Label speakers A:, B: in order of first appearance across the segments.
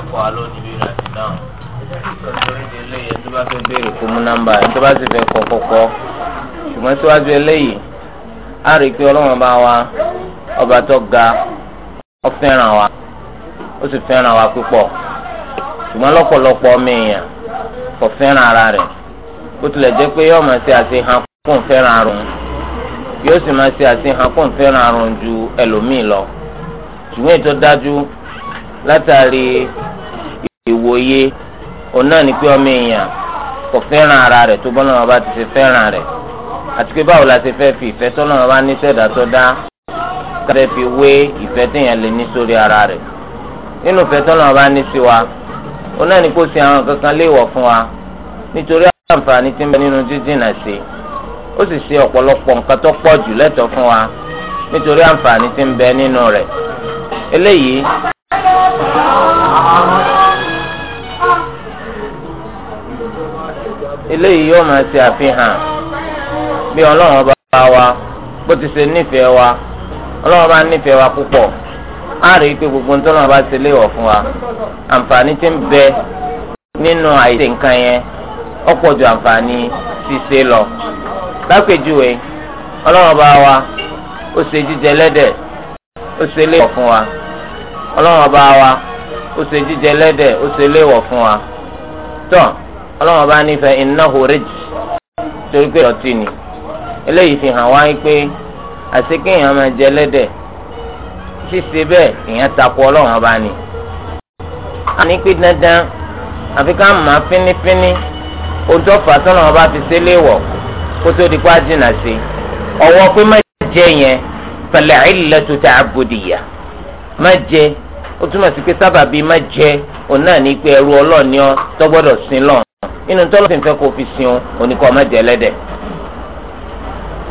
A: ẹ̀kọ́ alọ́ níbi ìrìn àti dáhùn lórí di eléyìí
B: tó bá fẹ́ béèrè kó mú nọ́mbà ẹ̀ tó bá sì fẹ́ kọ́ kọ́kọ́ ṣùgbọ́n síwájú eléyìí á rí i pé ọlọ́run bá wa ọba tó ga ó fẹ́ràn wa ó sì fẹ́ràn wa púpọ̀ ṣùgbọ́n lọ́pọ̀lọpọ̀ ọmọ èèyàn kò fẹ́ràn ara rẹ̀ bó tilẹ̀ jẹ́ pé yóò máa ṣe àṣehàn kó ń fẹ́ràn àrùn yóò sì máa ṣe àṣehàn kó ń fẹ́ràn àrùn ju ẹlòmíì lọ ṣùgbọ́n ètò dájú látàrí ìwòye òun náà ni pé ọmọ èèyàn kò fẹ́ràn ara rẹ̀ tó bọ́lá wọn bá ti ṣe fẹ́ràn rẹ̀ àti pé báwo la ṣe fẹ́ fi ìfẹ́ tọ́lá wọn bá ní sẹ́dá tó dá ká fẹ́ fi wé ìfẹ́ téèyàn lè ní sórí ara rẹ̀ nínú ìfẹ́ tọ́lá wọn bá ní sí wa òun náà ni kó ṣe àwọn kankan léèwọ̀ fún wa nítorí àǹfààní tí ń bẹ nínú jíjìnà sí ó sì ṣe ọ̀pọ̀lọpọ̀ nǹkan tó pọ̀ jù lẹ́tọ̀ọ́ fún wa nítorí àǹfààní tí ń bẹ nínú rẹ̀ eléyìí
A: eléyìí yóò máa
B: ṣe àfihàn bí ọlọ́run ọba wa bó ti ṣe nífẹ̀ẹ́ wa ọlọ́run ọba nífẹ̀ẹ́ wa púpọ̀ á rí i pé gbogbo nítorí ọba ṣe léèwọ̀ fún wa àǹfààní ti ń bẹ nínú àìsè nǹkan yẹn ọ̀pọ̀ ju àǹfààní lọ. lápèjúwe ọlọ́run ọba wa ó ṣe jíjẹ lẹ́dẹ̀ ó ṣe fún wa. ọlọ́run ọba wa ó ṣe jíjẹ ẹlẹ́dẹ̀ ó ṣe léèwọ̀ fún wa tọ́ ọlọ́run ọba nífẹ̀ẹ́ iná horèjì torí pé ọtí ni eléyìí fi hàn wáyé pé àti kéèyàn máa jẹ ẹlẹ́dẹ̀ ṣíṣe bẹ́ẹ̀ èèyàn takò ọlọ́run ọba ni. a ní pé dandan àfi ká máa fínífíní ojú ọ̀fà tọ́lọ́run ọba fi ṣe léèwọ̀ kó tó di pa jìnnà sí ọwọ́ pé má jẹ yẹn pẹ̀lẹ́ ìlẹ́tù tààbùdìyà. má jẹ ó túmọ̀ sí pé sábàbí má jẹ òun náà ní pé ẹrú ọlọ́ọ̀ni ọ tó gbọ́dọ̀ lọ nínú tọ́lọ́ sì ń fi sin o oníkọ́ má jẹ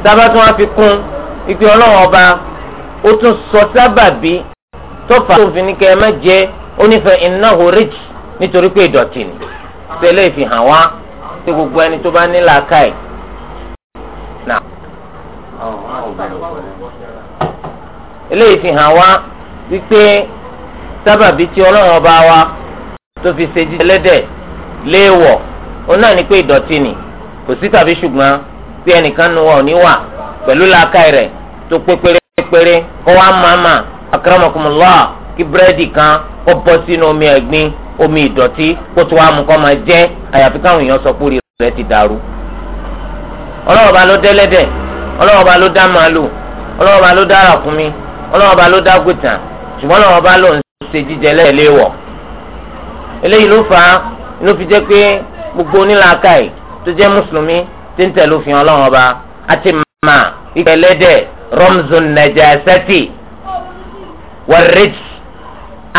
B: sábà tí wọ́n fi kún ọlọ́run ọba ó sọ tọ́fà tó fi ní kẹ́ ẹ má jẹ ó nífẹ̀ẹ́ iná horich nítorí pé ìdọ̀tí ni tẹ́lẹ̀ fi wá pé gbogbo ẹni tó bá fi hàn wá wípé sábàbí tí ọlọ́run ọba wa tó fi ṣe jíjẹ ẹlẹ́dẹ̀ léèwọ̀ òun náà ni pé ìdọ̀tí ni kò sí tàbí ṣùgbọ́n pé ẹnìkan nu wa ò ní wà pẹ̀lú làákàyè rẹ̀ tó pé pérépéré kó wá màmá akramakumullah kí búrẹ́dì kan kó bọ́ sínú omi ẹ̀gbin omi ìdọ̀tí kó tó wá mú kó máa jẹ́ àyàfi káwọn èèyàn sọ pé rẹ̀ ti dàrú. ọlọ́run ọba ló dẹ́lẹ́dẹ̀ ọlọ́run ọba ló dá màálù ọlọ́run ọba ló dá ràkúnmí ọlọ́run ọba ló dá gùtàn ṣùgbọ́n làwọn bá lòun ṣe jíjẹ lẹ́yìn léwọ̀ eléyìí ló fà á ló fi jẹ́ pé gbogbo onílàákàyè tó jẹ́ mùsùlùmí tí ń tẹ̀lé òfin ọlọ́run ọba àti mà ìgbà ẹlẹ́dẹ̀ rọ́mzun nàjàsẹ́tì wọ́rẹ́j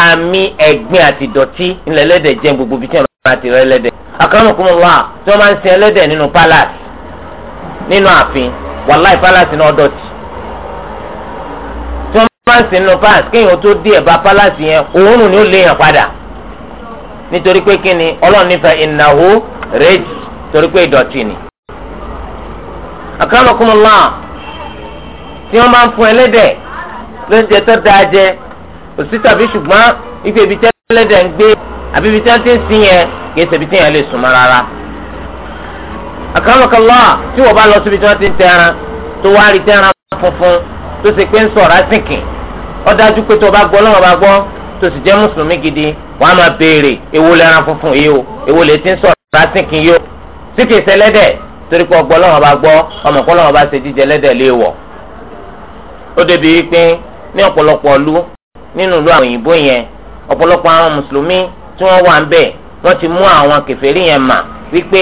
B: àmì ẹ̀gbin àti dọ̀tí ńlẹ̀ ẹlẹ́dẹ̀ jẹ́ gbogbo bí tí wọ́n bá ti rẹ́ ẹlẹ́dẹ̀ akọ́nùkùnmọ́wá tí wọ́n máa ń sin ẹlẹ́dẹ̀ nínú palace nínú ààfin wàláì palace náà dọ̀tí bá ń sìn nù palace kéèyàn tó dé ẹ̀bá palace yẹn òórùn ni ó lé yàn padà nítorí pé kí ni ọlọ́run nífẹ̀ ìnáwó rèjì torí pé ìdọ̀tí ni. àkàlọ́kùnmọ́lá tí wọ́n máa ń fún ẹlẹ́dẹ̀ lóúnjẹ tó dáa jẹ òsì tàbí ṣùgbọ́n ife ibi tí ẹlẹ́dẹ̀ ń gbé àbí ibi tí wọ́n ti ń sìn yẹn kì í ṣe ibi tí yẹn lè súnmọ́ rárá. àkàlọ́kùnmọ́lá tí wọ́n bá lọ síbi tí wọ́n ti ń tẹran tó wá rí tẹran funfun tó ṣe pé ń sọ̀rọ̀ á sìnkìn ó dájú pé tó o bá gbọ́ lọ́wọ́ bá gbọ́ tó sì jẹ́ mùsùlùmí gidi wọ́n á máa béèrè èwo lẹ́ran funfun yìí o èwo lè ti ń sọ̀rọ̀ rásìkì yìí o tí kìí ṣe lẹ́dẹ̀ torí pé ọgbọ́ lọ́wọ́ bá gbọ́ ọmọ kọ́ lọ́wọ́ bá ṣe jíjẹ lẹ́dẹ̀ léèwọ̀. ó débi wípé ní ọ̀pọ̀lọpọ̀ ìlú nínú ìlú àwọn òyìnbó yẹn ọ̀pọ̀lọpọ̀ àwọn mùsùlùmí tí wọ́n wà ń bẹ̀ wọ́n ti mú àwọn kèfèrí yẹn mà wípé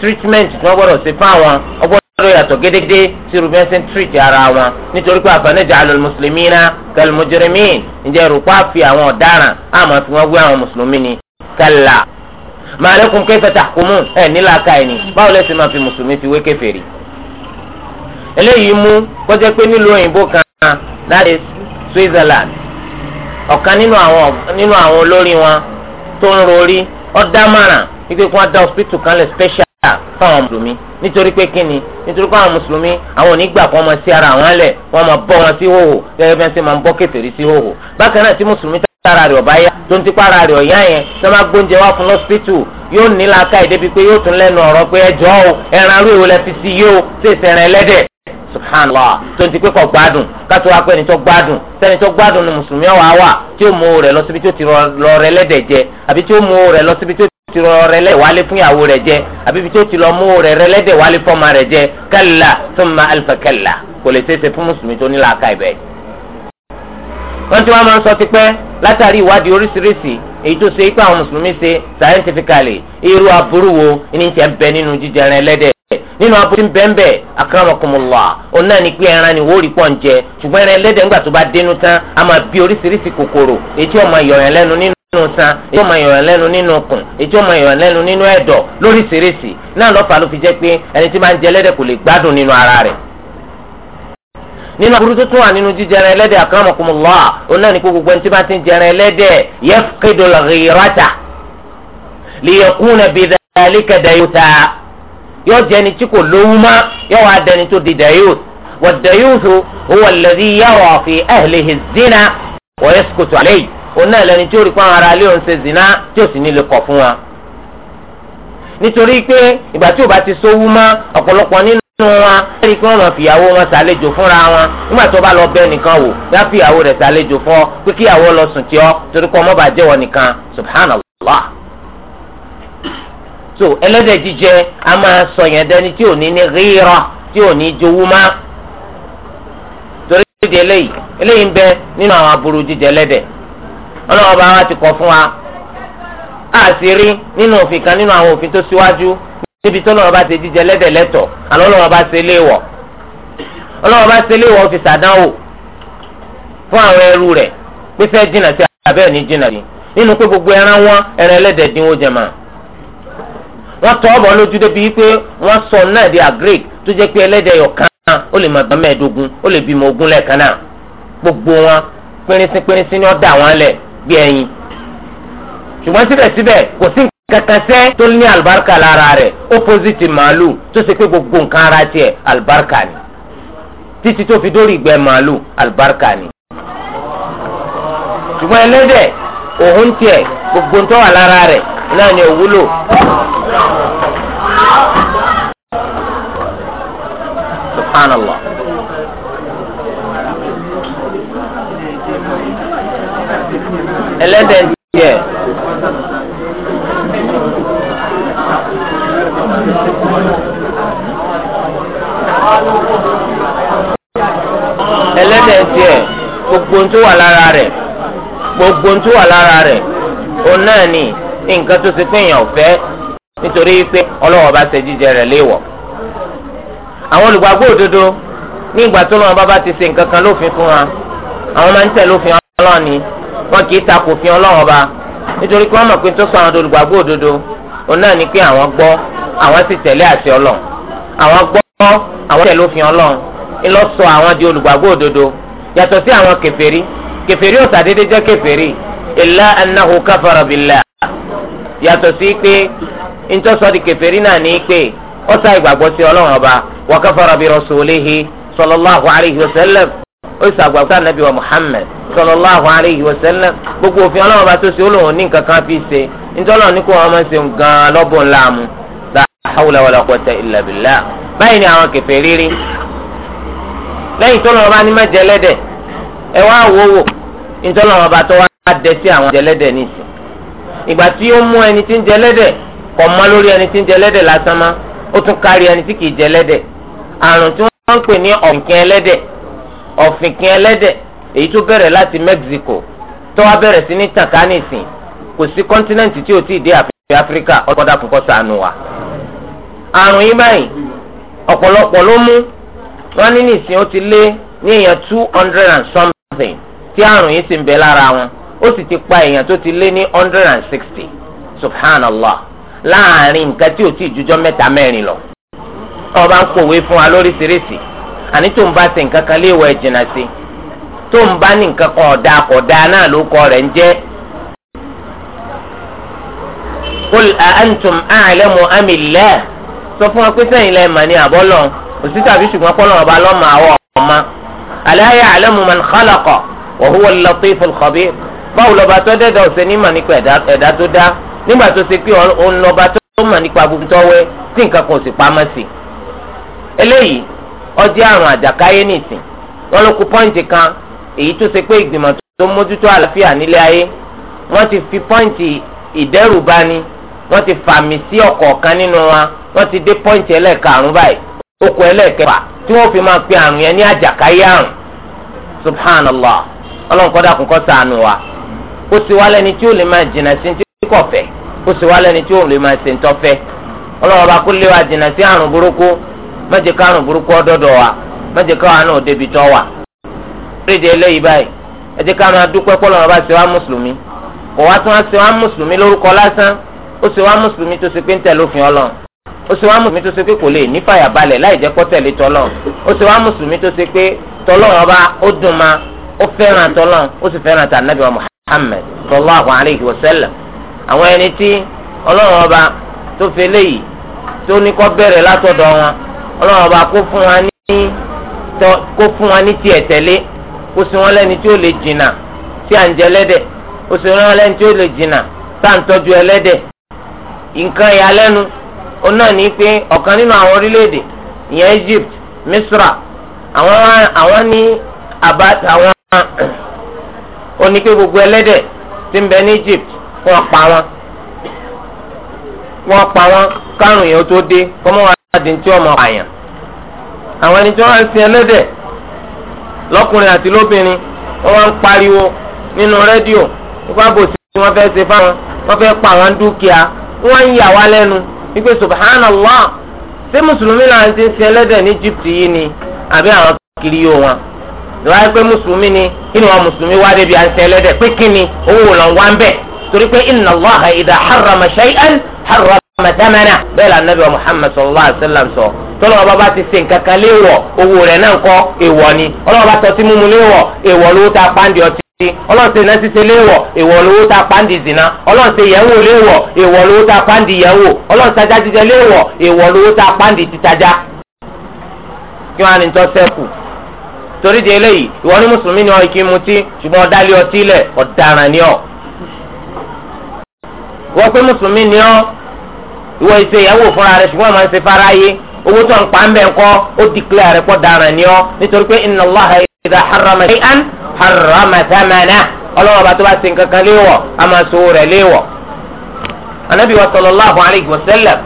B: treatment tí wọ́n gbọ́dọ̀ ṣe fáwọn ọgbọ́ ló yàtọ̀ gédégédé tí rubin ṣe ń tírìtì ara wọn nítorí pé àfẹnẹ́jà alẹ́ mùsùlùmí ná kẹlẹ́mùjẹrẹmí ǹjẹ́ rúpa fi àwọn ọ̀daràn àmọ́ fi wọ́n gbé àwọn mùsùlùmí ni kẹlà màálẹ́kùn kẹfẹ́ tàkùmù ẹ̀ nílàáka ẹ̀ ní báwo lẹ́ ṣe máa fi mùsùlùmí fi wé kèfèrí. eléyìí mú kọjá pé nílùú òyìnbó kan that is Switzerland ọ̀kan nínú àwọn olórí wọn tó ń rorí ọ̀dàmàràn wípé kí wọ́n dá hospital kan lẹ̀ Ah, fáwọn mùsùlùmí nítorí pé kíni nítorí pé àwọn mùsùlùmí àwọn onígbà kan máa sí ara àwọn lẹ̀ wọ́n máa bọ́ wọn sí hòhò gẹ́gẹ́ bí wọ́n ti máa ń bọ́ kèfèrí sí hòhò bákan náà tí mùsùlùmí tára rẹ̀ ọ̀bá yá tó ń ti para rẹ̀ ọ̀yá yẹn tó máa gbóúnjẹ wá fún lọ́sítítù yóò ní làákà èdè bíi pé yóò tún lẹ́nu ọ̀rọ̀ pé ẹjọ́ o ẹran arú èwo lẹ fi sí yóò ṣe ìṣẹ̀rẹ̀ ẹlẹ́dẹ̀ subhanallah tó ń ti pé kọ́ gbádùn kátó wá pé ẹni tó gbádùn sẹ́ni tó gbádùn ni mùsùlùmí ọ̀wá wà tí ó mú rẹ̀ lọ síbi tó ti lọ rẹ̀ lẹ́dẹ̀ jẹ àbí tí ó mú rẹ̀ lọ síbi tó ti rọ rẹ lẹ wálé fún ìyàwó rẹ jẹ àbí ibi tó ti lọ mú rẹ rẹ lẹdẹ wálé fọmọ rẹ jẹ kalla thumma alfa kalla kò lè ṣeéṣe fún mùsùlùmí tó ní làákà ibẹ. wọ́n ti wá máa ń sọ tipẹ́ látàrí ìwádìí oríṣiríṣi èyí tó ṣe ipá àwọn mùsùlùmí ṣe scientifically irú aburú wo ní tiẹ̀ bẹ nínú jíjẹrin ẹlẹ́dẹ̀ nínú aburú ń bẹ́ńbẹ́ akramakumullah òun náà ni pé ẹran ni wọ́n rí pọ̀ ń jẹ ṣùgbọ́n ẹran ẹlẹ́dẹ̀ ńgbà tó bá dénú tán a nínú tan èyí ọmọ ìyọ̀rọ̀ lẹ́nu nínú okùn èyí ọmọ ìyọ̀rọ̀ lẹ́nu nínú ẹ̀dọ̀ lóríṣiríṣi náà lọ́fà ló fi jẹ́ pé ẹni tí máa ń jẹ ẹlẹ́dẹ̀ kò lè gbádùn nínú ara rẹ̀. nínú aburú tó tún wà nínú jíjẹrẹ ẹlẹ́dẹ̀ akramakumullah òun náà ní kó gbogbo ẹni tí máa ti ń jẹrẹ ẹlẹ́dẹ̀ yafqidul ghirata liyakuna bidhalika dayuta yóò jẹ́ ẹni òun náà lẹni tí ó rí pé àwọn ará òun ṣe zina tí ò sì ní lè fún wa. nítorí pé ìgbà tí ò bá ti sówú mọ́ ọ̀pọ̀lọpọ̀ nínú wọn lẹ́yìn pé wọ́n lọ fìyàwó wọn ṣàlejò fúnra wọn nígbà tó bá lọ bẹ́ẹ̀ nìkan wò bá fìyàwó rẹ̀ ṣàlejò fún ọ pé kíyàwó lọ sùn tí ọ torí pé ọmọ bá jẹ́wọ́ nìkan subhanallah. so ẹlẹ́dẹ̀ jíjẹ a máa sọ yẹn dání tí ò ní ní rírọ tí ò ní jowú mọ́ torí ìdí eléyìí eléyìí ń bẹ nínú àwọn aburú jíjẹ ẹlẹ́dẹ̀ ọlọ́wọ́ bá wa ti fún wa a sì rí nínú òfin kan nínú àwọn òfin tó síwájú níbi tó lọ́wọ́ bá ti jíjẹ lẹ́dẹ̀ lẹ́tọ̀ àlọ́ ọlọ́wọ́ bá ṣe léèwọ̀ ọlọ́wọ́ bá léèwọ̀ fi fún àwọn ẹrú rẹ̀ pé fẹ́ jìnnà sí ní jìnnà sí nínú pé gbogbo ẹran wọn ẹran ẹlẹ́dẹ̀ dín wọ́n jẹ mọ́ wọ́n tọ́ ọ̀bọ̀ lójú débi sọ náà di tó pé ẹlẹ́dẹ̀ bí ẹyin ṣùgbọ́n síbẹ̀síbẹ̀ kò sí kankan sẹ́ tó ní àlùbáríkà lára rẹ̀ opposite màálù tó ṣe pé gbogbo nǹkan ara tiẹ̀ àlùbáríkà ni títí tó fi dórí ìgbẹ́ màálù àlùbáríkà ni ṣùgbọ́n ẹlẹ́dẹ̀ òun tiẹ̀ gbogbo ń tọ́wà lára rẹ̀ náà ni òwúlò. subhanallah.
A: ẹlẹ́dẹ̀ ń tiẹ̀. ẹlẹ́dẹ̀ ń tiẹ̀
B: gbogbo ń tó wà lára rẹ̀ gbogbo ń tó wà lára rẹ̀ òun náà ni nǹkan tó ti pín yàn ọ̀fẹ́ nítorí pé ọlọ́wọ́ bá ṣe jíjẹ rẹ̀ léèwọ̀. àwọn olùgbàgbọ́ òdodo ní ìgbà tó lọ́wọ́ bá bá ti ṣe nǹkan kan lófin fún wa àwọn máa ń tẹ̀ lófin ọlọ́ọ̀ni wọn kì í takò fi ọlọ́run ọba nítorí pé wọ́n mọ̀ pé tó sọ àwọn olùgbàgbọ́ òdodo òun náà ni pé àwọn gbọ́ àwọn sì tẹ̀lé àti ọlọ́run àwọn gbọ́ àwọn tẹ̀lé òfin ọlọ́run ńlọ sọ àwọn di olùgbàgbọ́ òdodo yàtọ̀ sí àwọn kèfèrí kèfèrí ò sàdédé jẹ́ kèfèrí illa annahu kafara billah yàtọ̀ sí pé ntọ́sọ di kèfèrí náà ní pé ó sá ìgbàgbọ́ sí ọlọ́run ọba wa kafara bi rasulihi sallallahu alayhi wa sallam ó sàgbàgbọ́ sí anabi muhammad sallallahu alayhi wa sallam gbogbo òfin ọlọ́run bá tó ṣe olóhùn ní nǹkan kan fi ṣe nítorí ní kó wọn máa ṣe gan lọ́bùn láàmú la hawla wala quwwata illa billah báyìí ni àwọn kẹfẹ́ rírí lẹ́yìn tó lọ́wọ́ bá ní mẹ́jẹ lẹ́dẹ̀ ẹ wá wòwò nítorí wọn bá tó wá dẹ sí àwọn jẹ lẹ́dẹ̀ nìsín ìgbà tí ó mú ẹni tí ń jẹ lẹ́dẹ̀ kọ̀ mọ́ lórí ẹni tí ń jẹ lẹ́dẹ̀ lásán má ó tún kárí ẹni tí kì jẹ lẹ́dẹ̀ àrùn tí wọ́n ń pè ní ọ̀fìnkìn ẹlẹ́dẹ̀ ọ̀fìnkìn ẹlẹ́dẹ̀ èyí tó bẹ̀rẹ̀ láti Mexico tó wá bẹ̀rẹ̀ sí ní tàn ká nìsín kò sí kọ́ńtínẹ́ǹtì tí ò tí ì dé àfihàn Áfíríkà ọlọ́kọ́dá kò kọ́ sànù wa. àrùn yìí báyìí ọ̀pọ̀lọpọ̀ ló mú wọn ní nìsín ó ti lé ní èèyàn two hundred and something tí àrùn yìí sì ń bẹ lára wọn ó sì ti pa èèyàn tó ti lé ní hundred and sixty subhanallah láàrin nǹkan tí ò tí ì jújọ́ mẹ́ta mẹ́rin lọ. ọba ń kọ̀wé fún wa lóríṣiríṣi àní tó ń bá ṣe nǹkan kan léèwọ̀ ẹ̀ jìnnà sí tó ń bá ní nǹkan kan ọ̀dà kọ̀dà náà ló kọ rẹ̀ ń jẹ́. qul a antum a'lamu am Allah sọ fún wa pé sẹ́yìn lẹ́yìn mà ní àbọ́lọ̀ òsì tàbí ṣùgbọ́n pọ́lọ́ ọba lọ́mọ àwọ̀ ọ̀ma
A: ala ya'lamu
B: man khalaqa wa huwa al-latiful khabir báwo lọ́ba tó dẹ́dọ̀ ọ̀sẹ̀ ní mà nípa ẹ̀dá tó dá nígbà tó ṣe pé òun lọ́ba tó mà nípa gbogbo tí nǹkan kan sì pamọ́ sí eléyìí ọjọ́ àrùn àjàkáyé nìsín wọn ló kú pọ́ǹtì kan èyí tó ṣe pé ìgbìmọ̀ tó mójútó àlàáfíà nílé ayé wọ́n ti fi pọ́ǹtì ìdẹ́rùbani wọ́n ti fàmì sí ọ̀kọ̀ọ̀kan nínú wa wọ́n ti dé pọ́ǹtì ẹlẹ́ẹ̀karùn-ún báyìí okò ẹlẹ́ẹ̀kẹfà tí wọ́n fi máa pe àrùn yẹn ní àjàkáyé àrùn subhanallah ọlọ́nkọ́dà kún kọ́ sànù wa ó sì wá lẹ́ni tí ó lè máa jìnnà sí ti kọ̀ fẹ́ ó sì wá lẹ́ni tí ó lè máa ṣe ń tọ́fẹ́ ọlọ́wọ́ bá kó lé wa jìnnà sí àrùn burúkú má àrùn burúkú ọdọ́dọ̀ wa má jẹ́ ká wa rédíò eléyìí báyìí ẹ jẹ́ ká máa dúpẹ́ pọ́lọ́ wọn bá ṣe wá mùsùlùmí kò wá tún wá ṣe wá mùsùlùmí lórúkọ lásán ó ṣe wá mùsùlùmí tó ṣe pé ń tẹ̀ lófin ọlọ́run ó ṣe wá mùsùlùmí tó ṣe pé kò lè ní fàyàbalẹ̀ láì jẹ́ pọ́tẹ̀lé tọ́lọ́run ó ṣe wá mùsùlùmí tó ṣe pé tọ́lọ́run ọba ó dùn ma ó fẹ́ràn tọ́lọ́run ó sì fẹ́ràn tà nàbí wa Muhammad sallallahu alayhi wa sallam àwọn ẹni tí ọlọ́run ọba tó fi léyìí tó ní kọ́ bẹ̀rẹ̀ látọ̀dọ̀ wọn ó sì wọn lẹ́ni tí ó lè jìnnà tí à ń jẹ ẹlẹ́dẹ̀ ó sì wọn lẹ́ni tí ó lè jìnnà tá à ń tọ́jú ẹlẹ́dẹ̀ nǹkan ìyàlẹ́nu ó náà ní pé ọ̀kan nínú àwọn orílẹ̀ ìyẹn Egypt Misra àwọn àwọn ní àbá àwọn ó ní pé gbogbo ẹlẹ́dẹ̀ tí ń bẹ ní Egypt wọ́n pa wọn wọ́n pa wọn kárùn yẹn tó dé kọ́mọ́ wa di ní tí wọ́n mọ̀ àyàn àwọn ẹni tí wọ́n ń sin ẹlẹ́dẹ̀ lọ́kùnrin àti lóbìnrin wọ́n wá ń pariwo nínú rédíò nípa bòsí tí wọ́n fẹ́ ṣe fáwọn wọ́n fẹ́ pa àwọn dúkìá wọ́n ń yà wá lẹ́nu wípé subhanallah ṣé mùsùlùmí náà ti ń sin ẹlẹ́dẹ̀ ní Egypt yìí ni àbí àwọn kiri yóò wọn lọ́wọ́ pé mùsùlùmí ni kí ni wọn mùsùlùmí wá débi à ń sin ẹlẹ́dẹ̀ pé kí ni owó lọ wá ń bẹ̀ torí pé inna Allaha idha harrama shay'an harrama bẹ́ẹ̀ lànà bí wa Muhammad sallallahu alayhi wa sallam sọ. tọ́lọ́ ọba bá ti se nkankan kan léèwọ̀ owó rẹ̀ náà kọ́ ni ọlọ́wọ́ bá tọ́tí mímu léèwọ̀ èèwọ̀ lówó tá a pàǹdì ọtí ọlọ́ọ̀sẹ̀ iná ṣíṣe léèwọ̀ èèwọ̀ lówó tá a yẹ̀wò lówó tá a yẹ̀wò ajá jíjẹ lówó tá a kí á ní tọ́ sẹ́kù torí di eléyìí ìwọ ní mùsùlùmí ni ọ̀hìn kì owó tó ń pa ń bẹ̀ ń kọ́ ó dìklẹ́ rẹ̀ pọ̀ dáràn ni ọ́ nítorí pé inna Allaha idha harrama shay'an harrama thamanahu ọlọ́wọ́ bá tó bá ṣe nǹkan kan léwọ̀ a máa so rẹ̀ léwọ̀. anabi wa sallallahu alayhi wa sallam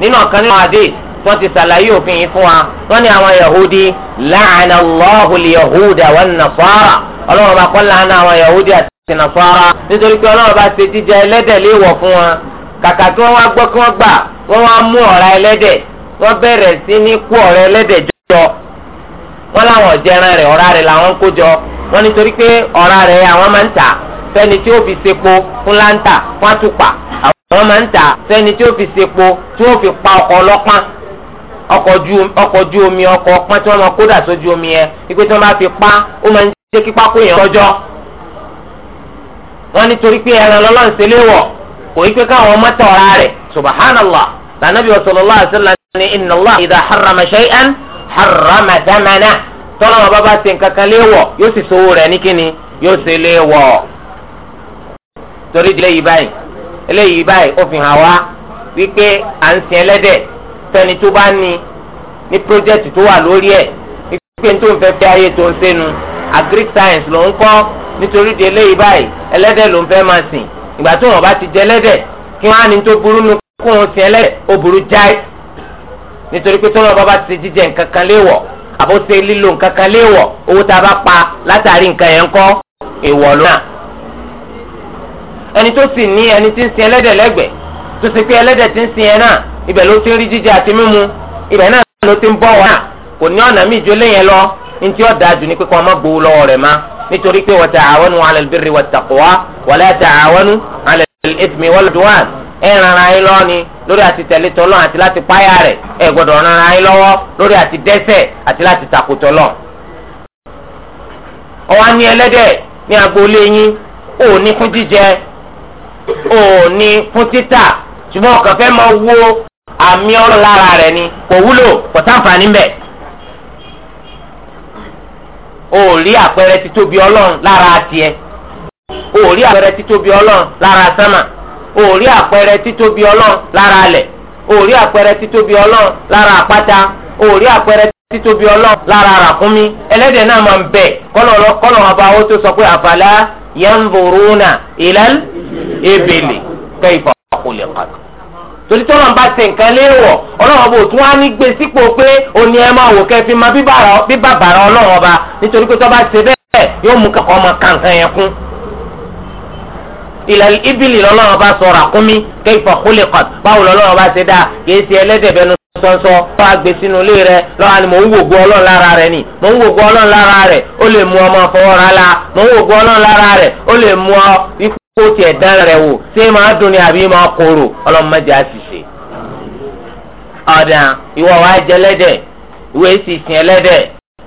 B: nínú ọ̀kan nínú adé wọ́n ti ṣàlàyé òfin yìí fún wa wọ́n ní àwọn yahudi la'ana Allahu yahuda wan-nasara ọlọ́wọ́ bá kọ́ la'ana àwọn yahudi àti nasara nítorí pé ọlọ́wọ́ bá ṣe jíjẹ ẹlẹ́dẹ̀ léwọ̀ fún wa kàkà kí wọ́n wá gbọ́ kí wọ́n gbà wọ́n wá mú ọ̀rá ẹlẹ́dẹ̀ wọ́n bẹ̀rẹ̀ sí ní kó ọ̀rẹ́ ẹlẹ́dẹ̀ jọ wọ́n láwọn ọ̀jẹ̀ran rẹ̀ ọ̀rá rẹ̀ làwọn ń kó jọ wọ́n nítorí pé ọ̀rá rẹ̀ àwọn máa ń tà fẹ́ni tí ó fi sepo fún láńtà fún àtùpà àwọn máa ń tà fẹ́ni tí ó fi sepo tí ó fi pa ọkọ̀ ọlọ́pàá ọkọ̀ ojú omi ọkọ̀ ọpọ́n tí wọ́n máa kó dà sójú omi yẹn wípé tí wọ́n bá fi pa ó máa ń jẹ́ kí pákó yẹn tọ́jọ́ wọ́n nítorí pé ẹran lọ́lọ́run ṣe léwọ̀ kò yí pé káwọn ọmọ tọ̀ ọ̀rá rẹ̀ subhanallah lànàbí sallallahu alaihi wasallam ni inna allah idha harrama shay'an harrama damana tọ́lá wọn bá bá ṣe nǹkan kan léèwọ̀ yóò sì sọ owó rẹ̀ ní kíni yóò ṣe léèwọ̀. torí di eléyìí báyìí eléyìí báyìí ó fi hàn wá wípé à ń sin ẹlẹ́dẹ̀ fẹ́ni tó bá ní ní project tó wà lórí ẹ̀ wípé tó ń fẹ́ fi ayé tó ń sẹ́nu agric science ló ń kọ́ nítorí di eléyìí báyìí ẹlẹ́dẹ̀ ló ń fẹ́ máa sìn ìgbà tó wọn bá ti jẹ ẹlẹ́dẹ̀ kí wọ́n á ní tó burú nu kó wọn sin ẹlẹ́dẹ̀ ó burú jáì nítorí pé tọ́lọ́ bàbá ti jíjẹ nǹkan kan léèwọ̀ àbó ṣe lílo nǹkan kan léèwọ̀ owó tá a bá pa látàrí nǹkan yẹn ń kọ́ èèwọ̀ ló náà. ẹni tó sì ní ẹni tí ń sin ẹlẹ́dẹ̀ lẹ́gbẹ̀ẹ́ tó sì pé ẹlẹ́dẹ̀ tí ń sin ẹ náà ibẹ̀ ló ti ń rí jíjẹ àti mímu ibẹ̀ náà ló ti ń bọ̀ wọ́n kò ní ọ̀nà míì jólé yẹn lọ ní tí ó jù ní pé ọmọ gbowó lọ́wọ́ rẹ̀ má nítorí pé wa ta'awanu 'ala ẹ rànra yín lọ́wọ́ ni lórí àti tẹ̀lé tọ́lọ́ àti láti páyà rẹ̀ ẹ gbọ́dọ̀ rànra yín lọ́wọ́ lórí àti dẹ́ṣẹ̀ àti láti takò tọ́lọ́. ọwọ́ ní ẹlẹ́dẹ̀ ní agboolé yín ò ní fún jíjẹ ò ní fún títà ṣùgbọ́n ọkàn fẹ́ máa wo àmì ọ̀rọ̀ lára rẹ̀ ni kò wúlò kò táǹfààní mbẹ̀. ò rí àpẹẹrẹ títóbi ọlọ́run lára tiẹ̀ ò rí àpẹẹrẹ títóbi ọlọ́run lára sámà òórí àpẹẹrẹ títóbi ọlọ́run lára alẹ̀ òórí àpẹẹrẹ títóbi ọlọ́run lára àpáta òórí àpẹẹrẹ títóbi ọlọ́run lára àràkúnmí ẹlẹ́dẹ̀ náà máa ń bẹ̀ kọ́lọ̀ ọba ó tó sọ pé àfàlà yanzuruna ilal ebèlè kayfa khuliqat torí tó lọ́n bá ṣe nǹkan léèwọ̀ ọlọ́run ọba òtún wá ní gbé sípò pé òní ẹ máa wò kẹfí máa bíbàbàrà ọlọ́run ọba nítorí pé tó bá ṣe bẹ́ẹ̀ yóò mú kankan ọmọ kankan yẹn kún ilẹ̀ ibili lọ́lọ́wọ́ bá sọ ràkúnmí kayfa khuliqat báwo lọ́lọ́wọ́ bá ṣe dá kìí ṣe ẹlẹ́dẹ̀ bẹnu sọ́nsọ́ bá a gbé sínú ilé rẹ lọ́wọ́ ni mò ń wògbó ọlọ́run lára rẹ ni mò ń wògbó ọlọ́run lára rẹ ó lè mú ọmọ fọwọ́ra la mò ń wògbó ọlọ́run lára rẹ ó lè mú ọ ikú tiẹ̀ dán rẹ wò ṣé máa dùn ni àbí máa korò ọlọ́run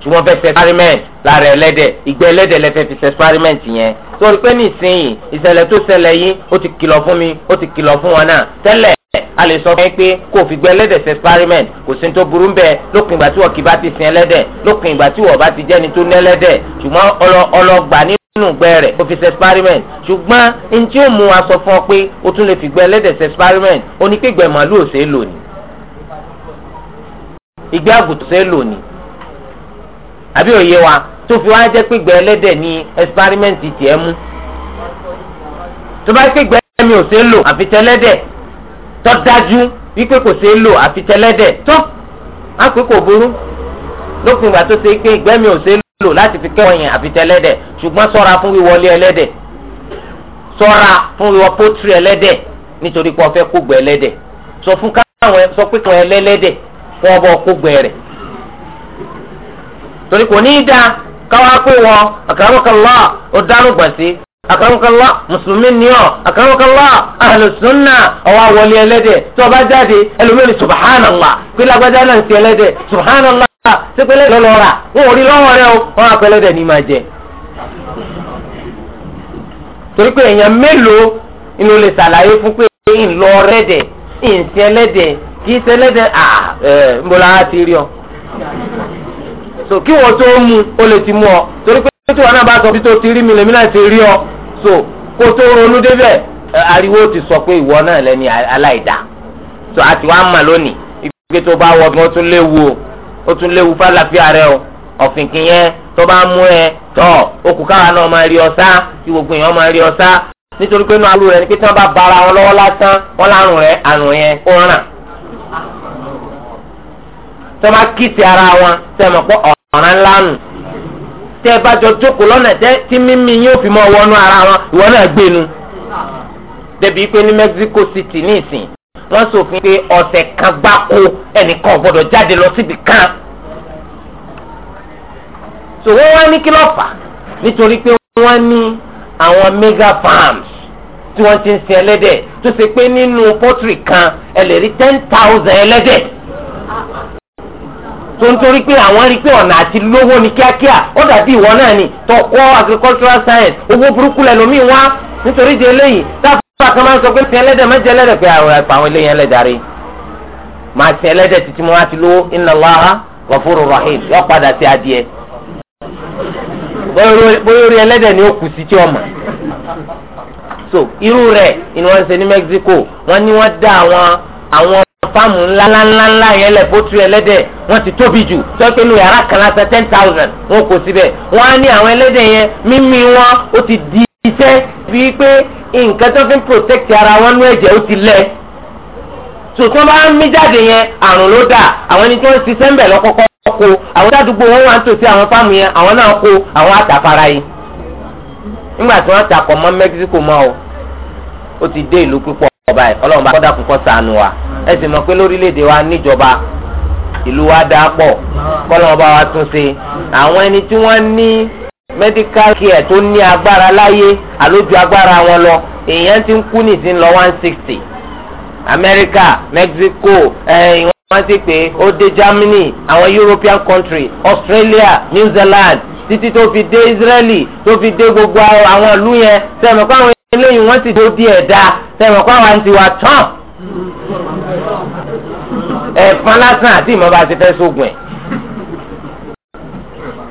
B: tí wọ́n fẹ́ experiment lára ẹlẹ́dẹ̀ ìgbẹ́ ẹlẹ́dẹ̀ lẹ fẹ́ fi experiment yẹn torí pé nísìnyí ìṣẹ̀lẹ̀ tó ṣẹlẹ̀ yìí ó ti kìlọ̀ fún mi ó ti kìlọ̀ fún wọn náà tẹ́lẹ̀ a lè sọ pé kò fi gbẹ ẹlẹ́dẹ̀ ṣe experiment kò sí tó burú bẹ́ẹ̀ lópin ìgbà tí wọ́n kì bá ti sin ẹlẹ́dẹ̀ lópin ìgbà tí wọ́n bá ti jẹ́ni tó ní ẹlẹ́dẹ̀ ṣùgbọ́n ọlọgbà nínú gbẹ rẹ̀ kò fi ṣe experiment ṣùgbọ́n n tí ó mú wa sọ fún ọ pé o tún lè fi gbẹ ẹlẹ́dẹ̀ ṣe experiment o ní pé gbẹ màálù ò ṣe é lò ní ìgbẹ́ àgùntàn ṣe é lò ní àbí òye wa tó fi wá jẹ́ pé gbẹ́ ẹlẹ́dẹ̀ ní ẹsipárímẹ́ǹtì tiẹ̀ mú tó bá pé gbẹ́ ẹlẹ́mi ò ṣeé lò àfi tẹ́lẹ́dẹ̀ tó dájú wípé kò ṣeé lò àfi tẹ́lẹ́dẹ̀ tó á pé kò burú lópin ìgbà tó ṣe pé ìgbẹ́ mi ò ṣeé lò láti fi kẹ́wọ̀n yẹn àfi tẹ́lẹ́dẹ̀ ṣùgbọ́n sọ́ra fún wíwọlé ẹlẹ́dẹ̀ sọ́ra fún wíwọ pótírì ẹlẹ́dẹ̀ nítorí pé wọ́n fẹ́ kó gbẹ́ sọ fún káwọn sọ pé káwọn ẹlẹ́lẹ́dẹ̀ kó wọ́n torí kò ní í dáa káwá pé wọn àkàràmọ́kànlá ó dánú gbọ̀nsí àkàràmọ́kànlá mùsùlùmí ni ọ àkàràmọ́kànlá àlùsùnà ọwọ́ àwọlé ẹlẹ́dẹ̀ tó o bá jáde ẹlòmíràn subhanallah pé lágbájá náà ń ti ẹlẹ́dẹ̀ subhanallah ṣé pé lẹ́yìn lọ́lọ́ rà wọn ò rí lọ́wọ́ rẹ o wọn àpẹ ẹlẹ́dẹ̀ ní máa jẹ. torí pé èèyàn mélòó inú lè ṣàlàyé fún pé ń lọ rẹ́dẹ̀ ń ti ẹlẹ́dẹ̀ kì í ṣẹlẹ́dẹ̀ à ń bọ́lá á ti rí ọ so kí wọ́n tó mú o lè ti mú ọ torí pé tí wọn náà bá sọ bí tó ti rí mi lèmi náà ti rí ọ so kó tó ronú débẹ̀ ariwo ti sọ pé ìwọ náà lẹni aláìdá so àti wàá mà lónìí ìgbé tó bá wọ bí wọ́n tún léwu o ó tún léwu fálàfíà rẹ o ọ̀fìnkì yẹn tó bá mú ẹ tọ okùn káwa náà máa rí ọ sá kí gbogbo èèyàn máa rí ọ sá nítorí pé inú alu rẹ ni pé tí wọ́n bá bara wọn lọ́wọ́ lásán wọn lárùn rẹ àrùn yẹn ó ràn tí wọ́n bá kíìsì ara wọn tẹ mọ ọ ọ̀ràn ńlá nù tẹ́ ẹ bá jọ jókòó lọ́nà tí mímí yín ó fi mọ́ wọnú ara wọn ìwọ náà gbé nu débi pé ní Mexico City ní ìsìn wọ́n ṣòfin pé ọ̀sẹ̀ kan gbáko ẹnìkan ò gbọ́dọ̀ jáde lọ síbi kan so wọ́n wá ní kí ló fà nítorí pé wọ́n ní àwọn mega farms tí wọ́n ti ń sin ẹlẹ́dẹ̀ tó ṣe pé nínú pọ́tìrì kan ẹ lè rí ten thousand ẹlẹ́dẹ̀ tó ń torí pé àwọn rí pé ọ̀nà àti lówó ní kíákíá ó dàbí ìwọ náà ni tó kọ́ agricultural science owó burúkú lẹ́lòmíì wá nítorí di eléyìí táfà kan máa ń sọ pé fi ẹlẹ́dẹ̀ mẹ́jẹ ẹlẹ́dẹ̀ pé àwọn ẹ̀pà àwọn eléyìí ẹlẹ́dàá rí máa fi ẹlẹ́dẹ̀ títí mo wá ti lówó inna Allaha ghafurur rahim yọ padà sí adìẹ bóyá orí ẹlẹ́dẹ̀ ni ó kù sí tí ọmọ so irú rẹ̀ ni wọ́n ń ṣe ní Mexico wọ́n ní wọ́n dá àwọn àwọn fáàmù ńlá ńlá ńlá yẹn lẹ̀ bó tu ẹlẹ́dẹ̀ wọ́n ti tóbi jù tọ́pẹ́ nu yàrá kan lásán ten thousand wọn kò síbẹ̀ wọ́n á ní àwọn ẹlẹ́dẹ̀ yẹn mímí wọn ó ti di iṣẹ́ bíi pé nǹkan tó fi ń protect ara wọn nú ẹ̀jẹ̀ ó ti lẹ̀ sòtún bá ń mí jáde yẹn àrùn ló dà àwọn ẹni tó ń ṣiṣẹ́ ń bẹ̀ kó àwọn sádùúgbò wọn wà ń tòsí àwọn fáàmù yẹn àwọn náà kó àwọn àtàfàrà yìí nígbà tí wọ́n takọ̀ mọ́ Mexico mọ́ o ọba yìí ọlọ́run bá kọ́dà kúkọ́ sànù wa ẹ sì mọ̀ pé lórílẹ̀ wa níjọba ìlú wa dá pọ̀ kọ́lọ́run bá wa tún ṣe àwọn ẹni tí wọ́n ní medical care tó ní agbára láyé àlójú agbára wọn lọ èèyàn ti ń kú nìsín lọ one sixty America Mexico ẹ̀yìn wọ́n ti pè ó dé Germany àwọn European country Australia New Zealand títí tó fi dé Israeli tó fi dé gbogbo àwọn ìlú yẹn sẹ́mi pé eléyìí wọ́n ti dúró di dáa sẹ́wọ̀n kó àwọn àǹtí wa tán ẹ̀fọn lásán àti ìmọ̀ ti fẹ́ sógun ẹ̀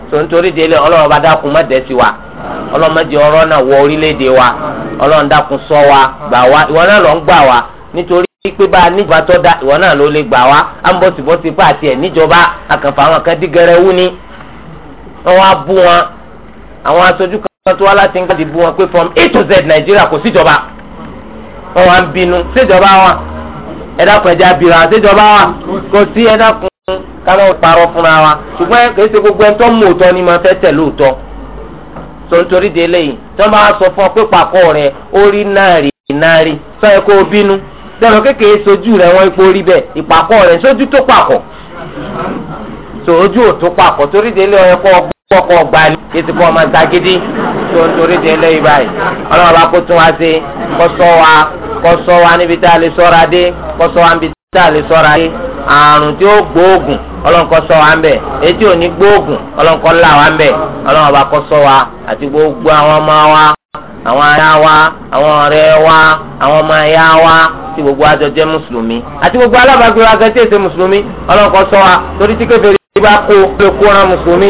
B: tó nítorí délé ọlọ́run bá dákun má má ọrọ náà wọ orílẹ̀ wa ọlọ́run dákun sọ wa gbà ìwọ náà lọ ń gbà wá nítorí pé bá a níjọba tó da ìwọ náà ló lè gbà à wọ́n tún wá láti ń gbàdí bú wọn pé from A to Z Nàìjíríà kò síjọba wọ́n wá ń bínú síjọba wa ẹ̀dá kan ẹ̀jẹ̀ síjọba wa kò sí ẹ̀dá kan káwọn parọ́ fúnra wa ṣùgbọ́n kìí ṣe gbogbo ẹni tó mú òótọ́ ni máa fẹ́ tẹ̀ lóòótọ́ tó ń torí de eléyìí tí wọ́n bá wá sọ fún ọ pé pàkọ́ rẹ ó rí náà rí náà rí sọ yẹ kó o bínú sẹ́nu kékeré sojú rẹ wọ́n ipò rí bẹ́ẹ̀ ìpàkọ́ rẹ sójú tó pàkọ́ tó ò tó pàkọ́ torí de eléyìí ọ tó ń torí di ẹlẹ́yìí báyìí ọlọ́run bá kó tún wá sí kó wa kó wa níbi tá a lè ṣọ́ra dé kó wa níbi tá a lè ṣọ́ra dé àrùn tí ó gbóògùn ọlọ́run kó wa ń bẹ̀ etí ò ní gbóògùn ọlọ́run kó là wa ń bẹ̀ ọlọ́run bá kó wa àti gbogbo àwọn ọmọ wa àwọn ará wa àwọn ọ̀rẹ́ wa àwọn ọmọ ẹ̀yà wa àti gbogbo àjọ jẹ́ mùsùlùmí àti gbogbo alábàágbé wa gẹ́gẹ́ tẹ̀sẹ̀ mùsùlùmí ọlọ́run kó wa torí tí kèfèrí bá kó lè kó ra mùsùlùmí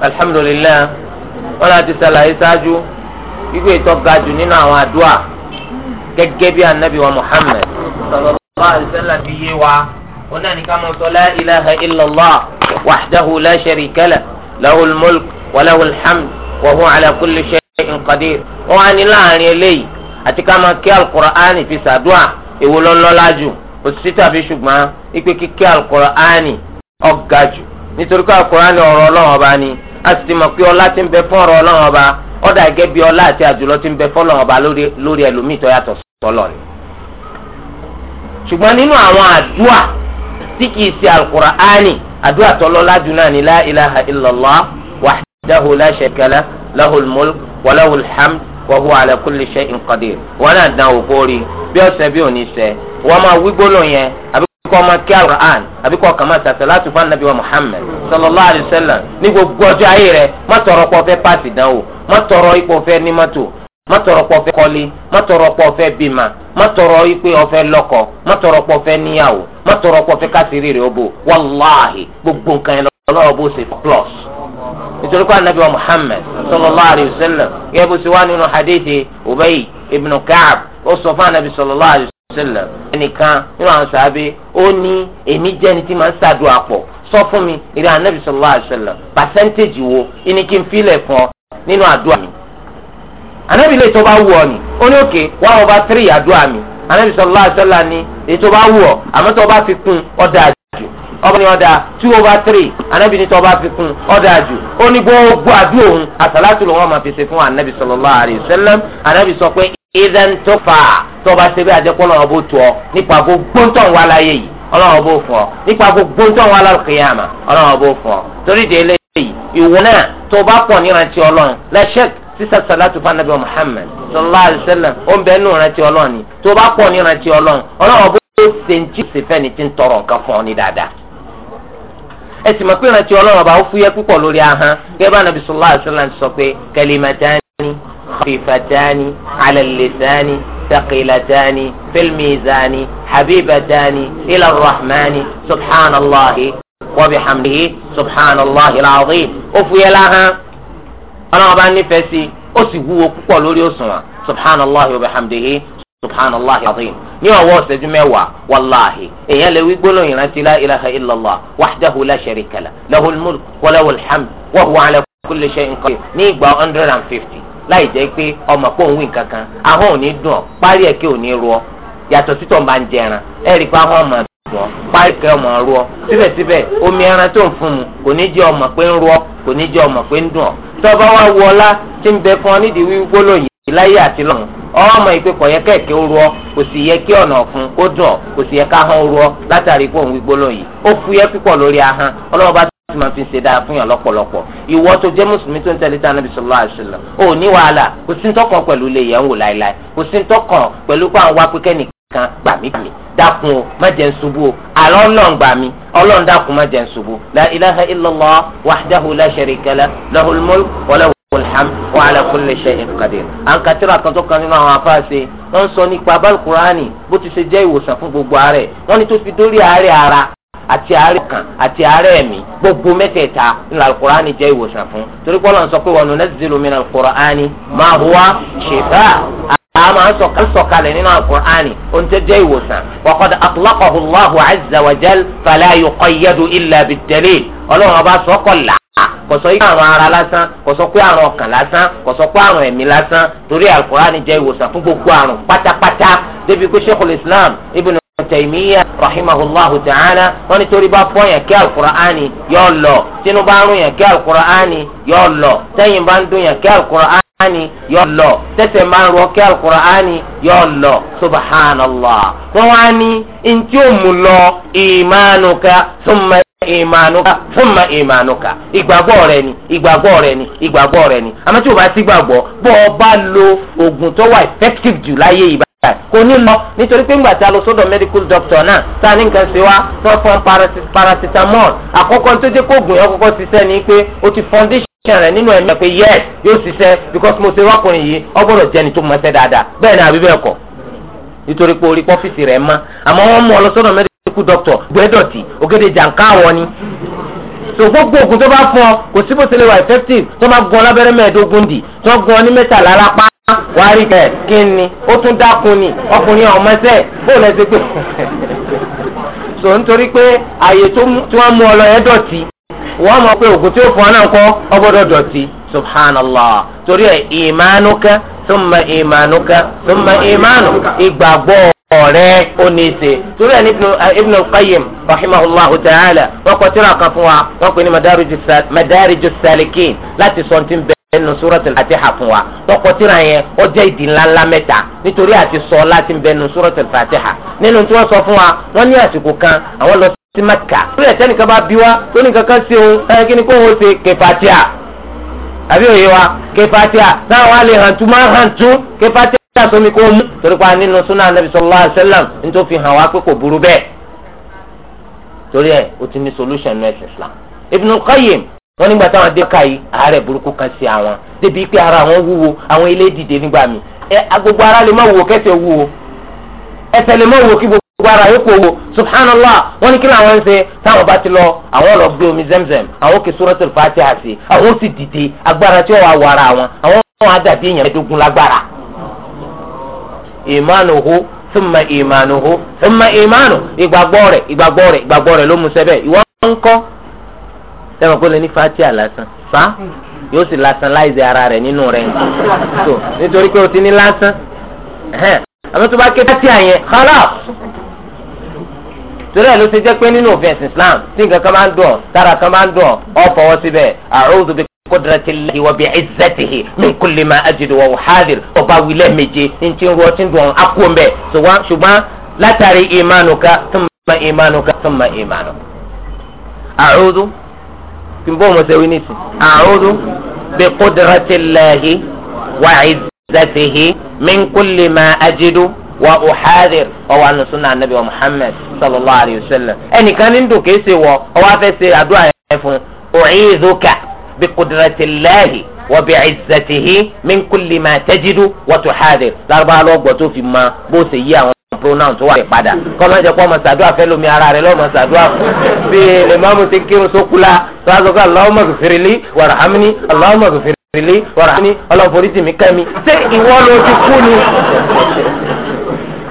B: alhamdulilayi wọn láti ṣàlàyé ṣáájú wípé ìtọ́ ga jù nínú àwọn àdúrà gẹ́gẹ́ bí anabi wa muhammed sallallahu alaihi wasallam fi yé wa wọn náà ní ká máa sọ la ilaha illallah wahdahu la sharika lah lahul mulk wa lahul hamd wa huwa ala kulli shay'in qadir wọn á ní láàrin eléyìí àti ká máa kí alukur'ani fi ṣàdúrà èwo jù òsì tàbí ṣùgbọ́n ipe kíkẹ́ alukur'ani ọ̀gá jù nítorí pé alukur'ani ọ̀rọ̀ ọlọ́run ọba ni a sì ti mọ̀ pé ọlá ti ń bẹ fún ọ̀rọ̀ ọlọ́run ọba ọ̀dà gẹ́gẹ́ bí ọlá àti àjùlọ ti ń bẹ fún ọlọ́run ọba lórí ẹlòmíì tó yàtọ̀ sọ́lọ̀ ni. ṣùgbọ́n nínú àwọn àdúà tí kìí ṣe alukur'ani àdúà tọ́lọ́lá jù náà ni la ilaha illallah wọ́n máa wí gbólóhùn yẹn àbí kọ́ máa kí aluran àbí kọ́ kàmá sàṣẹ láti fún anabi wa muhammed sallallahu alayhi wa sallam ní gbogbo ọjọ́ ayé rẹ̀ má tọrọ pọ̀ fẹ́ paasi dánwò má tọrọ ipò fẹ́ ní mọ́tò má tọrọ pọ̀ fẹ́ kọ́lé má tọrọ pọ̀ fẹ́ bímọ má tọrọ ipò ọ̀fẹ́ lọ́kọ má tọrọ pọ̀ fẹ́ níyàwó má tọrọ pọ̀ fẹ́ kásìrì rẹ̀ obo wàláhì gbogbo nǹkan yẹn lọ́wọ́ bó ṣe plus nítorí kó anabi wa muhammed sallallahu alayhi sẹlẹ ẹnìkan nínú àwọn sàbẹ ó ní èmi jẹ́ ẹni tí màá ṣàdúrà pọ̀ sọ fún mi ìrẹ anabi sọlọ àṣẹlẹ pàṣẹńtéèjì wo ẹni kí n filẹ̀ fún ọ nínú àdúrà mi anabi lè tó bá wù ọ ni ó ní òkè one over three àdúrà mi anabi sọlọ àṣẹlẹ ni ètò bá wù ọ àmọ́ tó bá fi kún ọdà jù ọba ni ọdà two over three anabi ni tó bá fi kún ọdà jù ó ní gbogbo àdúrà òun àsàlátù lòun ọmọ fi ṣe fún anabi sọlọ àṣẹlẹ anabi sọ pé idan tó fà tọba sebe àjẹpọ̀ náà bó tu ọ nípa gbogbo tó ń wá láyé yìí ọlọ́run bó fún ọ nípa gbogbo tó ń wá lálùkìyàmà ọlọ́run bó fún ọ torí de eléyìí ìwọ náà tó bá pọ̀ nírántí ọlọ́run lẹ́sẹ̀k sísè sàlátù fún anabi muhammed sallallahu alayhi wa sallam ó ń bẹ nínú ìrántí ọlọ́run ni tó bá pọ̀ nírántí ọlọ́run ọlọ́run bó ṣe ń tí ìsèfẹ́ ni ti ń tọrọ nǹkan fún ọ ní dáadáa ẹ sì mọ̀ pé ìrántí ọlọ́run ọba ó fúyẹ́ púpọ̀ lórí ahọ́n gẹ́gẹ́ bá anabi sallallahu alayhi wa sallam sọ pé kẹlímẹ̀tẹ́ خفيفتان على اللسان ثقيلتان في الميزان حبيبتان إلى الرحمن سبحان الله وبحمده سبحان الله العظيم أفوي لها أنا أبان نفسي أسيبوه كقول لي سبحان الله وبحمده subhana allah azim ní ọwọ́ ọ̀sẹ̀jú mẹ́wàá wàláhì èèyàn lè wí gbólóhùn ìrántí la ilaha illallah wàhdahu la sharika la lahul mulk wa lahul hamd wa huwa ala kulli shay'in ní ìgbà one láì jẹ́ pé ọmọ pé òun wí kankan ahọ́n ò ní dùn ọ́ parí ẹ̀ kí ò ní ọ yàtọ̀ títọ̀ máa ń jẹran ẹ̀ rí i pé ahọ́n máa dùn ọ́ parí ọmọ ru ọ síbẹ̀síbẹ̀ omi ẹran tó ń fún mu kò ọmọ pé ń ọ kò ní jẹ́ ọmọ pé ń dùn ọ́ tọ́ba wa ọlá tí ń bẹ fún ọ nídìí láyé àti lọ́run ọmọ ìpè yẹ kẹ̀kẹ́ ó kò sì yẹ kí ọ̀nà ọ̀fun dùn kò sì yẹ káhán ó tí ma fi ṣe dáa fún yàn lọ́pọ̀lọpọ̀ ìwọ tó jẹ́ mùsùlùmí tó ń tẹ̀lé tán Ànábì sallallahu alaihi wasallam ò ní wàhálà kò sí ntọ́kàn pẹ̀lú ilé yẹn ń wò láéláé kò sí ntọ́kàn pẹ̀lú pé àwọn apẹ́kẹ́ nìkan gbà mí gbè dákun o má jẹ́ ń ṣubú o àlọ́ ọlọ́run gbà mí ọlọ́run dákun má jẹ́ ń ṣubú la ilaha illallah wahdahu la sharika lah lahul mulk wa lahul hamd wa ala kulli shay'in qadir. à ń ka tíra kan tó kan nínú àwọn afáàṣe wọ́n ń sọ nípa bal Kùránì bó ti ṣe jẹ́ ìwòsàn fún gbogbo àárẹ̀ wọ́n ní tó fi dórí àárẹ̀ ara àti àárẹ̀ kan àti àárẹ̀ ẹ̀mí gbogbo mẹ́tẹ̀ẹ̀ta ńlá alukur'ani jẹ́ ìwòsàn fún torí Ọlọ́run ń sọ pé wa nunazzilu mina alukur'ani ma huwa shifa àmà sọ̀kalẹ̀ nínú alukur'ani ohun tó jẹ́ ìwòsàn wa qad atlaqahu Allahu azza wa jal fala ọlọ́run ọba sọ́kọ̀lá kò sọ pé àrùn ara lásán kò sọ pé àrùn ọkàn lásán kò sọ pé àrùn ẹ̀mí lásán torí alukur'ani jẹ́ ìwòsàn fún gbogbo àrùn pátápátá débi pé sheikhul islam ibn tẹ̀míyà rahimahulahu ta'ala wọ́n ní torí bá fọ́ yẹn kí alukur'ani yọ lọ tínú bá ń rún yẹn kí alukur'ani yọ lọ tẹ́yìn bá ń dún yẹn kí alukur'ani yọ lọ tẹ́sẹ̀ máa ń rọ kí alukur'ani yọ lọ subhanallah wọ́n wá ní ntí ó mú lọ ìmánuka súnmọ́ ìmánuka súnmọ́ ìmánuka ìgbàgbọ́ rẹ ni ìgbàgbọ́ rẹ ni ìgbàgbọ́ rẹ ni àmọ́ tí o bá sí gbàgbọ́ bọ́ ọ bá lo oògùn tó wà effective jù láyé ìbá kò ní lọ nítorí pé ńgbà tí a lọ sọ́dọ̀ medical doctor náà tá a ní nǹkan ṣe wá tó fún paracetamol àkọ́kọ́ tó jẹ́ kóògùn yẹn kọ́kọ́ ṣiṣẹ́ ni pé o ti foundation rẹ̀ nínú ẹ̀mí pé yes yóò ṣiṣẹ́ because mo ṣe wákùnrin yìí ọ gbọ́dọ̀ jẹni tó mọṣẹ́ dáadáa bẹ́ẹ̀ ni àbí bẹ́ẹ̀ kọ́ nítorí pé orí pọ́fíìsì rẹ̀ mọ́ àmọ́ wọ́n mú ọ lọ sọ́dọ̀ medical doctor gbẹ́dọ̀tì ògèdè jàǹká àwọn ni so gbogbo ògùn tó bá fún ọ kò sí bó ṣe lè wà effective tó bá gun ọ lábẹ́rẹ́ mẹ́ẹ̀ẹ́dógún dì tó gun ọ ní mẹ́tàlá lápá wárí kẹ kí ni ó tún dákun ni ọkùnrin ọmọọṣẹ bóun ẹsẹ pé so nítorí pé àyè tí wọn mú ọ lọ yẹn dọ̀tí wọn mọ pé tí ó fọ náà kọ subhanallah torí ẹ thumma ìmánuka thumma ìmánu ìgbàgbọ́ ọ̀rẹ́ oníṣe torí ẹni ibn al-qayyim rahimahullahu ta'ala wọ́n kọ tírà kan fún wa wọ́n pè ní madariju salikin láti sọ ti bẹ ẹnu suratul fatiha fún wa tọkọ tírà yẹn ó jẹ́ ìdí ńláńlá mẹ́ta nítorí àti sọ láti bẹ ẹnu suratul fatiha nínú tí wọ́n sọ fún wa wọ́n ní àsìkò kan àwọn lọ sí maka torí ẹ̀sẹ̀ nìkan bá bí wa tó nìkan kan sí òun ẹ̀ kí ni kó wọ́n ṣe kẹfàtíà àbí òye wa ké a táwọn alẹ ma máa hàntú ké a sómi kó mú torí pa nínú súnà anabi sallallahu alaihi nítorí fi hàn wá pé kò burú bẹ́ẹ̀ torí ẹ o ti ní solution ní ẹsẹ islam Ibnul Qayyim wọn nígbà táwọn dé ká yìí burúkú kan sí àwọn débi pé ara àwọn wúwo àwọn ilé dìde nígbà mi ẹ agogo ara lè má gbara yòókù owó subhanallah wọn ní kí làwọn ń ṣe táwọn bá ti lọ àwọn lọ gbé omi zemzem àwọn kì suratul fatiha sí àwọn sì dìde agbára tí wọn wà wàrà wọn àwọn wọn àdàbí èèyàn mẹ́ẹ̀ẹ́dógún lágbára. ìmánuhu thumma ìmánuhu thumma ìmánu ìgbàgbọ́ rẹ̀ ìgbàgbọ́ rẹ̀ ìgbàgbọ́ rẹ̀ ló mú sẹ́bẹ̀ ìwọ ń kọ́ sẹ́wọ̀n kó lè ní fatiha lásán fa yóò sì lásán láìsí ara rẹ̀ nínú rẹ̀ nítorí pé o ti ní lásán àmọ́ tó bá ké torí ẹ̀ ló ṣe jẹ́ pé nínú òfin ẹ̀sìn Islam tí nǹkan kan máa ń dùn tára kan máa ń dùn ọ fọwọ́ síbẹ̀ a'udhu bi qudratillahi wa bi izzatihi min kulli ma ajidu wa uhadhir ọba wílẹ̀ méje ní ti ń ru ọtí dùn akó ń bẹ̀ ṣùgbọ́n látàrí imanuka thumma imanuka thumma imanuka. a'udhu kí n bọ́ ọmọ sẹ́wìn nìsín a'udhu bi qudratillahi wa izzatihi min kulli ma ajidu wa uhadir ọwọ anu sunna anabi wa muhammed sallallahu alayhi wa sallam ẹnìkan ní ndò kéésì wọ ọwọ afẹ ṣe àdúrà yẹn fún u'idhuka bi qudratillahi wa bi izzatihi min kulli ma tajidu wa tuhadir lárúbáwá lọgbọ tó fi ma bó ṣe yí àwọn pronoun tó wà ní padà kọ́mọ jẹ́ kó ọmọ sàdúrà fẹ́ lomi ara rẹ̀ lọ́mọ sàdúrà fún bí lèmọ́mù ti kírun sókúlá tó a sọ pé Allahumma ghfirli warhamni Allahumma ghfirli ọlọ́mọ foríjì mi kẹ́mi ṣé ìwọ ló ti kú ni.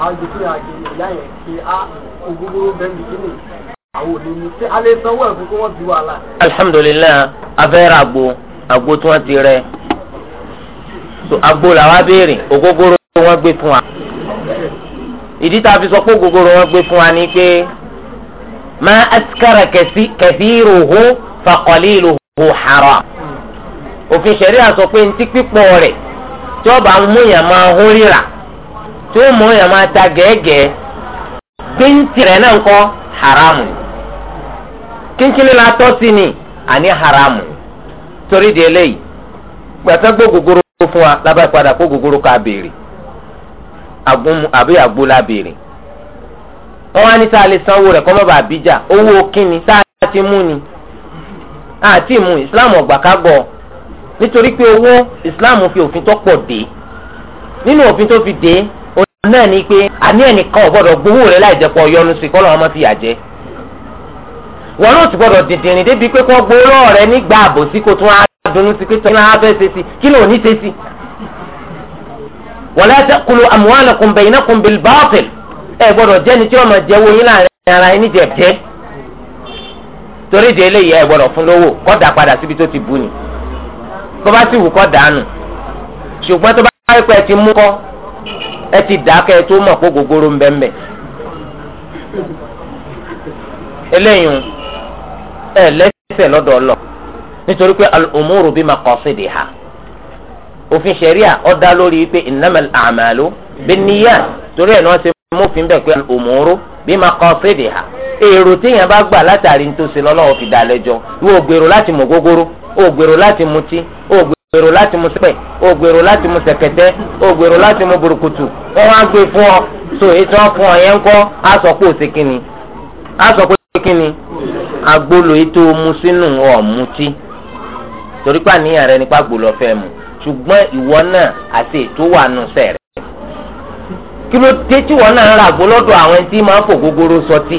A: àwọn jù fún àjẹ ìyá yẹn kí á ògógóró bẹ́ẹ̀ bí kíni àwọn òní ni ṣé alẹ́ sanwó ẹ̀fún kí wọ́n ti wà láà.
B: alhamdulilayi abẹ́rẹ́ àgbo àgbo tí wọ́n ti rẹ àgbo làwọn abéèrè ògógóró wọ́n gbé fún wa ìdí tá a fi sọ pé ògógóró wọ́n gbé fún wa ni pé ma askara kathiruhu faqaliluhu haram òfin ṣẹ̀ríà sọ pé ntí pípọ̀ rẹ̀ tí ọba amúyàn máa hún ríra. tí ó mú yàn máa ta gẹ́gẹ́ kíntì rẹ̀ náà kọ́ haramu kíntìní la tọ́ sí ni àní haramu torí di eléyìí gbàtà gbó gogoro fún wa lábàá padà kó gogoro ká béèrè àbí àgbo la béèrè wọn wá ní sáà lè sanwó rẹ̀ kọ́ mọ́ bàa bíjà owó kínni sáà ti mú ni àti ìmú Islam ọ̀gbà ká gbọ́ nítorí pé owó Islam fi òfin tó pọ̀ dé nínú òfin tó fi dé náà ni pé àní ẹnìkan ò gbọ́dọ̀ gbowó rẹ láì jẹ́ pọ̀ yọnu sí kọ́ lọ́wọ́ má fi yà jẹ́ wọn náà ti gbọ́dọ̀ dìndìnrín débi pé kọ́ gbowó lọ́wọ́ rẹ nígbà àbòsí kó tún á dunu sí pé tọ́lá á fẹ́ ṣe sí kí ló ní ṣe sí. wala ta'kulu amwalakum bainakum bil batil ẹ gbọ́dọ̀ jẹ́ni tí wọ́n máa jẹ́ wọ́n yín láàrin ara ẹni jẹ́ jẹ́ torí de eléyìí ẹ gbọ́dọ̀ fún lówó kó dá padà síbi tó ti bú ni tó bá sì wù kó dànù ṣùgbọ́n tó bá pẹ́ ti mú kọ́ ẹ ti dàákẹ́ tó mọ̀ kó gogoro ń bẹ́ẹ̀ eléyìí ẹ lẹ́sẹ̀ lọ́dọ̀ ọlọ́ nítorí pé al-umuru bi maqasidiha òfin ṣẹ̀ríà ó dá lórí pé innamal a'malu binniyat torí ẹ̀ ní wọ́n ṣe mọ́fin bẹ́ẹ̀ pé al-umuru bi maqasidiha èrò téèyàn bá gbà látàrí nítòsí lọ́lọ́wọ́ fi dá lẹ́jọ́ ìwọ gbèrò láti mọ̀ gógóró ó gbèrò láti mutí ó gbèrò. gbèrò láti mu sẹpẹ o gbèrò láti mu sẹkẹtẹ o gbèrò láti mu burúkutu wọn wá gbé fún ọ so ètò wọn fún ọ yẹn kọ á sọ pé òsè agbolo ètò mu sínú torí rẹ nípa gbòòlò mu ṣùgbọ́n ìwọ náà àti ètò wà nù kí ló náà ń ra àwọn tí ń fò sọtí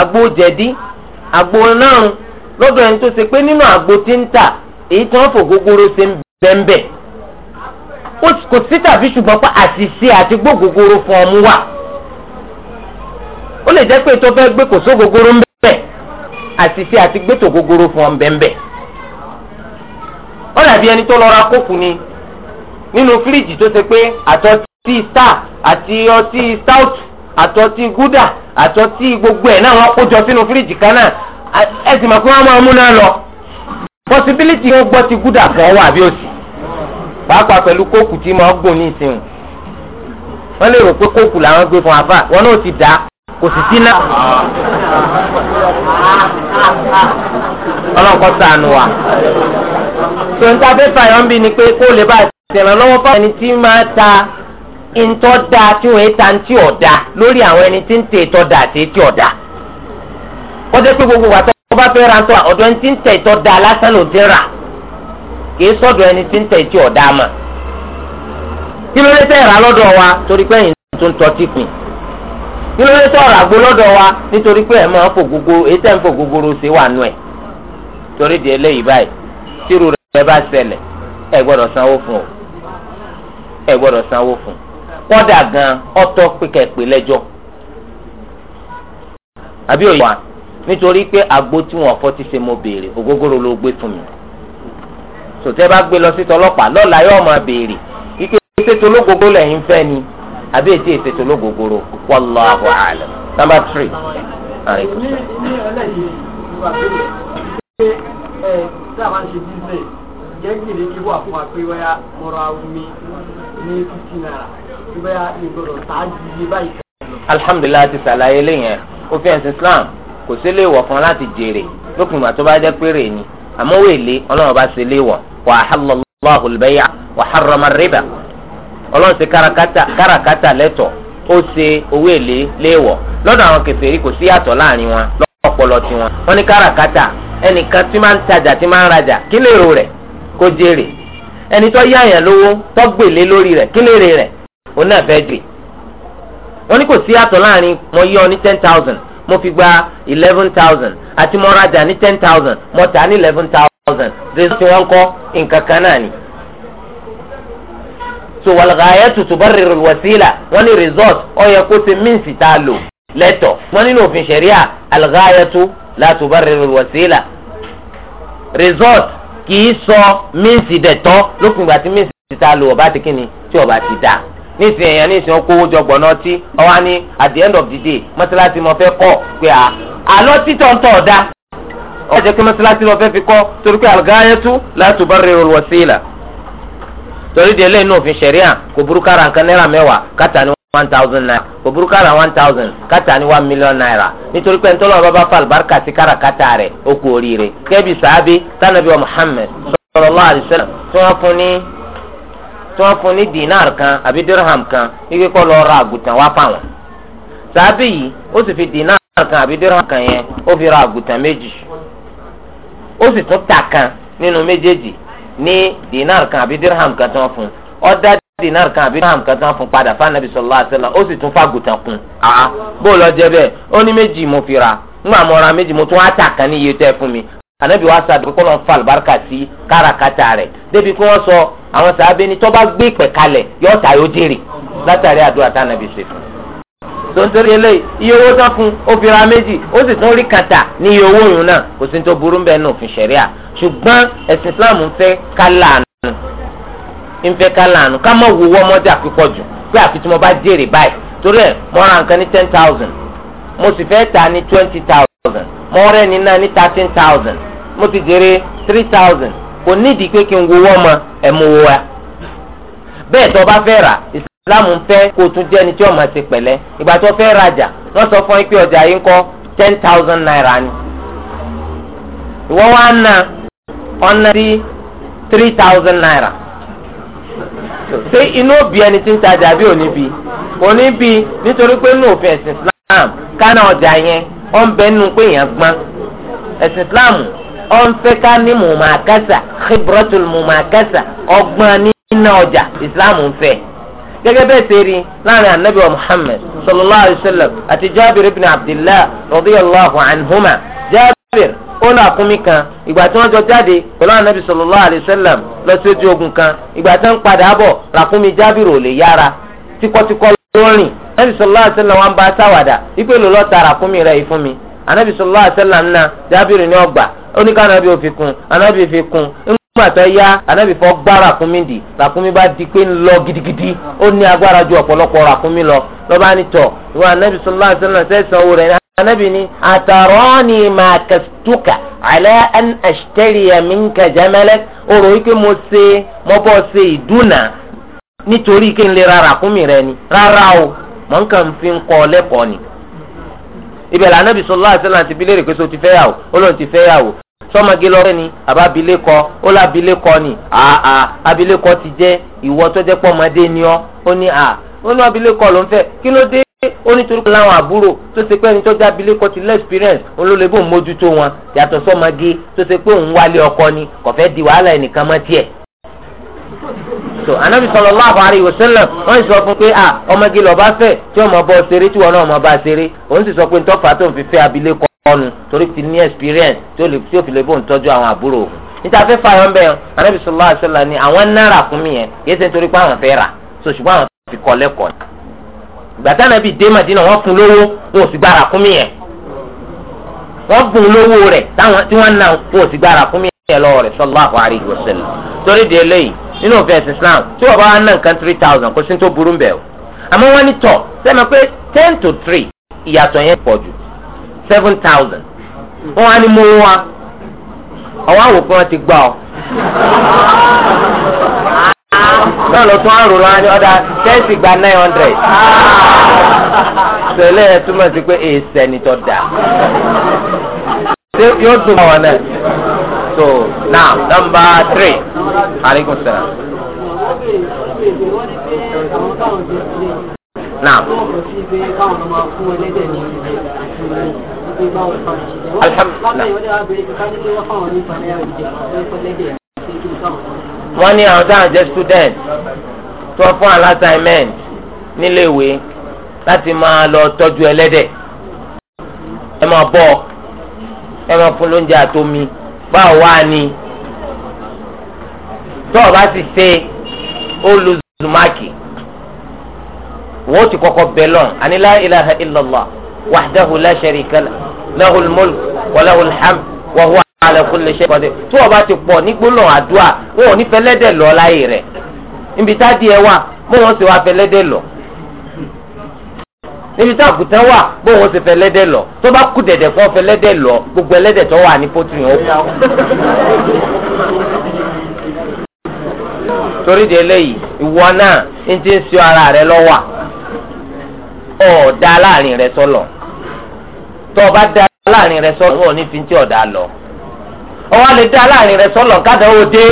B: àgbo jẹ̀dí àgbo náà lọ́dọ̀ ẹni tó ṣe pé nínú àgbo tí ń tà èyí tí wọ́n fò gogoro ṣe ń bẹ́ńbẹ́ kò sí tàbí ṣùgbọ́n pé àṣìṣe àti gbógogoro fún ọmú wà ó lè jẹ́ pé tó fẹ́ gbé kò sógogoro ń bẹ́ẹ̀ àṣìṣe àti gbẹ́tò gogoro fún ọmú bẹ́ẹ̀ ó dàbí ẹni tó lọ kófù ni nínú fíríjì tó ṣe pé àtọ́tí star àti ọtí stout àtọ́tí gúdà àtọ́tí gbogbo ẹ̀ náà wọ́n kójọ sínú fíríjì kan náà ẹ sì mọ̀ pé wọ́n máa mú náà lọ. pọ́sibílítì yóò gbọ́ ti gúdà kan wà bí òsì pàápàá pẹ̀lú kóòkù tí máa gùn ní ìsìn wọ́n lè rò pé kóòkù làwọn gbé fún àfà wọn náà ti dà kò sì sí náà. ọlọ́nkọ́ sànù wa. tòun ta fẹ́ fàyọ̀ ń bí ni pé kó lè bá ìṣẹ̀lẹ̀ lọ́wọ́ fáwọn ẹni tí máa ta ntọ́ da tí wọ́n ta ntí ọ̀dà lórí àwọn ẹni tí ń tẹ da àti ìtí ọ̀dà. kọ́jọ́ pé gbogbo wa tó bá fẹ́ ra ọ̀dọ̀ ẹni tí ń tẹ ìtọ́ da lásán ti rà kìí sọ́dọ̀ ẹni tí ń tẹ ìtí ọ̀dà mà. kí ló dé tẹ́ ra lọ́dọ̀ wa torí pé ẹ̀yin tó ń tọ́ tí pin. kí ló dé tẹ́ ọ̀rà gbó lọ́dọ̀ wa nítorí pé ẹ̀ máa fò gbogbo ń fò gbogbo rose wà nù ẹ̀. torí kọ́dà gan ọ̀tọ̀ pípẹ́ pè lẹ́jọ́ àbí wa nítorí pé àgbo tí wọn fọ́ ti ṣe mo béèrè ògógóró ló gbé fún mi bá gbé lọ sí tọlọ́pàá lọ́la yóò máa béèrè ike ìṣètò ológógó lẹ́yìn fẹ́ ni àbí ètò ìṣètò ológógóró wallahu alam number three. ní ọlẹ́yìn
A: ìwà tí a máa ń ṣe ǹjẹ́ gbèrè kí wà fún wa pé wáyà mọ́ra omi ní fifty naira tí wáyà lè gbọdọ̀ sáájú iye báyìí.
B: alhamdulilayi ti ṣàlàyé lẹ́yìn òfin ẹ̀sìn islam kò sí lè wọ̀ fún láti jèrè lópin ìgbà tó bá jẹ́ péré ni àmọ́ wò èlé ọlọ́run bá ṣe lè wọ̀ wà á hallallahu al-bay'a wa harrama ar-riba ọlọ́run ṣe káràkátà lẹ́tọ̀ ó ṣe owó èlé léèwọ̀ lọ́dọ̀ àwọn kèfèrí kò sí yàtọ̀ láàrin wọn lọ́pọ̀lọ́ tiwọn wọ́n ní káràkátà ẹnìkan tí máa ń tajà tí máa ń rajà kí lèrò rẹ̀ kó jèrè ẹni tó yá àyàn lówó tó gbèlé lórí rẹ̀ kí lèrè rẹ̀ òun náà fẹ́ jèrè wọ́n ní kò sí àtọ̀ láàrin mo yọ ní ten thousand mo fi gba eleven thousand àti mo rajà ní ten thousand mo tà ní eleven thousand result wọn kọ́ nǹkan kan náà ni. so wàlgàyà tutubarriru alwasila wọ́n ní result ó yẹ kó ti míǹsì tá a lò lẹ́tọ̀ wọ́n nínú òfin ṣẹ̀ríà algàyà tu la tubarriru alwasila result kìí sọ míǹsì dẹ̀tọ́ lópin ìgbà tí míǹsì ti ta lò ọba ti kíni tí ọba ti da nísìnyí èèyàn nísìnyí kówó jọ gbọ̀nà ọtí ọwọ́ ni at the end of the day mọ́sálásí mo fẹ́ kọ́ pé à àlọ́ títọ̀ ń tọ̀ ọ̀dà ọ̀dà jẹ́ pé mọ́sálásí mo fẹ́ fi kọ́ torí pé al-ghayatu la tubarrirul wasila torí di eléyìí náà òfin ṣẹ̀ríà kò burúkú ara nǹkan náírà mẹ́wàá káta ni one thousand naira kò burú kára one thousand káta ní one million naira nítorí pé ntọ́lọ́ bàbá falbarka sí kára káta rẹ̀ ó kú oríire kẹ́bi sàábí tánàbí wa Muhammad sallallahu alaihi wasallam tí wọ́n fún ní tí wọ́n fún ní dinar kan àbí dirham kan wípé kọ́ lọ́ọ́ ra àgùntàn wá fáwọn sàábí yìí ó sì fi dinar kan àbí dirham kan yẹn ó fi ra àgùntàn méjì ó sì tún ta kan nínú méjèèjì ní dinar kan àbí dirham kan tí wọ́n fún ọ́ dájú dinar kan àbí dirham kan tán fún padà fún anabi sallallahu alaihi wasallam ó sì tún fàgùtàn kún. àá bó lọ jẹ bẹ́ẹ̀ ó ní méjì mo fi ra ńgbà mo ra méjì mo tún á tà kan ní iye tẹ́ fún mi. anabi wa sàdùn kó lọ́n fa àlùbáríkà sí káràkátà rẹ̀ débi kí wọ́n sọ àwọn sàábé ni tó bá gbé ìpè kalẹ̀ yóò tà yóò dèrè látàrí àdúrà tá anabi ṣe fún. tontorí eléyìí iye owó tán fún ó fi ra méjì ó sì tún rí kàtà ní iye owó òun náà kò sí ní tó burú bẹ́ẹ̀ náà òfin ṣẹ̀ríà ṣùgbọ́n ẹ̀sìn nfẹ́ lanu lànà ká má wúwọ́ ọmọdé àpípọ̀ jù pé àfi tí mo bá jèrè báyìí torí ẹ̀ mo ra nǹkan ní ten thousand mo sì fẹ́ ta ní twenty thousand mo rẹ́ ní náà ní thirteen thousand mo ti jèrè three thousand kò nídìí pé kí n wúwọ́ ọmọ ẹ̀ mo wọ́ wa bẹ́ẹ̀ tó o bá fẹ́ rà ìsìlámù ń fẹ́ kó o tún jẹ́ ẹni tí ọmọ ti pẹ̀lẹ́ ìgbà tó fẹ́ rajà wọ́n sọ fún yín ọjà yín kọ́ ten thousand naira ni ìwọ wa ń na ọ̀nà three thousand naira ṣé inú òbí ẹni tí ń tajà bí òní bi òní bi nítorí pé inú òfin ẹ̀sìn Islam kánà ọjà yẹn ó ń bẹ nínú pé èèyàn gbọ́n ẹ̀sìn Islam ó ń fẹ́ ká ní mùmàkásà khibratul mùmàkásà ọgbọ́n nínú ọjà Islam ń fẹ́ gẹ́gẹ́ bẹ́ẹ̀ ṣe rí láàrin anabi wa Muhammad sallallahu alayhi wa sallam àti Jabir ibn Abdillah radiyallahu anhuma jabir na ní kan ìgbà tí wọ́n jọ jáde pẹ̀lú anabi sallallahu alayhi wasallam lọ sí ojú ogun kan ìgbà tí wọ́n padà bọ̀ ràkúnmí jabir ò lè yára tíkọ́tíkọ́ lórin anabi sallallahu alayhi wasallam wọn bá sáwàdà ìpè ló ta ràkúnmí rẹ̀ yìí mi anabi sallallahu alayhi wasallam na, jabir ọgbà ó anabi ò fi anabi fi kún anabi fọ gbá bá di pé gidigidi ó ní agbára ju anabi ni atarani ma kastuka ala an ashtariya minka jamalak ọ̀rọ̀ yìí pé mo ṣe mo bọ́ ṣe ìdúnà nítorí kí n lè rárá kún mi rẹ ni rárá o mọ̀ nǹkan fi ń kọ́ lẹ́kọ̀ọ́ ni. ibẹ̀ la anabi sallallahu alaihi wasallam ti bi léèrè pé so ti fẹ́ yàwó ó lóun ti fẹ́ yàwó sọmọge lọrẹ ni àbá abilékọ ó lọ abilékọ ni àà abilékọ ti jẹ ìwọ tó jẹ pọ ni ọ ó ní à ó ní abilékọ ló ń fẹ́ kí ó nítorí pé láwọn àbúrò tó ṣe pé ẹni tó já bilé kọ́ ti lé experience olólebó ń mójútó wọn yàtọ̀ sọ́mọge tó ṣe pé òun wálé ọkọ ni kò fẹ́ di wàhálà ẹnìkan mọ́ tiẹ̀. so anabi sallallahu alaihi wasallam wọn sọ fún pé ah ọmọge lọ bá fẹ́ tí ọmọ bọ ṣeré tí wọn náà ọmọ bá ṣeré òun sì sọ pé ntọ́fà tó ń fi fẹ́ abilé kọ ọnu torí ti ní experience tí ó fi lè bó ń tọ́jú àwọn àbúrò òun níta fẹ́ fà wọn bẹ́ẹ̀ anabi sallallahu alaihi wasallam ni àwọn náírà fún mi yẹn kì í gbàtà na dé Madina wọ́n fún lówó wọn ò sì gbára kún mi yẹn wọ́n bùn lówó rẹ̀ táwọn tí wọ́n nà wọn ò sì gbára kún mi yẹn lọ́wọ́ rẹ̀ sallallahu alaihi wasallam torí di eléyìí nínú òfin Islam tí bá wà nǹkan three thousand tó burú ń o ten to three ìyàtọ̀ yẹn pọ̀ jù seven thousand wọ́n wá ní mowó wa ọwọ́ àwòkọ́ ti náà lọ tún àrùn lọ́wọ́ ní ọ̀dà tẹ́sì gba nine hundred. sọlẹ̀ ẹ̀ túmọ̀ sí pé èsẹ̀ ni tọ́ da. yóò dùn àwọn náà. so now number three aleykum salaam.
A: Naam. Alhamdulillah wọ́n ní àwọn táwọn jẹ́ student
B: tó fún alásáímẹ́ǹt níléèwé láti máa lọ tọ́jú ẹlẹ́dẹ̀ ẹ máa bọ́ ẹ máa fún lóúnjẹ àtomi báwo wá ni tó o bá sì ṣe ó lu zùmáàkì wọ́n ti kọ́kọ́ bẹ̀ lọ́n àní la ilaha illallah wahdahu la sharika lahu mulk wa lahu al wa huwa ala kulli shay qadir tí wọ́n bá ti pọ̀ ní gbólóhùn àdúrà wọn ò ní fẹlẹ́dẹ̀ lọ láyè rẹ̀ níbi tá díẹ̀ wà bó wọn sì wá fẹlẹ́dẹ̀ lọ níbi tá àgùntàn wà bó wọn sì fẹlẹ́dẹ̀ lọ tó bá kú dẹ̀dẹ̀ fún fẹlẹ́dẹ̀ lọ gbogbo ẹlẹ́dẹ̀ tó wà ní pọ́tù yẹn torí de eléyìí ìwọ náà ń ti ń sọ ara rẹ lọ́wọ́ ọ̀ọ́dá láàrin rẹ sọ́lọ̀ tó o bá dá láàrin rẹ sọ́lọ̀ wọn ò ní fi ń tí ọ̀dà lọ ọwọ́ lè dá láàrin rẹ sọ́lọ̀ káàdà ó dé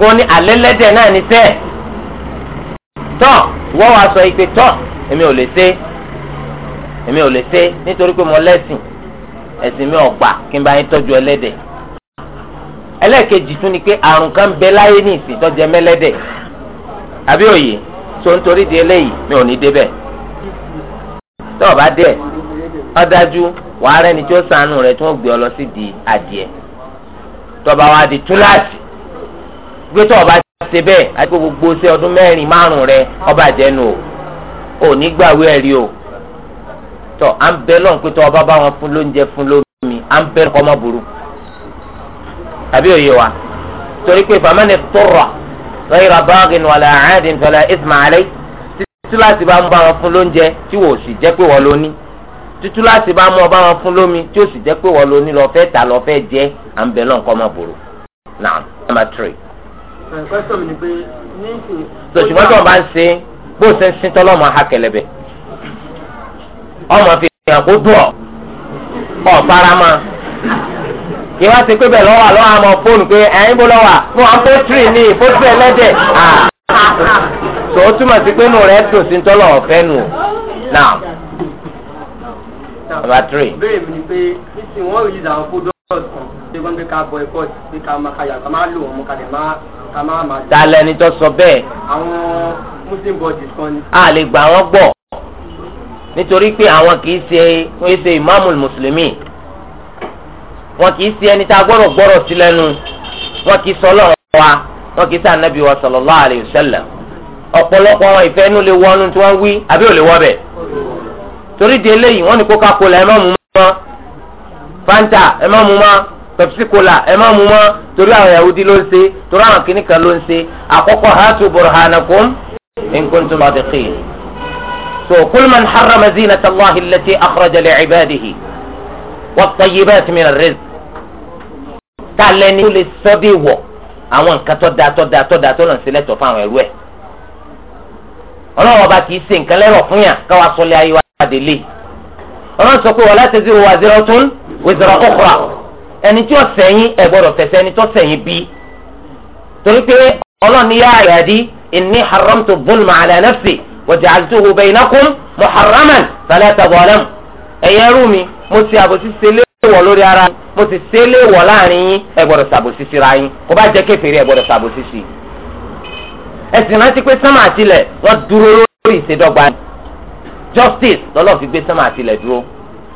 B: wọn ní alẹ́lẹ́dẹ̀ náà ní tẹ́ tọ́ wọ́n wá sọ ìpè tọ́ èmi ò lè ṣe èmi ò lè ṣe nítorí pé mo lẹ́sìn ẹ̀sìn mi ò gbà kí n bá yín tọ́jú ẹlẹ́dẹ̀ ẹlẹ́ẹ̀kejì tún ni pé àrùn kan bẹ láyé ní ìsìn tó jẹ mẹ́lẹ́dẹ̀ àbí òye tó ń torí di eléyìí mi ò ní débẹ̀ tọ́ ọ bá dé ọ dájú wàá rẹ́ni tí ó sànù rẹ̀ tí gbé ọ lọ sí di adìẹ tọba wa di túláàsì gbé tó ọba ṣe bẹ́ẹ̀ àti gbogbo ṣe ọdún mẹ́rin márùn rẹ̀ ọba jẹnu o ò ní gbàwé ẹ̀rí o tọ à ń bẹ lọ́n pé tó ọba bá wọn fún lóúnjẹ fún lómi à ń bẹ lọ́n kọ́ burú tàbí òye wa torí pé famani tóra lọ́yìnrà báàgìn wàlà àádìn fẹlẹ̀ ismaili títí láti bá ń bá wọn fún lóúnjẹ tí wò ó sì jẹ́ pé wọ́n lóní. títú láti bá mú ọba wọn fún lómi tí ó sì jẹ́ pé wọ́n lo ní lọ́fẹ́ ta lọ́fẹ́ jẹ́ à ń bẹ náà kọ́ máa bòrò náà nàmbà tírì.
A: sọ̀tùmọ́ tó ń bá ń
B: ṣe bó ṣe ń sin tọ́lọ́mọ ha kẹlẹ́bẹ̀ ọmọ fi hàn kó dùn ọ́ ọ̀ farama kí wọ́n ti pé bẹ́ẹ̀ lọ́wọ́ àlọ́ àmọ́ fóònù pé ẹ̀yin bó lọ́wọ́ mo à ń fó tírì ni ìfó tírì ẹlẹ́dẹ̀ tó ah. túmọ̀ sí pé nù rẹ̀ tọ́lọ́ ọ̀fẹ́ nù náà.
A: number three. béèrè mi ni pé níṣì wọ́n rí ìlànà fúdọ́ọ̀sì kan ṣé wọ́n gbé ká bọ ẹ̀kọ́ pé ká máa kàyà ká máa lò wọ́n mú kalẹ̀ ká máa máa. dalẹ̀
B: ni tó sọ bẹ́ẹ̀.
A: àwọn muslim bodies kan ni.
B: a lè gbà wọ́n gbọ́ nítorí pé àwọn kì í ṣe wọ́n ṣe ìmáàmù mùsùlùmí wọn kì í ṣe ẹni tá a gbọ́dọ̀ gbọ́dọ̀ sí lẹ́nu wọn kì í sọ ọlọ́run wa wọn kì í sànàbí wa sallallahu alayhi wa sallam ọ̀pọ̀lọpọ̀ àwọn ìfẹ́ inú lè wọnú tí wọ́n wí àbí ò lè wọ́ bẹ̀ torí di eléyìí wọ́n ní coca cola ẹ má mu mọ́ fanta ẹ má mu mọ́ pepsi cola ẹ má mu mọ́ torí àwọn yahudi ló ń ṣe torí àwọn kìnnì kan ló ń ṣe àkọ́kọ́ hatu burhanakum in kuntum sadiqin. so kul man harrama zinata allahi allati akhraja li ibadihi wat-tayyibati min ar-rizq.
A: ta lẹni tó lè
B: sọ bí wọ àwọn nǹkan tó da tó da tó da tó lọ sílẹ̀ tó fáwọn ẹrú ẹ̀. ọlọ́wọ́ bá kì í ṣe nǹkan lẹ́rọ̀ fún yàn káwa sọlẹ̀ ayé wa adélé ọlọ́run sọ pé wala taziru waziratun wizra ukhra ẹni tí ó sẹ́yìn ẹ gbọ́dọ̀ fẹsẹ̀ ẹni tó sẹ́yìn bí torí pé ọlọ́run ní yá ibadi inni haramtu zulma ala nafsi wa ja'altuhu bainakum muharraman fala tazalamu ẹ̀yẹ́ rú mi mo ti àbòsí ṣẹlẹ̀ wọ̀ lórí ara mo ti ṣẹlẹ̀ wọ̀ láàrin yín justice lọ́lọ́ fi gbé sánmà àtìlẹ̀ dúró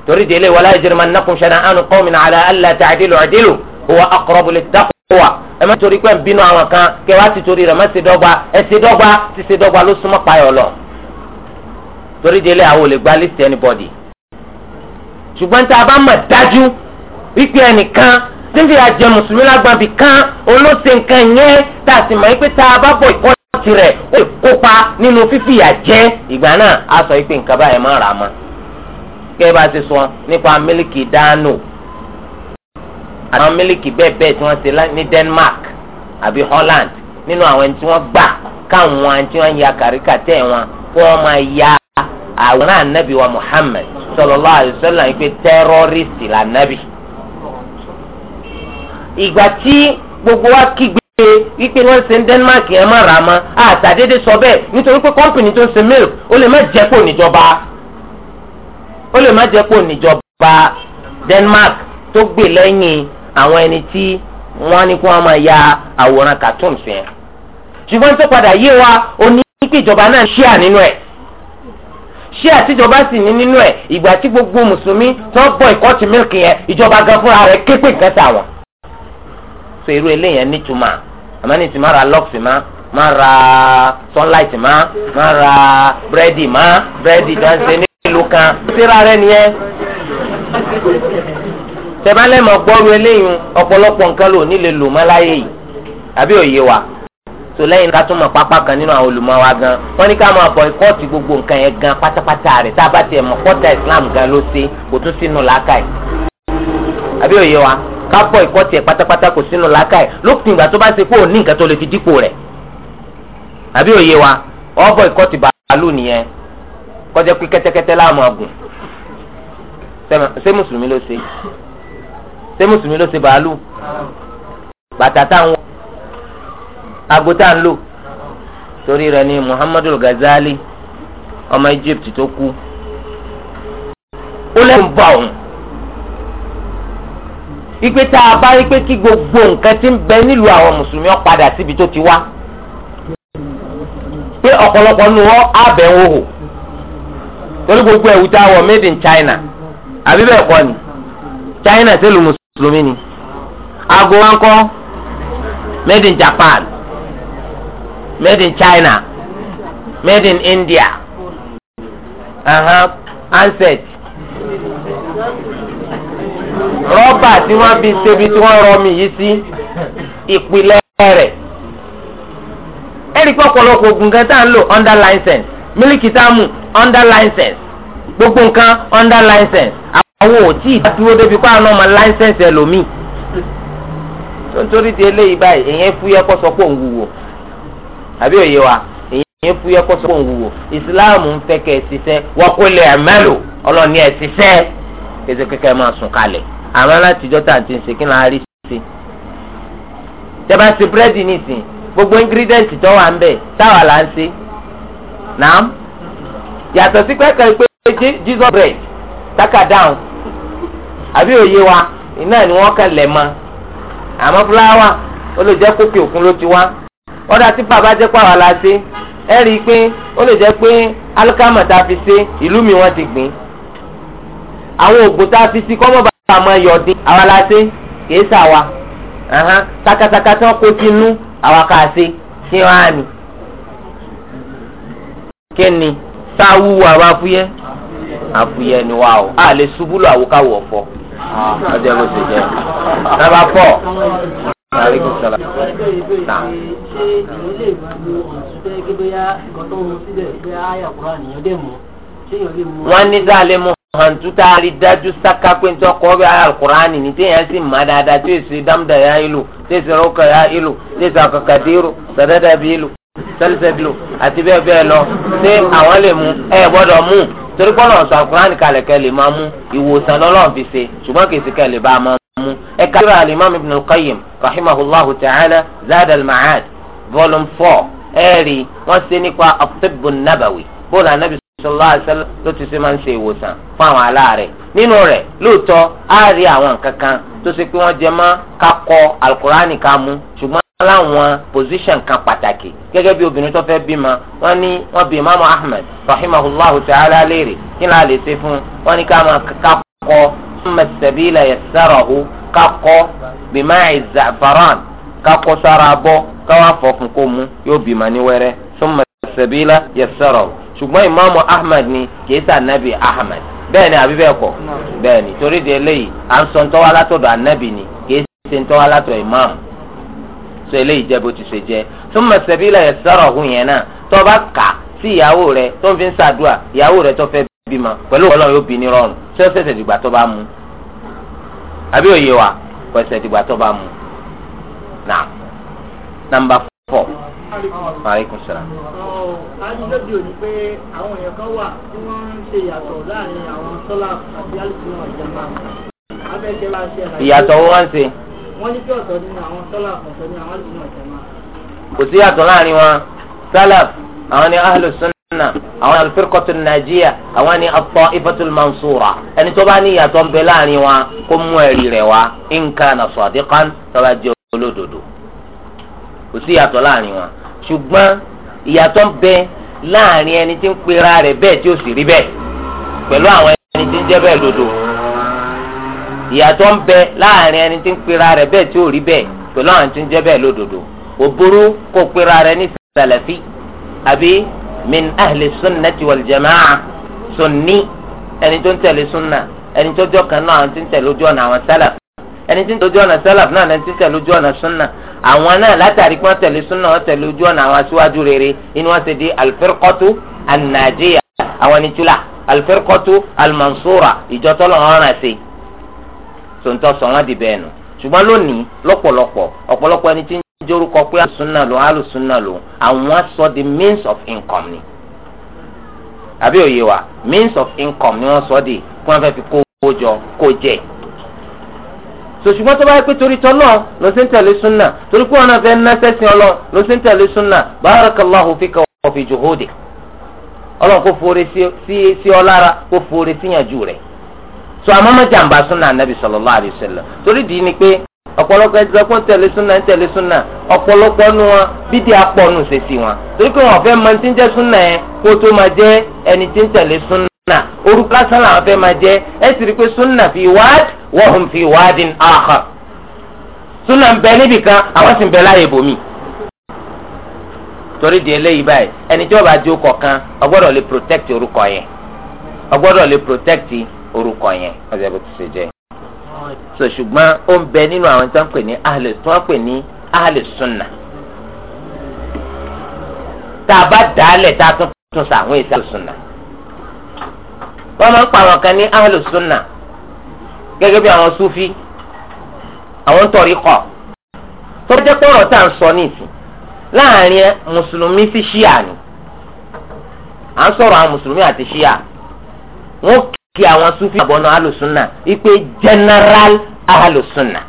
B: torí délé wala yajrimannakum shana'anu qawmin ala alla ta'dilu i'dilu huwa aqrabu lit-taqwa ẹ má torí pé ń bínú àwọn kan kẹwàá ti torí rẹ̀ má ṣe dọ́gba ẹ ṣe dọ́gba ti ṣe dọ́gba ló súnmọ́ payọ̀ lọ torí délé àwọn ò lè gba list anybody ṣùgbọ́n tá a bá mọ̀ dájú wípé ẹnìkan tí ń fi àjẹ lágbàbí kan olóṣèǹkan yẹn tá a sì mọ̀ tirẹ̀ ó kópa nínú fífìyà jẹ ìgbà náà a sọ pé nǹkan báyìí máa rà á mọ́ gẹ́gẹ́ bá ti sọ nípa mílíkì dánù àwọn mílíkì bẹ́ẹ̀ bẹ́ẹ̀ tí wọ́n ti ní Denmark àbí Holland nínú àwọn ẹni tí wọ́n gbà káwọn ẹni tí wọ́n ya kàríkàtẹ́ wọn kí wọ́n máa ya àwòrán ànábì wa Muhammad sallallahu alaihi wasallam yìí pé tẹ́rọ́rìsì lànàbì. ìgbà tí gbogbo wa kígbe ṣe wípé wọ́n ṣe ń Denmark yẹn má ra mọ́ àtàdédé sọ bẹ́ẹ̀ nítorí pé kọ́mpìnì tó ń ṣe milk ó lè má jẹ́ kó níjọba ó lè má jẹ́ kó níjọba Denmark tó gbè lẹ́yìn àwọn ẹni tí wọ́n ní kí wọ́n máa ya àwòrán cartoons yẹn ṣùgbọ́n tó padà yé wa ó ní kí ìjọba náà ṣíà nínú ẹ̀ ṣé àtijọba sì ní nínú ẹ ìgbà tí gbogbo mùsùlùmí tó ń bọ ìkọ́tù mílìkì yẹn ìjọba gan fúnra rẹ̀ képe nǹkan tà wọ́n. so irú eléyẹn nítumọ̀ àmọ́ ní ti má ra lọ́ọ̀sì má má ra sunlight má má ra búrẹ́dì má búrẹ́dì tó ń ṣe nílùú kan síra rẹ nìyẹn. tẹ̀bálẹ̀ mọ̀ gbọ́rú eléyìí ọ̀pọ̀lọpọ̀ nǹkan lò nílé lò mọ́ láyé yìí àbí òye wa tó lẹ́yìn ká tún mọ̀ pápá kan nínú àwọn olùmọ̀ wa gan wọ́n ní ká máa bọ̀ ìkọ́ọ̀tì gbogbo nǹkan yẹn gan pátápátá rẹ̀ tá a bá tiẹ̀ mọ̀ kọ́tà Islam gan ló ṣe kò tún sínú làákàyè àbí òye wa. kápọ̀ ìkọ́tì ẹ̀ pátápátá kò sínú làákàyè lópin ìgbà tó bá ṣe pé òun ní nǹkan tó lè fi dípò rẹ̀ àbí òye wa ọ̀bọ̀ bàálù nìyẹn kọjá pé kẹ́tẹ́kẹ́tẹ́ láàmú agùn ṣé mùsùlùmí ló ṣe ṣé mùsùlùmí ló ṣe bàtà agbo tá à ń lò rẹ̀ ni Muhammadu ọmọ Egypt tó kú ipe tá a bá rí pé kí gbogbo nǹkan ti ń bẹ nílùú àwọn mùsùlùmí ó padà síbi tó ti wá pé ọ̀pọ̀lọpọ̀ nu wọn á ń hòhò torí gbogbo ẹ̀wù tá a wọ̀ made in China àbí bẹ́ẹ̀ kọ́ ni China sílùú mùsùlùmí ni aago wa kọ́ made in Japan made in China made in India uh-huh. handset
A: rọ́bà tí wọ́n fi ṣebi tí wọ́n rọmi
B: yìí sí ìpìlẹ̀ rẹ̀ ẹ̀rí pé ọ̀pọ̀lọpọ̀ kan tá ń lò under license mílíkì tá a mú under license gbogbo nǹkan under license àwọn ò tí ì dúró débi kó àwọn ọmọ license ẹlòmíì nítorí ti eléyìí báyìí èyàn fúyẹ́ kó sọ pé òun wúwo àbí òye wa èyàn fúyẹ́ kó sọ pé òun wúwo ìsìláàmù ń fẹ́ kẹ́ ẹ ṣiṣẹ́ wọ́n kó lè ẹ̀mẹ́lò ọlọ́ọ̀ni ẹ̀ ṣiṣẹ́ kéde kékeré máa sùn kalẹ̀ àmọ́ látijọ́ tá à ń ti ṣe kí n láà rí ṣe. tẹ́bá ṣe búrẹ́dì nìsín gbogbo ingredient tó wà ń bẹ̀ táwa là ń ṣe. nàám yàtọ̀ sí pẹ́ẹ́kẹ́ pé jesus bread taka down àbí òye wa iná ni wọ́n kàn lẹ̀ mọ́ àmọ́ fúláwà ó lè jẹ́ kókè òkun ló ti wá ọ̀dà tí bàbá jẹ́ pàwọ́ la ṣe ẹ rí i pé ó lè jẹ́ pé alikama tá a fi ṣe ìlú mi wọ́n ti gbìn àwọn òògùn tá a fi sí kọ́mọ́ ká mọ yọdín àwa la ṣe kìí ṣàwa sakasaka tí wọn kó sínú àwa ká ṣe ṣé wọn á ní. kíni sáwúwo àwa afúyẹ́ afúyẹ́ ni wa o a lè ṣubú lọ àwòkáwò ọ̀fọ́ ọjọ́ bó ṣe jẹ́ nàbà pọ̀. Aleykum salaam. Ṣé ìlú
A: Wọ́n ní dáa lè
B: mú hàǹtú tá a rí dájú sáká pé nítorí ọkọ bí alukurani ní téèyàn sì má dáadáa tí èsì dámdà yá ìlú tí èsì rọkà yá ìlú tí èsì àkàkàdérò sàdádà bí ìlú sẹlẹsẹbìlò àti bẹ́ẹ̀ bẹ́ẹ̀ lọ ṣé àwọn lè mú ẹ eh, gbọ́dọ̀ mú torí pọ́nà ọ̀sán alukurani kalẹ̀ kẹ́ lè máa mú ìwòsàn lọ́lọ́run fi ṣe ṣùgbọ́n kèsì kẹ́ lè bá e alimami ibn al-qayyim ta'ala zad al volume four ẹ̀ẹ́rì wọ́n ṣe nípa at-tibb an-nabawi bóòlù anabi sallallahu alaihi wasallam ló ti ṣe máa ń ṣe ìwòsàn fún àwọn aláàrẹ̀ nínú rẹ̀ lóòótọ́ á rí àwọn nǹkan kan tó ṣe pé wọ́n jẹ mọ́ ká kọ alukurani ká mú ṣùgbọ́n láwọn position kan pàtàkì gẹ́gẹ́ bí obìnrin tó fẹ́ bímọ wọ́n ní wọ́n bí imaamu ahmed rahimahullahu ta'ala léèrè kí ni a lè ṣe fún wọ́n ní ká máa ká kọ mẹsàbílà yẹsàràhù ká kọ bímáì zafaran ká kọ sára bọ́ ká wá fọkùn kó mu yóò bímọ ní wẹ́rẹ́ sọ mẹsàbílà yẹsàràhù ṣùgbọ́n ìmáàmù ahmed ni kìí sá anabi ahmed bẹ́ẹ̀ ni àbí bẹ́ẹ̀ kọ́ bẹ́ẹ̀ ni torí eléyìí à ń sọ ntọ́wá látọ̀dọ̀ anabi ni kìí ṣe ntọ́wá látọ̀ ìmáàmù sọ eléyìí jẹ́ bó ti ṣe jẹ́ thumma ka si yẹn náà tó bá kà sí ìyàwó rẹ tó ń fi ń ṣàdúrà ìyàwó rẹ tó fẹ́ bímọ pẹ̀lú ọlọ́run mu Aleykum salaam.
A: Àdìsọ́dì ò ní pé àwọn èèyàn kan wà tí wọ́n ń ṣe ìyàtọ̀ láàrin àwọn sọ́là àti àlùfáà ìjàmbá. Abẹ́jẹ́ bá ṣe àlàyé. Ìyàtọ̀ wo wá ń ṣe? Wọ́n ní kí ọ̀tọ̀ nínú àwọn sọ́là ọ̀tọ̀ ní àwọn àlùfáà ìjàmbá.
B: Kò sí ìyàtọ̀ láàrin wọn. Sálàf àwọn ni Ahlus Sunnah àwọn alifirikọ́tù Nàìjíríà àwọn ni At-Ta'ifatul Mansura. Ẹni tó bá ní ìyàtọ̀ ń bẹ láàrin wọn kó mú ẹ̀rí rẹ̀ wá. In kana sadiqan tó bá jẹ́ olódodo kò sí ìyàtọ̀ láàrin wọn ṣùgbọ́n ìyàtọ̀ ń bẹ láàrin ẹni tí ń pera rẹ̀ bẹ́ẹ̀ tí ó sì rí bẹ́ẹ̀ pẹ̀lú àwọn ẹni tí ń jẹ́ bẹ́ẹ̀ dodo ìyàtọ̀ ń bẹ láàrin ẹni tí ń pera rẹ̀ bẹ́ẹ̀ tí ó rí bẹ́ẹ̀ pẹ̀lú àwọn tí ń jẹ́ bẹ́ẹ̀ lódodo òbúrú kò pera rẹ̀ ní sàlàfí àbí min ahli sunnati wal jamaa sunni ẹni tó ń tẹ̀lé sunna ẹni tó jọ kan náà àwọn tí ń tẹ̀lé ojú ọ̀nà àwọn sálàf ẹni tí ń tọ́jú ọ̀nà sálàf náà ẹni tí ń tẹ̀lé ojú ọ̀nà súnà àwọn náà látàrí pé wọ́n tẹ̀lé súnà wọ́n tẹ̀lé ojú ọ̀nà àwọn aṣíwájú rere inú wọn ti di alifirikọ́tù anajiya àwọn ẹni tula alifirikọ́tù alimansura ìjọ tọ́lọ̀ ọ̀ràn sí tontọ́ sọ wọn di bẹ́ẹ̀ nù ṣùgbọ́n lónìí lọ́pọ̀lọpọ̀ ọ̀pọ̀lọpọ̀ ẹni tí ń jórúkọ pé alùsùnà lò alùsùnà means of income ni àbí means of income ni wọ́n sọ di kí wọ́n sòṣùgbọ́n tó bá yẹ pé torí tọ́lọ́ ló ṣe ń tẹ̀lé súnà torí pé ọ̀nà fẹ́ ná sẹ́sìn ọlọ́ ló ṣe ń tẹ̀lé súnà barakallahu fika wa fi juhudik ọlọ́run kò fòrè sí ọ lára kò fòrè síyànjú rẹ̀ tó àmọ́ má jàǹbá súnà anabi sallallahu alaihi wasallam torí dì í ni pé ọ̀pọ̀lọpọ̀ ẹ̀dí sọ́kún tẹ̀lé súnà ń tẹ̀lé súnà ọ̀pọ̀lọpọ̀ nu wọn bídìí apọ̀nù ṣèṣì wọn torí pé wọn fẹ́ máa ti ń jẹ́ súnà yẹn kó tó máa jẹ́ ẹni tí ń tẹ̀lé súnà orúkọ asán làwọn fẹ́ máa jẹ́ ẹ sì rí i pé súnà fi wáàdì wọ́n fi wádìn àhà súnà ń bẹ níbì kan àwọn sì ń bẹ láàyè bòmí. torí di eléyìí báyìí ẹni tí wọ́n bá di orúkọ kan ọgbọ́dọ̀ lè protect orúkọ yẹn ọgbọ́dọ̀ lè protect orúkọ yẹn ọjọ́ bó ti ṣe jẹ́. so ṣùgbọ́n ó ń bẹ nínú àwọn tí wọ́n pè ní ahlẹ̀ tí wọ́n pè ní ahlẹ̀ súnà. tá a bá dàálẹ̀ tá a tún tún sàwọn èsì ahlẹ̀ súnà. wọ́n máa ń pa àwọn kan ní ahlẹ̀ súnà gẹ́gẹ́ bí àwọn sufi àwọn tọ̀rí kọ̀ tó bá jẹ́ pọ̀rọ̀ tá à ń sọ nìsín láàrin mùsùlùmí sí ṣíà ni à ń sọ̀rọ̀ àwọn mùsùlùmí àti ṣíà wọ́n kí àwọn sufi àbọ̀nà alùsùnà wípé general alùsùnà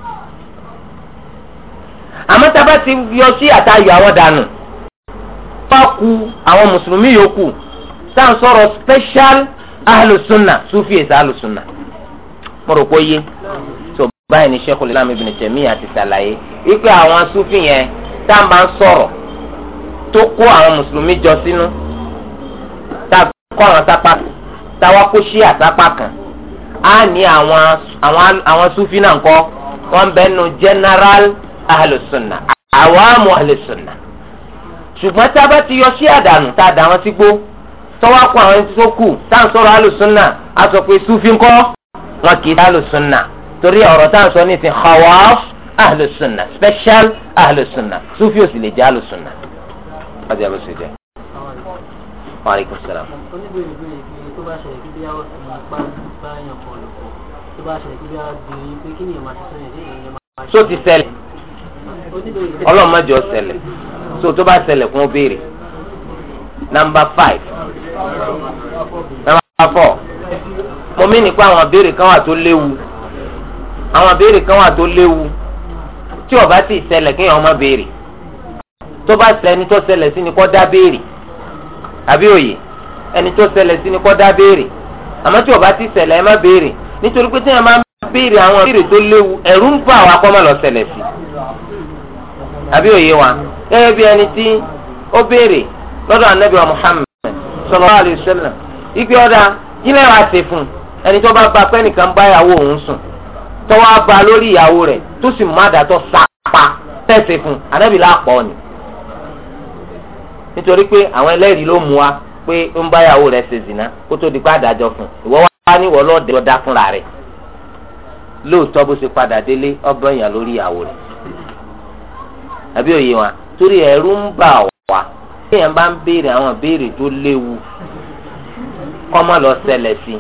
B: àmọ́ tá a bá ti yọ ṣíà tá a yọ àwọn dànù bá ku àwọn mùsùlùmí yòókù tá à ń sọ̀rọ̀ special alùsùnà sufi èsì alùsùnà mo rò pé yé tó báyìí ni Sheikhul Islam Ibn Taymiyyah àti sàlàyé wípé àwọn sufi yẹn tá a máa ń sọ̀rọ̀ tó kó àwọn mùsùlùmí jọ sínú tá a kó àwọn sápá tá a wá kó ṣí àsápá kan á ní àwọn àwọn náà kọ́ wọ́n bẹ́ẹ̀ nu general ahlùsùnà àwàmù ahlùsùnà ṣùgbọ́n tá a bá ti yọ sí àdànù tá a dà wọ́n sígbó tọ́wọ́ kó àwọn ẹni tó kù tá à ń sọ̀rọ̀ alùsùnà a sọ pé sufi ńkọ́ wọn kì í sá alùsùnà torí ọ̀rọ̀ tá à ń sọ ní ìsìn khawaf alùsùnà special alùsùnà sufi òsì lè jẹ́ alùsùnà. ọjà ló ṣe jẹ. wa alaikum salam.
A: oníbèrè bèrè pé tó bá ṣẹlẹ̀ kí bí ti ṣẹlẹ̀ ọlọ́run má jọ
B: so tó bá ṣẹlẹ̀ kún ó number five number four mo mí ní pé àwọn ìbéèrè kan wà tó léwu àwọn ìbéèrè kan wà tó léwu tí ó bá ti ṣẹlẹ̀ kéèyàn má béèrè tó bá ṣẹlẹ̀ ẹni tó ṣẹlẹ̀ sí ni kó dá béèrè àbí òye ẹni tó ṣẹlẹ̀ sí ni kó dá béèrè àmọ́ tí ó ti ṣẹlẹ̀ ẹ má béèrè nítorí pé téèyàn máa béèrè àwọn béèrè tó léwu ẹ̀rù ń bà wá kó lọ ṣẹlẹ̀ sí àbí òye wa gẹ́gẹ́ bí ẹni tí ó béèrè lọ́dọ̀ anabi wa Muhammad sallallahu alaihi wasallam ìgbé ọ̀dà yìí lẹ́wọ̀ àti fún un ẹni tó bá ba pẹ́nìkan bá ìyàwó òun sùn tọ́wọ́ á ba lórí ìyàwó rẹ̀ tó sì má dàtọ̀ sápa tẹ̀sẹ̀ fún anábì láàpọ̀ ni. nítorí pé àwọn ẹlẹ́rìí ló mú wa pé ń bá ìyàwó rẹ̀ ṣe zìnà kó tó di pé àdájọ́ fún ìwọ wá ní ìwọ lọ́ọ̀dẹ́ ọ̀dá fúnra rẹ̀ lóòótọ́ bó ṣe padà délé ọgbọ́n èèyàn lórí ìyàwó rẹ̀ àbí òye wa torí ẹ̀rù ń bà wá kéèyàn bá ń béèrè àwọn béèrè tó léwu kọ́mọ́ lọ ṣẹlẹ̀ sí i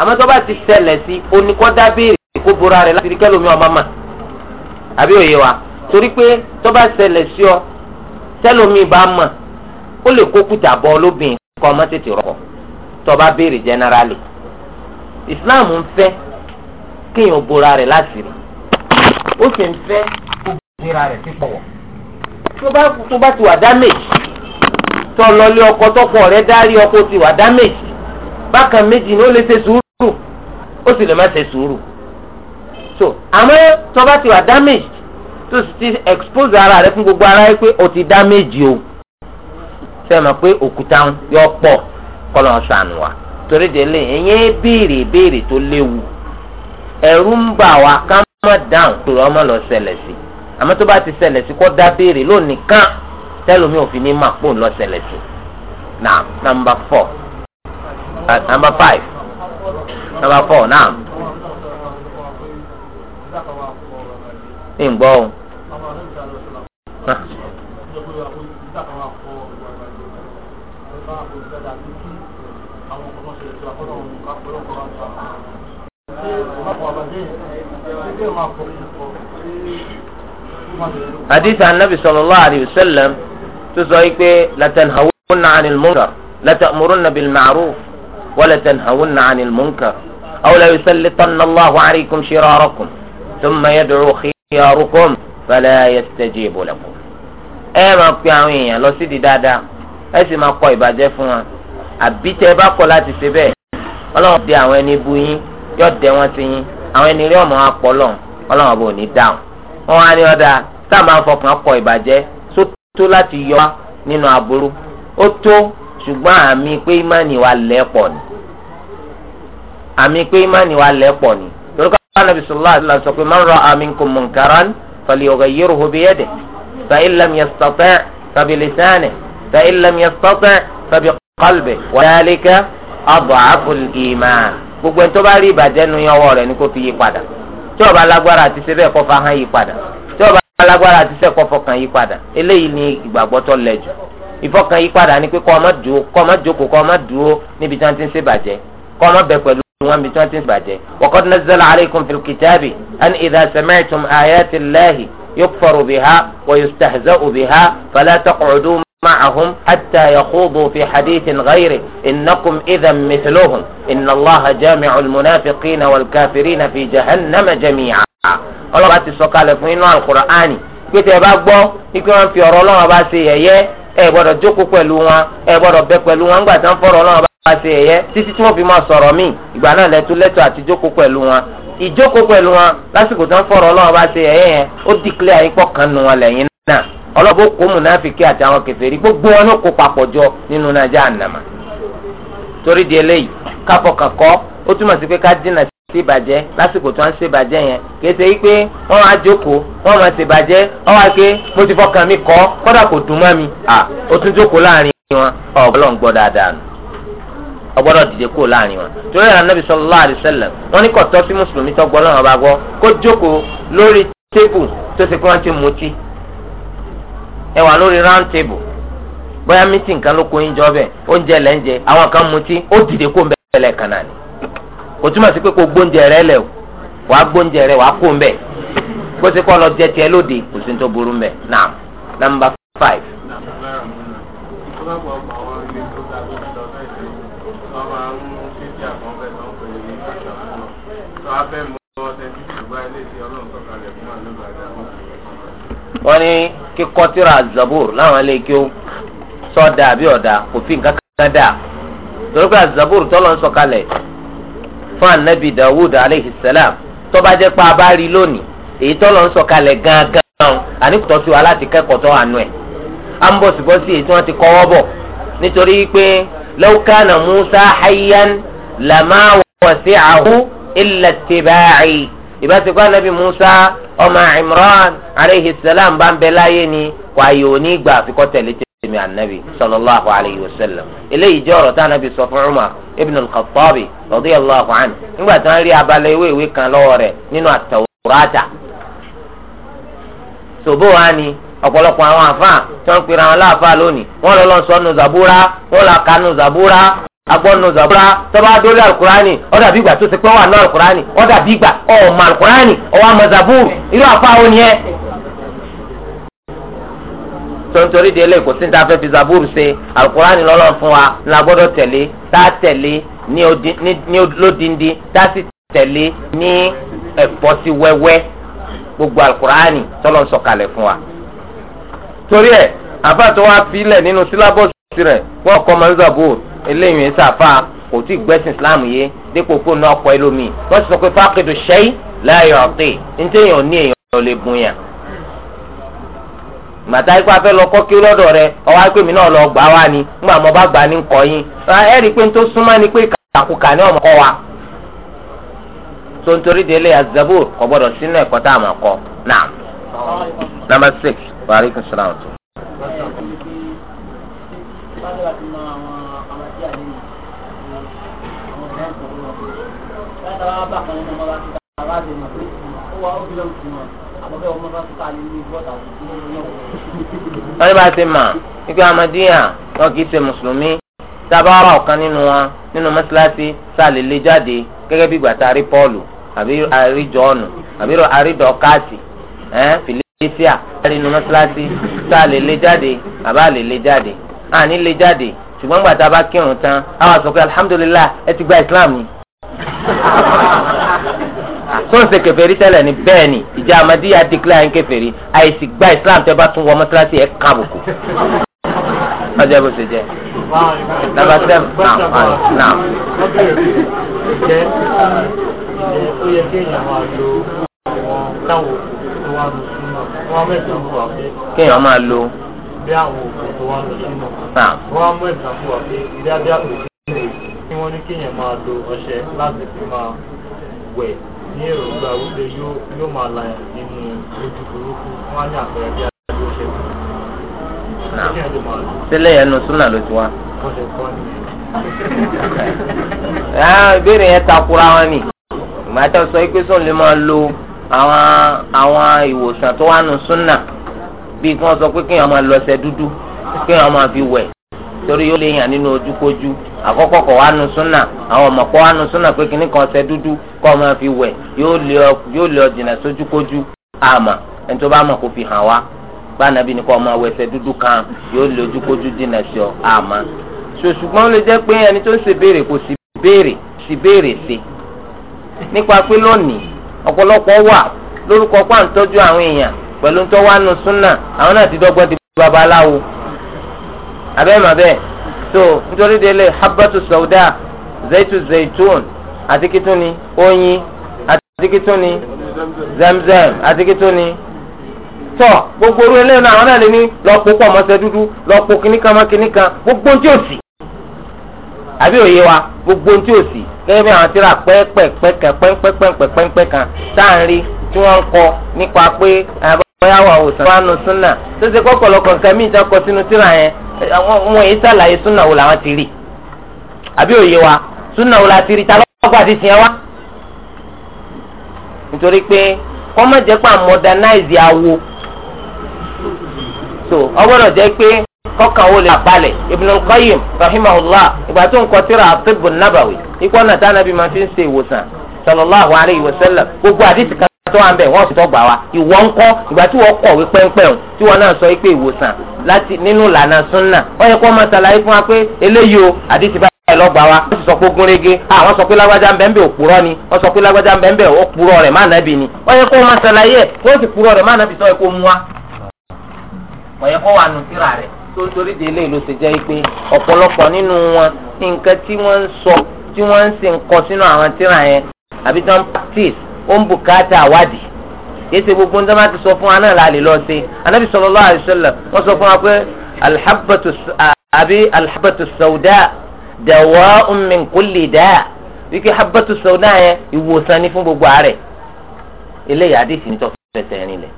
B: àmọ́ tó bá ti ṣẹlẹ̀ sí oníkọ́dá béèrè kó bora rẹ̀ láti rí kẹ́lómi ọmọ mà àbí òye wa torí pé tó bá ṣẹlẹ̀ sí ọ tẹ́lómi bá mà ó lè kó kùtà bọ́ olóbìnrin kọ́ ọmọ tètè rọ̀kọ̀ tó bá béèrè generally Islam ń fẹ́ kéèyàn bora rẹ̀ láti rí ó sì ń fẹ́ kó bora rẹ̀ sí pọ̀wọ̀ tó bá ti wà damage tó lọ lé ọkọ tọkọ rẹ̀ dárí ọkọ ti wà damage bákan méjì ni ó lè ṣe sùúrù ó sì lè má ṣe sùúrù so àmọ́ tó bá ti wà damage tó sì ti expose ara rẹ fún gbogbo ara yẹ pé o ti damage o ṣe mọ̀ pé òkúta yọ pọ̀ kọ́lọ́ ṣàánú wa torí délé ẹ̀yẹ́ béèrè béèrè tó léwu ẹ̀rù ń bà wá ká má down torí ọmọ lọ ṣẹlẹ̀ sí àmọ́ tó bá ti ṣẹlẹ̀ sí kó dá béèrè lónìí kan tẹ́lómi òfin ní màpò ń lọ ṣẹlẹ̀ sí náà nàmbà fọ́ọ̀. at number five
A: number four now.
B: ní gbọ́ o. hadith anabi sallallahu alayhi wa sallam tó sọ yìí pé latanhawunna anil munkar latamurunna bil ma'ruf. ولا تنهون عن المنكر أو لا يسلطن الله عليكم شراركم ثم يدعو خياركم فلا يستجيب لكم ẹ máa pe àwọn èèyàn lọ sídìí dáadáa ẹ sì máa kọ ìbàjẹ́ fún wọn àbí tẹ ẹ bá kọ̀ láti ṣe bẹ́ẹ̀ ọlọ́run dè àwọn ẹni bu yín yóò dẹ wọn sí yín àwọn ẹni rí ọmọ apọ̀ lọ́hùn ọlọ́run bò ní dáhùn wọn wá ní ọ̀dà tá a máa fọkàn kọ ìbàjẹ́ sótó láti yọ wá nínú aburú ó tó ṣùgbọ́n àmì pé ìmánì wa lẹ́pọ̀ ni àmì pé ìmánì wa lẹ́pọ̀ ni torí ká nàbì sallallahu alaihi wasallam sọ pé man ra'a minkum munkaran falyughayyirhu biyadihi fa in lam yastati' fa bilisanihi fa in lam yastati' fa biqalbihi wa dhalika ad'aful iman gbogbo ẹni tó bá rí ìbàjẹ́ nu yẹn rẹ̀ ni kó fi yí padà tí ó bá àti ṣe bẹ́ẹ̀ hàn yí padà tí ó bá àti ṣe kó fọkàn yí padà eléyìí ni ìgbàgbọ́ tó ìfọkàn yí padà ni pé kọ́ ọmọ dúró kọ́ ọmọ jókòó kọ́ ọmọ dúró níbi tí wọ́n ti ń ṣèbàjẹ́ kọ́ ọmọ bẹ pẹ̀lú wọn níbi tí wọ́n ti ń ṣèbàjẹ́. waqad nazzala alaykum fil kitabi an idha sami'tum ayati llahi yukfaru biha wa yustahza'u biha fala taq'udu معهم حتى يخوضوا في حديث غيره إنكم إذا مثلهم إن الله جامع المنافقين والكافرين في جهنم جميعا الله باتي سوكالة القرآن كتبا بو يكون في أرولون باسي ييه ẹ joko jókòó wa wọn ẹ gbọ́dọ̀ bẹ pẹ̀lú wọn ńgbà tí wọ́n fọ̀rọ̀ ẹyẹ bá ṣe ẹ̀yẹ títí tí fi máa sọrọ míì ìgbà náà lẹ́tọ́ lẹ́tọ́ àti jókòó pẹ̀lú wọn ìjókòó pẹ̀lú wọn lásìkò tí wọ́n fọ̀rọ̀ Ọlọ́run bá ṣe ẹ̀yẹ yẹn ó dìklẹ́ àyípọ̀ kan nu wọn lẹ́yìn náà ọlọ́bó kó múnáfìkì àtàwọn kèfèrí gbogbo wọn ló kó papọ̀ jọ sí ìbàjẹ́ lásìkò tí wọ́n ń ṣe ìbàjẹ́ yẹn kété yìí pé wọ́n máa jókòó wọ́n máa ṣe ìbàjẹ́ ọwọ́ àké mo ti fọkàn mi kọ́ kọ́dà kò dùn mọ́ mi à ó tún jókòó láàrin wọn ọ̀gbọ́dọ̀ ń gbọ́ dáadáa nù ọ̀gbọ́dọ̀ dìde kúrò láàrin wọn torí àwọn anábì sallallahu alaihi wasallam wọ́n ní kò sí mùsùlùmí tó gbọ́ kò túmọ̀ sí pé kò gbóúnjẹ rẹ lẹ̀ o wàá gbóúnjẹ rẹ wàá kó ń bẹ̀ kó sì kọ́ lọ jẹ tiẹ̀ lóde kò sí tó burú mbẹ̀ naam number five. wọ́n ní kíkọ́ tíra zabur láwọn ilé kí ó sọ́dà àbí ọ̀dà kò fi nǹkan kan torí pé zabur tọ́lọ́ ń sọ kalẹ̀ fún anabi dawud aleyhi salam tó bá jẹ́ pa abárí lónìí èyí tó lọ ń sọ̀kalẹ̀ gangan àníkùtọ́ sí wa láti kẹ́kọ̀ọ́ tó àánú ẹ̀ à ń bọ̀sibọ́sí èyí tí wọ́n ti kọ́wọ́ bọ̀ nítorí pé law musa hayyan lama wasi'ahu illa ittiba'i ìbáṣepọ̀ anabi musa ọmọ imran aleyhi salam bá ń bẹ láyé ni kò àyè òní àfikọ́ tẹ̀lé tẹ̀ sèmi النبي صلى الله عليه وسلم eléyìí jẹ́ ọ̀rọ̀ tá anabi sọ fún Umar ibn al-Khattabi radiyallahu anhu nígbà tí wọ́n rí abala ewé ìwé kan lọ́wọ́ rẹ̀ nínú àtàwùrátà sòbó wa ni ọ̀pọ̀lọpọ̀ àwọn àfáà tí wọ́n ń pera wọn láàfáà lónìí wọ́n lọ lọ sọ nu zabura wọ́n là ka nu zabura agbọ́nu zabura tọ́ba adórí alukurani ọ̀dà bí ìgbà tó ti pẹ́ wà ní alukurani ọ̀dà bí ìgbà ọ̀ọ́mọ alukurani ọ̀wọ́ àmọ̀ zabur irú àfáà wo ni ẹ́ tontori di eléyìí kò sí ta fẹ́ fi zaburu ṣe alukurani lọ́lọ́ fún wa la gbọ́dọ̀ tẹ̀lé tá a tẹ̀lé ní lódindi tá a sì tẹ̀lé ní ẹ̀fọ́sí wẹ́wẹ́ gbogbo alukurani tọ́lọ̀ ń sọ̀kalẹ̀ fún wa. torí ẹ àfa tó filẹ̀ nínú sílábọ̀sì rẹ̀ wọ́n kọ́ mọ́ eléyìí sàfà kò tí gbẹ́sìn islam yé dípò kó náà kọ́ ẹlòmíì wọ́n sọ pé fákìdù ṣẹ́yì láàyò ọ̀tẹ̀ ní màtá ikú afẹ́ lọ kọ́ kí lọ́dọ̀ rẹ ọwọ́ akpé mi náà lọ gbà wá ni ńgbà mo bá gbà ní nkọ́ yín ẹ pé súnmọ́ ni pé kàkùkà ni ọmọ kọ́ wa tó ń délé azabó kò gbọdọ̀ sínú ẹ̀kọ́ tá
A: a wọ́n
B: ní bá ti mà wípé amadiya wọn kì í ṣe mùsùlùmí tábàárà ọ̀kan nínú wọn nínú mọ́sálásí sáàlì lè jáde gẹ́gẹ́ bí gbàtà rí pọ́ọ̀lù àbí àríjọ ọ̀nù àbí àríjọ káàtì fìlẹ́síà jáde nínú mọ́sálásí sáàlì lè jáde àbá lè lè jáde àní lè jáde ṣùgbọ́n gbàtà bá kírun tán àwọn àsọ̀kẹ́ alhamdulillah ẹ ti gba islam ni tó ń ṣe kèfèrí tẹ́lẹ̀ ní bẹ́ẹ̀ ni ìjà amadiya declare ń kèfèrí àìsí gba islam tẹ́ bá tún wọ mọ́sálásí ẹ̀ ká àbùkù. ọjọ́ bó ṣe jẹ́
A: nàbà sẹ́m náà. ṣé ó yẹ kéèyàn máa lo àwọn táwọn òkú tó wà lọ sínú àwọn mẹ́sàn-án wà pé. kéèyàn máa lo. bí àwọn òkú tó wà lọ sínú àwọn mẹ́sàn-án wà pé bí a bí a kò sí ní ìwé tí wọ́n ní kéèyàn máa lo ọṣẹ láti fi máa wẹ̀ ní èròǹgbà wípé yóò máa la nínú ojú burúkú wọn á ní àpẹẹrẹ bí adájọ́ ṣe kú. sílẹ̀
B: yẹn nu súnà ló ti wá. Ah, ìbéèrè yẹn takura wọn ni ìmọ̀tẹ́ sọ pé sọ̀n lè máa lo àwọn àwọn ìwòsàn tó wà nù súnà bí kí wọ́n sọ pé kí wọ́n máa lọ ọṣẹ dúdú kí wọ́n máa fi wẹ̀ torí yóò lè yàn nínú ojúkójú àkọ́kọ́ kọ̀ wá nu súnà àwọn ọmọ kọ́ wá nu súnà pé kíní kan ṣe dúdú kọ́ ọ máa fi wẹ̀ yóò lè ọ jìnà sójúkójú àmọ́ ẹni tó bá mọ̀ kó fi hàn wá bánabi ni kọ́ ọ máa wẹsẹ̀ dúdú kan yóò lè ojúkójú jìnà sí ọ àmọ́ ṣùgbọ́n ó lè jẹ́ pé ẹni tó ń ṣe béèrè kò sì béèrè sì béèrè sí nípa pé lónìí ọ̀pọ̀lọpọ̀ wà lórúkọ abẹ́mọ̀ bẹ́ẹ̀ so nítorí délé habatu sauda zaitu zaitun àti kìtúni oyin àti kìtúni zamzam àti kìtúni tọ gbogbo orí ẹlẹ́yìn náà àwọn náà lè ní lọ́pọ̀ pọ̀ mọ́sẹ̀ dúdú lọ́pọ̀ kìnnìkan mọ́ kìnnìkan gbogbo tí ò sí àbí òye wa gbogbo tí ò sí gẹ́gẹ́ bí àwọn tíra pẹ́ẹ́pẹ́ẹ́pẹ́ kan bóyá wà wòsàn wà nù sunna tó ṣe kọ́kọ́lọ́kọ́ nǹkan míì kọ sínú tírà yẹn wọn èyí sàlàyé sunna wò làwọn ti rí àbí òye wa súnà wò la rí ta lọ́gbà ti tiẹ̀ wá. nítorí pé kọ́mọ̀ jẹ́ pé à modernize awo so ọgbọ́dọ̀ jẹ́ pé kọ́kàn wo lè balẹ̀ Ibn al-Qayyim ìgbà tó ń kọ ikú ọ̀nà máa fi ń ṣe ìwòsàn gbogbo àdìsí kan. tó wà ń bẹ̀ wọ́n sì tọ́ gbà wá ìwọ ń kọ́ ìgbà tí wọ́n kọ̀wé pẹ́ńpẹ́hùn tí wọ́n náà sọ pé ìwòsàn láti nínú ìlànà súnà ó yẹ kó máa ṣàlàyé fún wa pé eléyìí o àdìsí bá ẹ lọ gbà wá wọ́n sì sọ pé ogun rege àwọn ah, sọ pé lágbájá ń bẹ ń bẹ òpùrọ́ ni wọ́n sọ pé lágbájá ń bẹ ń bẹ òpùrọ́ rẹ̀ má nàbì ni ó yẹ kó máa ṣàlàyé ẹ̀ wọ́n sì purọ́ rẹ̀ má nàbì sọ ó ń bùkátà àwádìí yéésì gbogbo ń dáná ti sọ fún wa náà la lè lọ sí anabi sallallahu alaihi wasallam wọ́n sọ fún wa pé alhabatu àbí alhabatu sawda dawa'un min kulli da' wíkẹ́ habatu sawda yẹn ìwòsàn ni fún gbogbo àárẹ̀ eléyìí àdìsí ní tọ́fẹ́ tẹ̀rín lẹ̀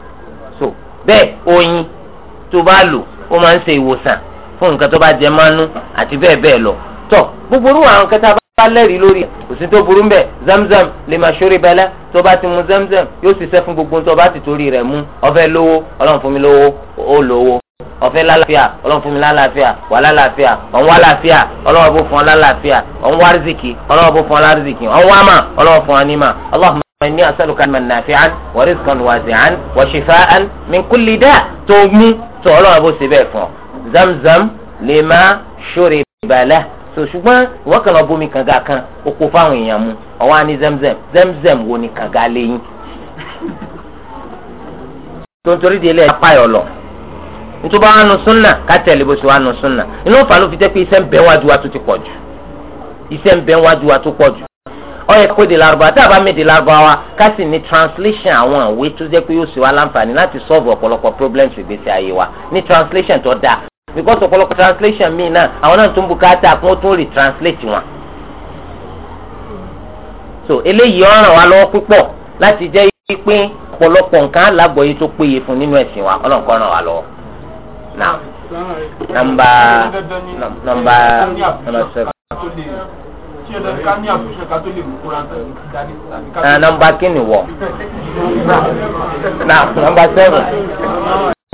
B: so bẹ́ẹ̀ oyin tó bá lò ó máa ń ṣe ìwòsàn fún nǹkan tó bá jẹ mánú àti bẹ́ẹ̀ bẹ́ẹ̀ lọ tọ́ gbogbo orúkọ àwọn kẹta bá lẹ́rìí lórí ẹ̀ kò sí tó burú mbẹ̀ zamzam lè máa ṣorí bẹ́lẹ́ tó bá ti mu zamzam yóò ṣiṣẹ́ fún gbogbo tó bá ti torí rẹ̀ mu ọ̀fẹ́ lówó ọlọ́run fún mi lówó ó lówó ọ̀fẹ́ lálàáfíà ọlọ́run fún mi lálàáfíà wà lálàáfíà ọ̀hún wà láàfíà ọlọ́run bó fún ọ lálàáfíà ọ̀hún rìzìkì ọlọ́run bó fún ọ lárìzìkì ọ̀hún mà ọlọ́run fún ọ nímà ọlọ́run إني أسألك علما نافعا ورزقا واسعا وشفاء من كل داء تومي تولو أبو سبيفو زمزم لما شرب له so ṣùgbọ́n ìwọ kàn lọ bomi kànga kan o kó fáwọn èèyàn mu ọwọ́ á zemzem zemzem wo ni kànga lẹ́yìn tó ń torí di ilé ẹ̀ka payọ̀ lọ ntuba wa nu sunna kátẹ́lì bó ṣe wa nu sunna inú fa ló fi jẹ́ pé iṣẹ́ ń bẹ wájú wa tó ti pọ̀ jù iṣẹ́ ń bẹ wájú wa tó pọ̀ jù ó yẹ kó di Lárúbáwá tá a bá mi di Lárúbáwá ká sì ní translation àwọn ìwé tó jẹ́ pé yóò ṣe wa láǹfààní láti solve ọ̀pọ̀lọpọ̀ problems ìgbésí ayé wa ní translation tó dáa because ọ̀pọ̀lọpọ̀ translation mi náà àwọn náà tún bùkátà kún ó tún retranslate wọn. so eléyìí ọ̀ràn wa lọ́wọ́ púpọ̀ láti jẹ́ pé ọ̀pọ̀lọpọ̀ nǹkan alágbọ̀yé tó péye fún nínú ẹ̀sìn wa ọlọ́nkọ́ ràn wá lọ́wọ́. now number, number, number seven.
A: Ah, nọ́mbà kí ni wọ? now nọ́mbà seven.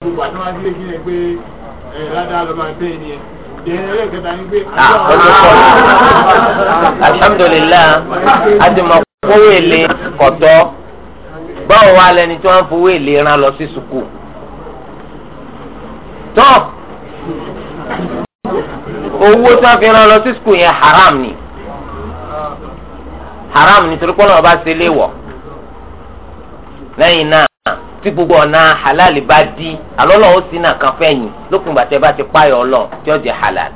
A: gbogbo àti wọn gbé kíni pé ẹ ládàá lọ máa bẹ́ẹ̀ ni ẹ jẹ́rẹ́ kẹta ni pé. Ah,
B: alhamdulilayi a ti mọ kówó èlé tí wọ́n fowó èlé rán lọ sí sukù tó owó tí wọ́n fi rán lọ sí sukù yẹn haram ni haram ni torí pé ọlọ́run bá ṣe léwọ̀ lẹ́yìn náà tí gbogbo ọ̀nà halali bá di alọ́lọ́ ó sì nà kan fẹ́yìn lópin ìgbà bá ti páyọ̀ ọlọ́ tí ó jẹ́ halal.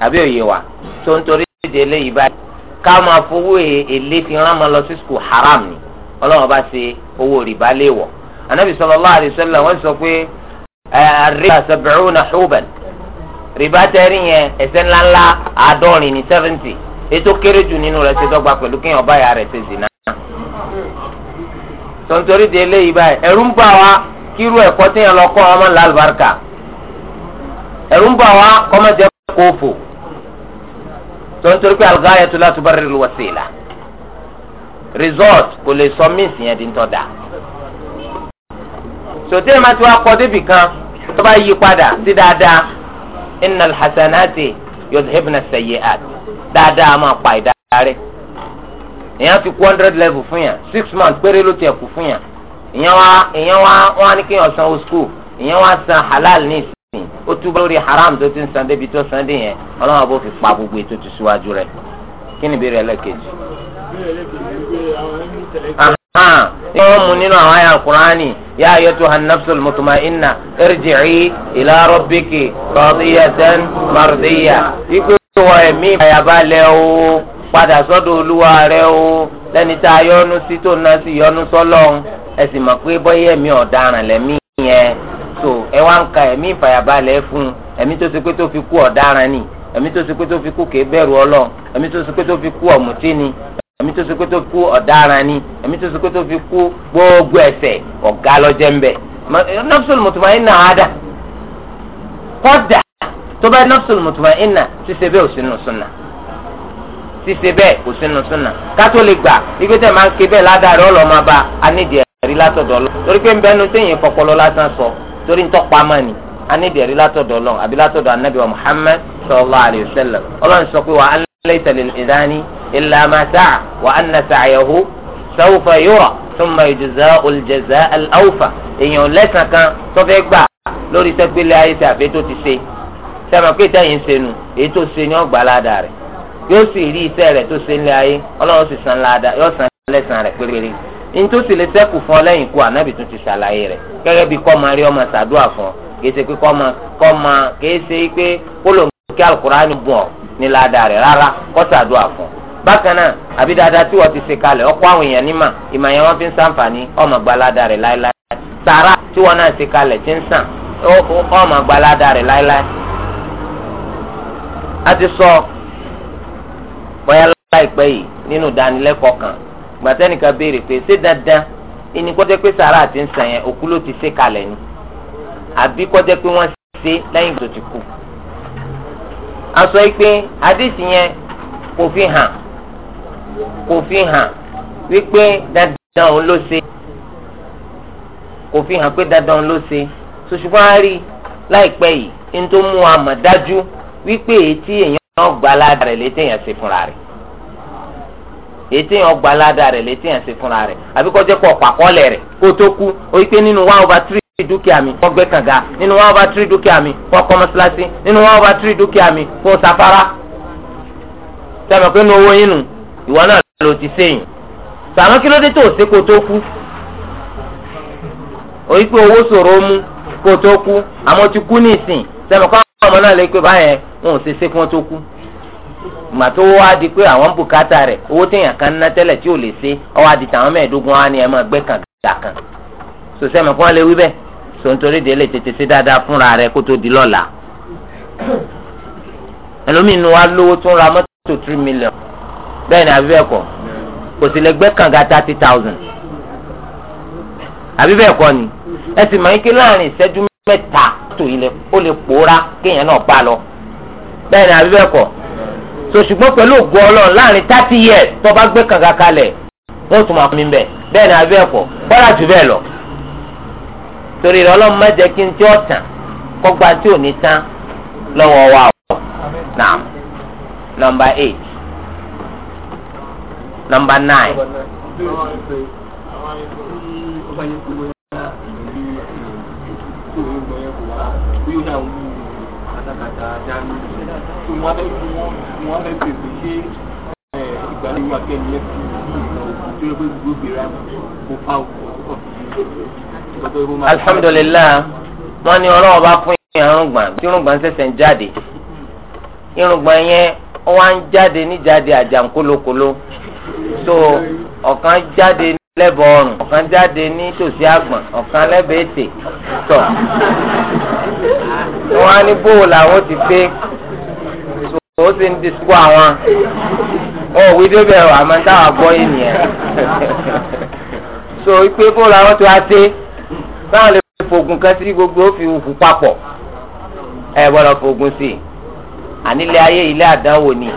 B: àbí òye wa tó ń torí ìdè eléyìí báyìí ká máa fowó èlé fi rán máa lọ sí sukù haram ni ọlọ́run bá ṣe owó rìbá léèwọ̀. anabi sallallahu alaihi wasallam wọ́n sọ pé rìbá sab'una huban rìbá tẹ́rí yẹn ẹ̀ṣẹ̀ ńláńlá àádọ́rin ní seventy ètò kéré jù nínú rẹ̀ ṣe dọ́gba pẹ̀lú tontori de eléyìí báyìí ẹ̀rù ń bà wá kírú ẹ̀kọ́ tí yẹn lọ kọ́ ọmọ làlùbáríkà ẹ̀rù ń bà wá kọ́mọ jẹ́ kófò tontori pé al-ghayatu la tubarriru al-wasila result kò lè sọ míìsì yẹn di ń tọ́ da sòtí ẹ̀ máa ti wá kọ́ débì kan tó bá yí padà sí dáadáa innal hasanati yudhibna sayyi'at dáadáa máa pa ìdáadáa èèyàn ti kú hundred level fún yàn six months péré ló ti ẹ̀kú fún yàn èèyàn wá èèyàn wá wọn á ní kéèyàn sanwó school èèyàn wá san halal ní ìsìn ó túbọ̀ lórí haram tó ti ń san débi tó san dé yẹn ọlọ́run àbò fi pa gbogbo ètò ti síwájú rẹ̀ kí ni ìbéèrè ẹlẹ́kejì. ṣé wọ́n mú nínú àwọn àyà kúránì yá ayọ́tò hanafsul mutma'inna irji'i ila rabbiki radiyatan mardiya ikú ìwọ ẹ̀mí ìbáyàbá lẹ́ padà sọ́dọ̀ olúwa rẹ o lẹ́ni tá a yọ́nú sí tó ná sí yọ́nú sọ́lọ́hún ẹ sì mọ̀ pé bọ́yẹ̀ mi ọ̀daràn lẹ́mí yẹn so ẹ wá ń ka ẹ̀mí ìfàyàbalẹ̀ fún ẹ̀mí tó ṣe pé tó fi kú ọ̀daràn ni ẹ̀mí tó ṣe pé tó fi kú kèé bẹ̀rù ẹ̀mí tó pé tó fi kú ọ̀mùtí ni ẹ̀mí tó pé fi kú ọ̀daràn ni ẹ̀mí tó gbogbo ọ̀gá lọ́jẹ́ ń ṣíṣe bẹ́ẹ̀ kò sínú súnà kátó lè gbà ibi tẹ̀ máa ń ké bẹ́ẹ̀ ládàrí ọlọ́mọ bá anídìí ẹ̀rí látọ̀dọ̀ lọ torí pé nbẹ́nu téèyàn fọpọlọ lásán sọ torí ń tọ́pa mọ́ ni anídìí ẹ̀rí látọ̀dọ̀ lọ àbí látọ̀dọ̀ anábì wa Muhammad sallallahu alayhi wa sallam ọlọ́run sọ pé wa an laysa lil insani illa ma sa'a wa anna sa'yahu sawfa yura thumma yujza'u al-jaza'a al yóò sì rí iṣẹ́ rẹ̀ tó ṣe ńlẹ̀ ayé ọlọ́run sì san láàdá yóò san lẹ́sàn rẹ̀ pérépéré nítorí sì lè ṣẹ́kù fún ọ lẹ́yìn ikú ànábì tún ti ṣàlàyé rẹ̀ gẹ́gẹ́ bí kọ́ máa rí ọmọ ṣàdúrà fún ọ kìí ṣe pé kọ́ máa ṣe pé kó ló ń kí bùn ọ ní láàdá rẹ̀ rárá kọ́ ṣàdúrà fún ti ṣe bóyá láìpẹ́ yìí nínú ìdánilẹ́kọ̀ọ́ kan gbàtẹ́nìkan béèrè pé ṣé dandan ẹni kọ́jẹ́ pé sàrà àti ń sàn yẹn òkú ló ti ṣe kalẹ̀ ni àbí kọ́jẹ́ pé wọ́n ṣe lẹ́yìn tó ti kú. a sọ pé àdìsí yẹn kò fi hàn kò fi hàn wípé dandan òun ló ṣe kò fi hàn pé dandan òun ló ṣe ṣùṣùgbọ́n a rí láìpẹ́ yìí ní tó mú wa mọ̀ dájú wípé èyí tí èèyàn yàn gba aládà rẹ̀ létí yàn ṣe fúnra rẹ̀ ètí yàn gba aládà rẹ̀ létí yàn ṣe fúnra rẹ̀ àbí kọjá pọ̀ pàkọ́lẹ̀ rẹ̀ kó tó kú o yí pé nínú one over three dúkìá mi wọ́n gbé kànga nínú one over three dúkìá mi wọ́n kọ́ mọ́ṣáláṣí nínú one over three dúkìá mi kó safara sẹ́mi pé nu owó yín nu ìwọ náà ló ti sẹ́yìn sàmọ́ kí ló dé tó o ṣe kó tó kú o yí pé owó ṣòro mú kó tó kú àmọ́ ti kú ní ìsìn sẹ́mi kọ́ ọmọ náà lè pé báyẹn wọn ò ṣe ṣe kí wọn tó kú ìgbà tó wá di pé àwọn bùkátà rẹ̀ owó téèyàn kan ná tẹ́lẹ̀ tí ò lè ṣe ọwọ́ àti tàwọn mẹ́ẹ̀ẹ́dógún wa ni ẹ máa gbé kàǹgà kan sòsẹ́ mi kí wọ́n lè wí bẹ́ẹ̀ sọ nítorí de lè tètè ṣe dáadáa fúnra rẹ̀ kó tó di lọ́la ẹlòmíín nu wa lówó tó ń ra mọ́tò three million bẹ́ẹ̀ ni àbí bẹ́ẹ̀ kò sì lè gbé kàǹgà thirty thousand àbí ni ẹ sì mọ̀ ike láàrin ìṣẹ́jú mẹ́ta tó taa ó lè pòórá kéèyàn náà bá lọ bẹ́ẹ̀ ni àbí bẹ́ẹ̀ kọ́ so ṣùgbọ́n pẹ̀lú ògo ọlọ́run láàrin thirty years tó bá gbé kànga kalẹ̀ wọ́n tún máa fún mi bẹ̀ bẹ́ẹ̀ ni àbí bẹ́ẹ̀ kọ́ bọ́lá jù bẹ́ẹ̀ lọ torí rẹ ọlọ́run má jẹ́ kí n tí ó tàn kọ́gbà tí ò ní tán lọ́wọ́ wa ọ̀ naam number eight number nine.
A: rédíò náà wú katakata dání tó wọn bẹ fi wọn bẹ fi fi ṣe ìgbàlejò akẹ́ni ẹ̀ fi tó yẹ pé gbogbo ìgbéra
B: kò fa òkú. alhamdulilayi wọn ní ọlọ́wọ́ bá fún irùngbọ̀n tí irùngbọ̀n ń jáde irùngbọ̀n yẹn wọ́n á jáde níjáde àjàǹkólókòló so ọ̀kan jáde lẹ́bọ̀ ọrùn ọ̀kan jáde ní tòsí àgbọ̀n ọ̀kan lẹ́bẹ̀ẹ́ ètè tọ̀
A: ni wọ́n á ní bóò làwọn ti gbé
B: ó ti ń disikó àwọn ọ̀wí débẹ̀ àmọ́ táwọn gbọ́ yìí nìyẹn so ipe bóò làwọn ti wá dé báwọn lè fògùn kan sí gbogbo ó fi hù papọ̀ ẹ gbọ́dọ̀ fògùn sí i ànílẹ̀ ayé ilé àdánwò ni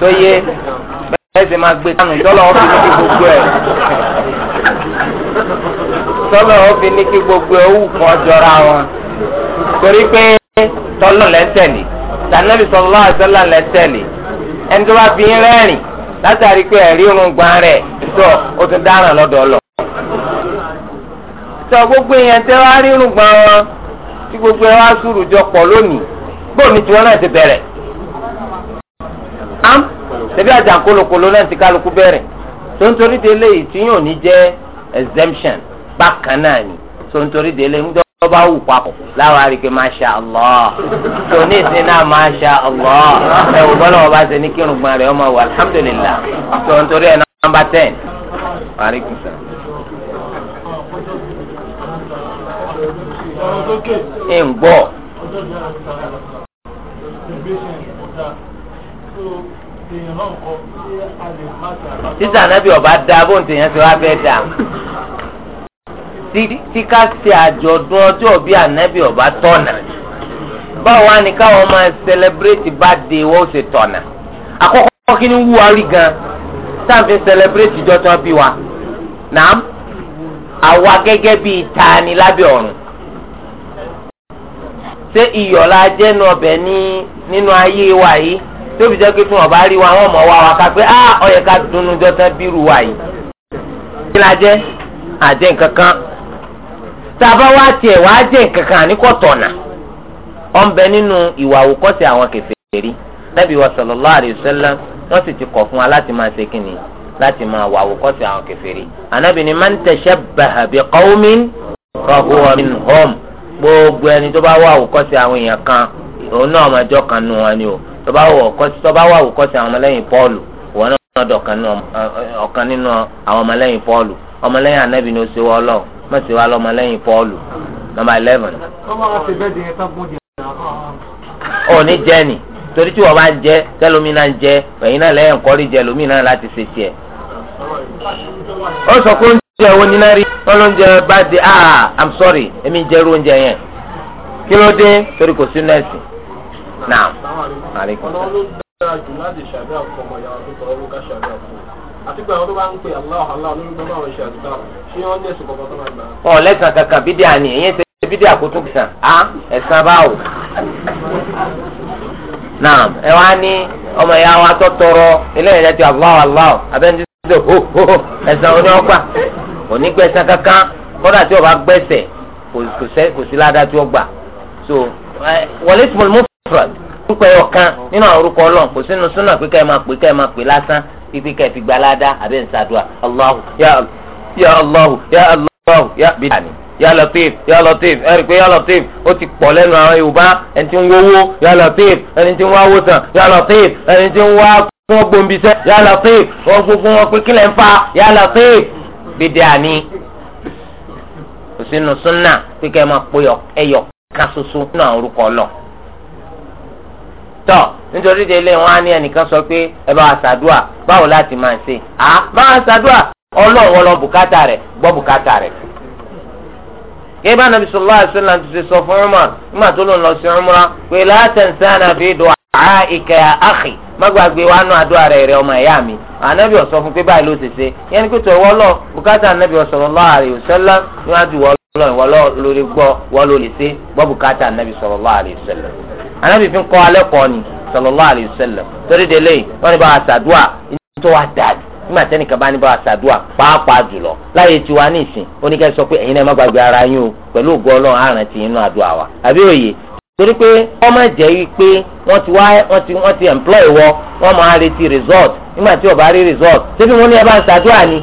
B: tó yé ẹsẹ̀ máa gbé kánú tọ́lọ̀ ọ́ fi ní kí gbogbo ẹ̀ tọ́lọ̀ ọ́ fi ní kí gbogbo ẹ̀ wù kàn jọra wọn torí pé
A: tọ́lọ̀ lẹ́tẹ̀lì
B: tànàbì sọ̀rọ̀ àṣẹlá lẹ́tẹ̀lì ẹni tó bá fi ń rẹ́rìn látàrí pé ẹ̀rí irun gbọ́n rẹ̀ tó o tún dáràn lọ́dọ̀ lọ. sọ gbogbo èèyàn tẹ́ wá rí irun gbọ́n wọn tí gbogbo ẹ̀ wá sùúrù jọ pọ̀ lónìí bóun ni tiwọn náà ti bẹ̀rẹ̀. ṣebí a náà ti kálukú bẹ̀rẹ̀ tó ń torí délé yìí tí yóò ní jẹ́ exemption bákan náà ni tó ń torí délé ń dọ́ bá wù papọ̀ láwọn masha allah tó ní ìsìn náà masha allah ẹ wò bọ́lá wọn ṣe ní ọmọ wa alhamdulillah tó ń torí ten.
A: títà nábì ọba dá
B: bóun tèèyàn ti wá fẹ́ dà tí ká ṣe àjọ̀dún ọjọ́ bí ànábì ọba tọ̀nà báwo wá ní káwọn máa sẹlẹbírẹ́tì bá de wọ́n ṣe tọ̀nà àkọ́kọ́ kí ni wú wa rí gan sáfin sẹlẹbírẹ́tì jọ́tọ́ bí wa nàám àwa gẹ́gẹ́ bí tani lábẹ́ ọ̀run ṣé iyọ̀ la jẹ́nu ọbẹ̀ ní nínú ayé wa yìí tó fi jẹ́ pé fún ọba rí wa àwọn ọmọ wa wa ká pé á ah, ọyẹ ká dunu jọ́tán bírù wa yìí. kí la jẹ́ àjẹ́ nǹkan kan tàbá wá tiẹ̀ wá jẹ́ nǹkan kan àníkọ̀tọ̀nà ọ̀ ń bẹ nínú ìwà àwòkọ́sẹ̀ àwọn kèfèrí Nábì wa sallallahu alayhi wa sallam wọ́n sì ti kọ̀ fún wa láti máa ṣe kínni láti máa wà àwòkọ́sẹ̀ àwọn kèfèrí Ànábì ni man tashabbaha bi qawmin fahuwa minhum gbogbo ẹni tó bá wà àwòkọ́sẹ̀ àwọn èèyàn kan òun náà máa jọ kan nu wọn ni o tọba wọ ọkọ tọba wà wò kọsí àwọn ọmọlẹ́yìn pọ́ọ̀lù wọn náà dọ̀ ọ̀kan nínú àwọn ọmọlẹ́yìn pọ́ọ̀lù ọmọlẹ́yìn anabi ni ó ṣe wọ́ ọlọ́ mọ̀sí wa lọ́mọlẹ́yìn pọ́ọ̀lù nọmba eleven.
A: ó ní jẹ́ni
B: torí tí wọ́n bá ń jẹ́ tẹ́lómi náà ń jẹ́ ẹ̀yin náà lẹ́yìn kọ́rí jẹ́ lómi náà láti ṣe tiẹ̀. ó sọ pé oúnjẹ wo ni rí ọlọ́njẹ bá di ah i'm sorry èmi ń jẹ́rú oúnjẹ yẹn kí ló dé torí kò sí nẹ́ẹ̀sì naam aleykum ọ lẹ́sàn kankan bídí àní ìyẹn ṣe bídí àkótó sàn á ẹ̀sán báwò. naam ẹ wá ní ọmọ ìyá wa tó tọrọ eléyìí lẹ́tí Allah aláwọ̀ abẹ́ni tó ho ho ho ẹ̀sán oní ọgbà òní gbẹ̀sán kankan kódà tí o bá gbẹ̀sẹ̀ kò sí ládàá tí o gbà so wọlé tí mo mú mufrad orúkọ ẹyọ nínú àwọn orúkọ Ọlọ́run kò sínú súnà pé ẹ máa pè ká ẹ máa pè lásán pípé ká ẹ fi gba àbí nsàdúrà Allahu ya ya Allahu ya Allahu ya bidani ya Latif ya Latif ẹ pé ya Latif ó ti pọ̀ lẹ́nu àwọn Yorùbá ẹni tí ń wówó ya Latif ẹni tí ń wá wòsàn ya Latif ẹni tí ń wá kí wọ́n gbòǹbì sẹ́ ya Latif wọ́n gbogbo wọn pé kílẹ̀ ń fa ya Latif bidani kò sínú súnà pé ká ẹ máa pè ẹyọ kan ṣoṣo nínú àwọn orúkọ Ọlọ́run tọ nítorí délé wọn á ní ẹnìkan sọ pé ẹ bá wa ṣàdúà báwo láti máa ṣe à máa ṣàdúà ọlọ́wọ́ lọ bùkátà rẹ̀ gbọ́ bùkátà rẹ̀. kí bá nàbí sọlá àṣìlá ti ṣe sọ fún ọmọ nígbà tó lò ń lọ sí ọmọra pé látẹ̀sẹ̀ ànàfi dùn àá ìkẹ́ àkì má gbàgbé wa nù àdúrà rẹ̀ rẹ̀ ọmọ ẹ̀yà mi ànábì ó sọ fún pé báyìí ló ṣe ṣe yẹn ni pé tó ìwọ lọ bùkátà ànábì sallallahu alaihi wasallam níwájú ìwọ lọ ìwọ lọ lórí gbọ́ wọ́ lórí ṣe gbọ́ bùkátà sallallahu alaihi wasallam anabi fi ń kọ́ alẹ́ kọ́ ni sallallahu alayhi wa sallam torí délé wọn ni bá wa sàdúà ní tó wa dàdú nígbà tẹ́ni kaba ni bá wa sàdúà pàápàá jùlọ láyé tiwa ní ìsìn oníkẹ́ sọ pé ẹ̀yin náà má gbàgbé ara yín o pẹ̀lú ògo ọlọ́run àrùn ti inú àdúrà wa àbí òye torí pé wọ́n máa jẹ́ wípé wọ́n ti wá wọ́n ti wọ́n ti employ wọ wọ́n máa retí result nígbà tí o bá rí result síbi wọn ní ẹ bá ń sàdúà ni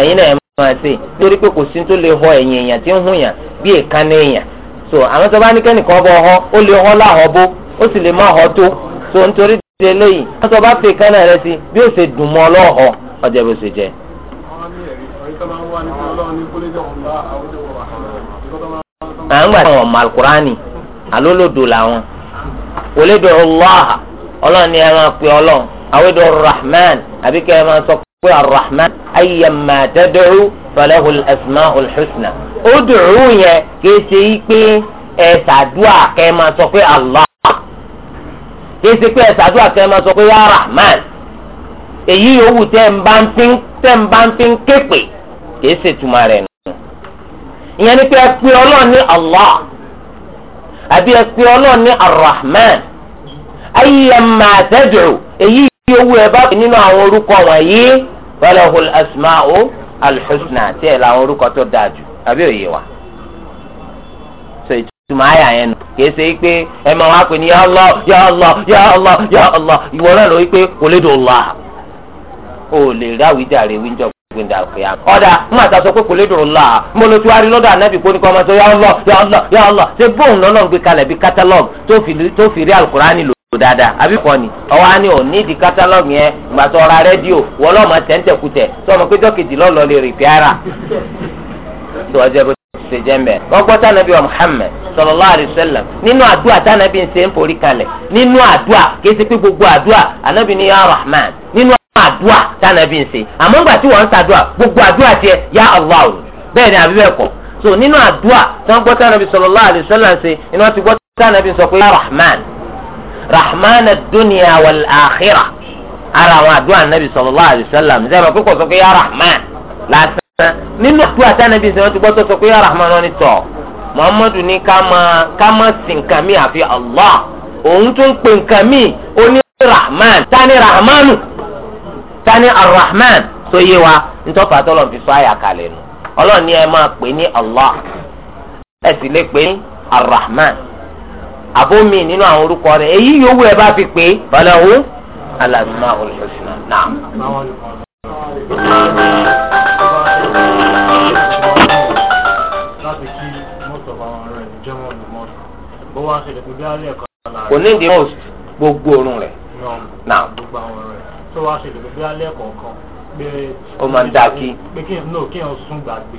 B: ẹ̀yin náà ẹ máa ṣe torí pé kò sí tó lè họ ẹ̀yìn èèyàn tí ń hùyàn bí èèkánná èèyàn so àwọn tó bá ní kẹ́nìkan bọ̀ ọ̀họ́ ó lè ọ̀họ́ láhọ́ bó ó sì lè má ọ̀họ́ tó so nítorí dídé léyìí wọ́n sọ bá fè kánà rẹ sí bí ó ṣe dùn mọ́ ọlọ́ọ̀họ́ ọjà bó ṣe jẹ. à ń gbà sọ̀rọ̀ malkurani alólòdò làwọn olódò allah ọlọ́run ni ẹ máa pe ọlọ́run àwòdò rahman àbíkẹ́ ẹ máa sọ pé arrahman ayyamma tad'u falahu al-asma'ul husna ud'u yẹn kìí ṣe yí pé ẹ ṣàdúà kẹ́ ẹ máa sọ pé allah kìí ṣe pé ẹ ṣàdúà kẹ́ ẹ máa sọ pé ya rahman èyí yòówù tẹ́ ń bá ń fi tẹ́ ń bá ń fi képe kìí ṣe tuma rẹ̀ nù. ìyẹn ni pé ẹ pè ọlọ́run ní allah àbí ẹ pè ọlọ́run ní arrahman ayyamma tad'u èyí yòówù ẹ bá nínú àwọn orúkọ wọ̀nyí falahu al-asma'u. alḥusna tí ẹ làwọn orúkọ tó dáa jù àbí so ìtumọ̀ yẹn nù kìí ṣe pé ẹ máa wá pè ní o lè wíjọ ọ̀dà mú pé kò lè mo lọ sí wárí lọ́dọ̀ kó ní kọ́ ọmọ sọ ya bóun lọ́nà gbé kalẹ̀ bí kò dáadáa àbí kọ́ ni ọwọ́ á ní òní ìdí kátálọ́ọ̀gì yẹn ìgbà tó ra rédíò wọ́n lọ́mọ tẹ́ńtẹ̀kùtẹ̀ tó ọmọ péjọ kejì lọ́lọ́ lè rìpíárà tó ọjọ́ bó ṣe jẹ́ mbẹ́. wọ́n gbọ́ sànàbí wa Muhammad sallallahu alaihi wasallam nínú àdúrà sànàbí ṣe ń forí kalẹ̀ nínú àdúrà kì í ṣe pé gbogbo àdúrà ànábì ní ya Rahman nínú àdúrà sànàbí ṣe àmọ́ ńgbà tí wọ́n ń ṣàdúrà gbogbo àdúrà tiẹ̀ ya Allah bẹ́ẹ̀ ni àbí bẹ́ẹ̀ kọ́ so nínú àdúrà tí wọ́n gbọ́ sànàbí sallallahu alaihi wasallam ṣe iná ti gbọ́ sànàbí sọ pé ya Rahman rahman dunya wal akhira ara àwọn àdúrà nabi sallallahu alayhi wa sallam ṣe é ma pé kò sọ pé ya rahman lásán nínú àdúrà tí anabi sọ wọn ti gbọ́ tó sọ pé ya rahman wọn ni tọ̀ muhammadu ní ká máa ká máa sìn nǹkan mi àfi allah òun tún pè nǹkan mi ó ní rahman tani rahmanu tani arrahman tó yé wa ntọ́fà tó lọ́n fi sọ àyà kalẹ̀ nù ọlọ́ọ̀ni ẹ máa pè ní allah ẹ sì lè pè ní arrahman àbómi nínú àwọn orúkọ rẹ̀ èyí yòówù ẹ bá fi pé balahu alasma olùsọsìnà náà. kò ní ìdí most gbogbo orun rẹ̀
A: náà. tó máa ń dá kí. kí n sún gbàgbé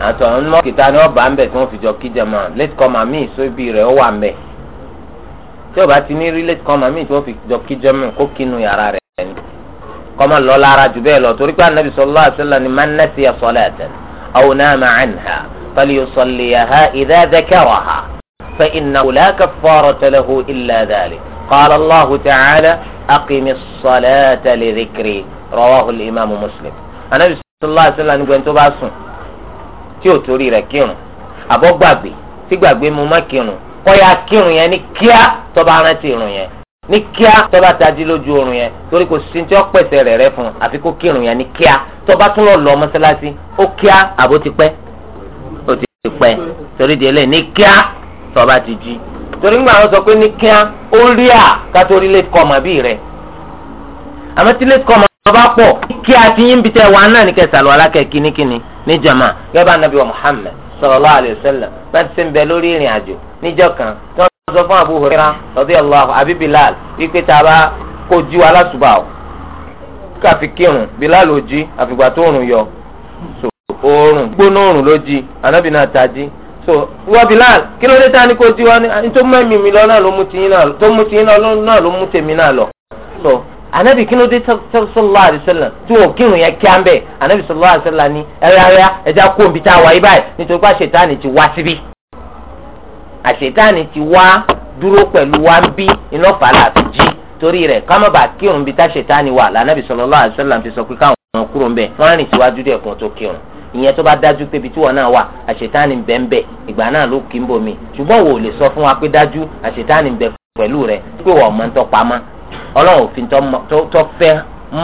B: àtọ̀ àwọn mọ́ọ̀kì ta ni wọ́n bá ń bẹ̀ tí wọ́n fi jọ kí jẹ̀mọ́ late come àmì ìsóbi rẹ̀ ó wà ń bẹ̀ tí o bá ti ní rí late come àmì tí wọ́n fi jọ kí jẹ̀mọ́ kó kinu yàrá rẹ̀ ni kọ́mọ lọ lára jù bẹ́ẹ̀ lọ torí pé anabi sallallahu alaihi wasallam ni man nasiya salatan aw nama anha falyusalliha idha dhakaraha fa innahu la kaffarata lahu illa dhalik qala Allahu ta'ala aqimis salata li dhikri rawahu al-imam muslim anabi sallallahu alaihi wasallam nígbà tó bá sùn tí ò torí rẹ̀ kírun àbọ̀ gbàgbé tí gbàgbé mu má kírun kọ́ya kírun yẹn ní kíá tó bá rántí irun yẹn ní kíá tó bá tají lójú oorun yẹn torí kò sí tí ó pèsè rẹ̀ rẹ̀ fún àfi kó kírun yẹn ní kíá tó bá tún lọ lọ mọ́sálásí ó kíá àbó ti pẹ́ ó ti pẹ́ torí délé ní kíá tó ti jí torí gbà wọn sọ pé ní kíá ó rí à ká torí kọ́ ọmọ bí rẹ̀ àmọ́ tí lè kọ́ ọmọ bá pọ̀ kí àti yín bi tẹ́ wà náà ní kẹsà lọ alákẹ́ kínníkínní ní jama gẹ́gẹ́ bá wa Muhammad sallallahu alayhi wa sallam bá ti ń bẹ lórí ìrìn àjò níjọ́ kan tí wọ́n sọ fún Abu Hurairah radiyallahu àbí Bilal wípé tá a bá kojú alásùbà o káfi kírun Bilal ò jí àfìgbà tó òrùn yọ so òórùn gbóná òórùn ló jí anábì náà ta jí so wọ́n Bilal kí ló dé tá a ní kojú wa ní tó mú ẹ̀mí mi lọ náà ló mú tiyín náà ló mú tèmi náà lọ anabi kí ló dé sallallahu alaihi wasallam tí wọn kírun yẹn kí á ń bẹ anabi sallallahu alaihi wasallam ni ẹrẹ ẹrẹ ẹja kó omi tá a wà yí báyìí nítorí pé àṣetáni ti wá síbí àṣetáni ti wá dúró pẹ̀lú wa ń bí iná fàlà àti jí torí rẹ̀ ká kírun bí táṣetáni wà lànàbì sallallahu alaihi wasallam fi sọ pé káwọn kúrò ń bẹ wọn rìn síwájú dẹ̀ kún tó kírun ìyẹn tó bá dájú pé ibi tí wọn náà wà àṣetáni bẹ́ẹ̀nbẹ́ ìgbà náà ló kí ń bomi ṣùgbọ́n wò lè sọ fún wa pé dájú àṣetáni bẹ pẹ̀lú ọlọ́run òfin tó fẹ́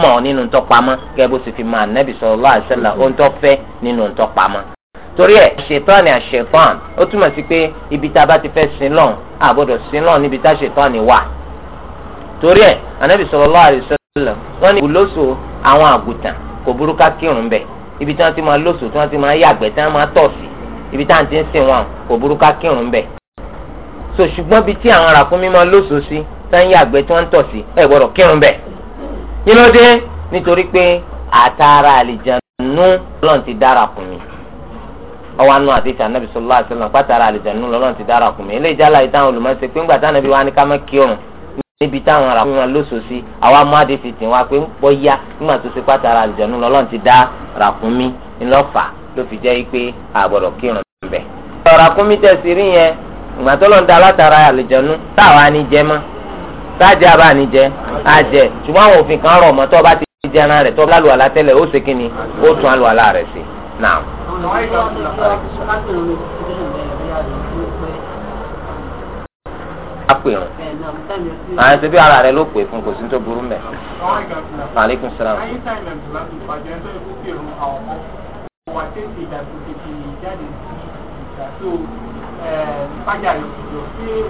B: mọ̀ nínú tó pamọ́ gẹ́gẹ́ bó ti fi máa nẹ́bí sallallahu alaihi wasallam ohun tó fẹ́ nínú tó pamọ́ torí ẹ ṣètọ́ni àṣetán ó túmọ̀ sí pé ibi tá a bá ti fẹ́ sin lọ́n àbọ̀dọ̀ sin lọ́n níbi tá ṣètọ́ni wà torí ẹ anabi sallallahu alaihi wasallam wọn ni ìlóso àwọn àgùntàn kò burú ká kírun bẹ ibi tí wọn ti máa lóso tí wọn ti máa yàgbẹ́ tí wọn so ṣùgbọ́n bíi tí àwọn ràkúnmí máa tán yàgbẹ́ tí wọ́n ń ẹ gbọ́dọ̀ kírun bẹ̀. ló dé nítorí pé àtàrà lọ́n ti dára kùn mí ọwọ́ anú àti ìtàn nàbì sallallahu alaihi pàtàrà àlìjànú lọ́n ti dára kùn mí olùmọ̀ọ́sẹ̀ pé ńgbà wa ní ká má kírun níbi táwọn ará fún wọn lóṣooṣì àwa máàdì ti tì wá pé ń pọ́ yá nígbà tó ṣe pàtàrà lọ́n ti ńlọ́fà ló fi jẹ́ yẹn ìgbà tó lọ́n da látara sáàjẹ abáàní jẹ àjẹ ṣùgbọ́n àwọn òfin kan rọ̀ mọ́ tó bá ti jẹ ara rẹ̀ tó bá lù àlá tẹ́lẹ̀ ó ṣe kí ni ó tún àlù àlá rẹ̀ sí náà. apèrún
A: àwọn ẹsẹ̀ bí ara rẹ̀
B: ló pè fún kò sí tó burú mẹ́. maaleykum salaam.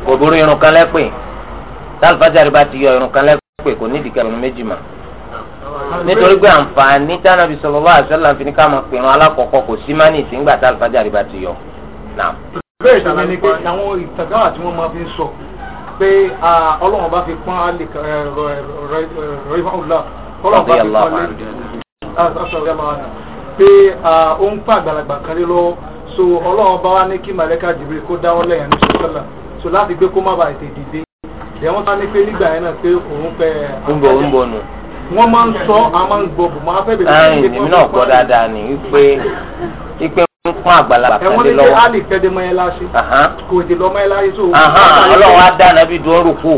B: kò burú irun kan lẹ́pìn tálfàjárì bá ti yọ irun kan lẹ́kọ̀ọ́ pé kò nídìí kẹrin méjì mà nítorí pé àǹfààní tánàbí sallallahu alaihi wasallam fi ní ká máa pèrún alákọ̀ọ́kọ́ kò sí má ní ìsìngbà tálfàjárì bá ti yọ.
A: bẹ́ẹ̀ sì ni pé àwọn ìtàgáwà tí wọ́n máa fi ń sọ pé ọlọ́run bá fi pọ́n alẹ́ rẹ́fọ́nlá ọlọ́run bá fi pọ́n alẹ́ ah, pé ó ń pa àgbàlagbà kan lé lọ́wọ́ so ọlọ́run bá wá ní kí màlẹ́kà jìbìrì kó dáwọ́ lẹ́yìn ní sọ́sọ́là so láti gbé kó má bàa tètè dìde ìyẹn wọ́n sá ní pé nígbà yẹn náà pé òun fẹ́. ń bọ̀ ń bọ̀
B: nù. wọ́n máa ń sọ a máa ń gbọ́ bò máa fẹ́ bẹ̀rẹ̀. ẹyìn èmi náà gbọ́ dáadáa ni wípé wípé ń fún àgbàlagbà kan lé lọ́wọ́. ẹ̀wọ́n ní kí alì kẹ́dẹ́ mọ́ ẹ láṣẹ. kò dé lọ́mọ ẹ láyé tó. ọlọ́run á dá nàbí dúró rúkú.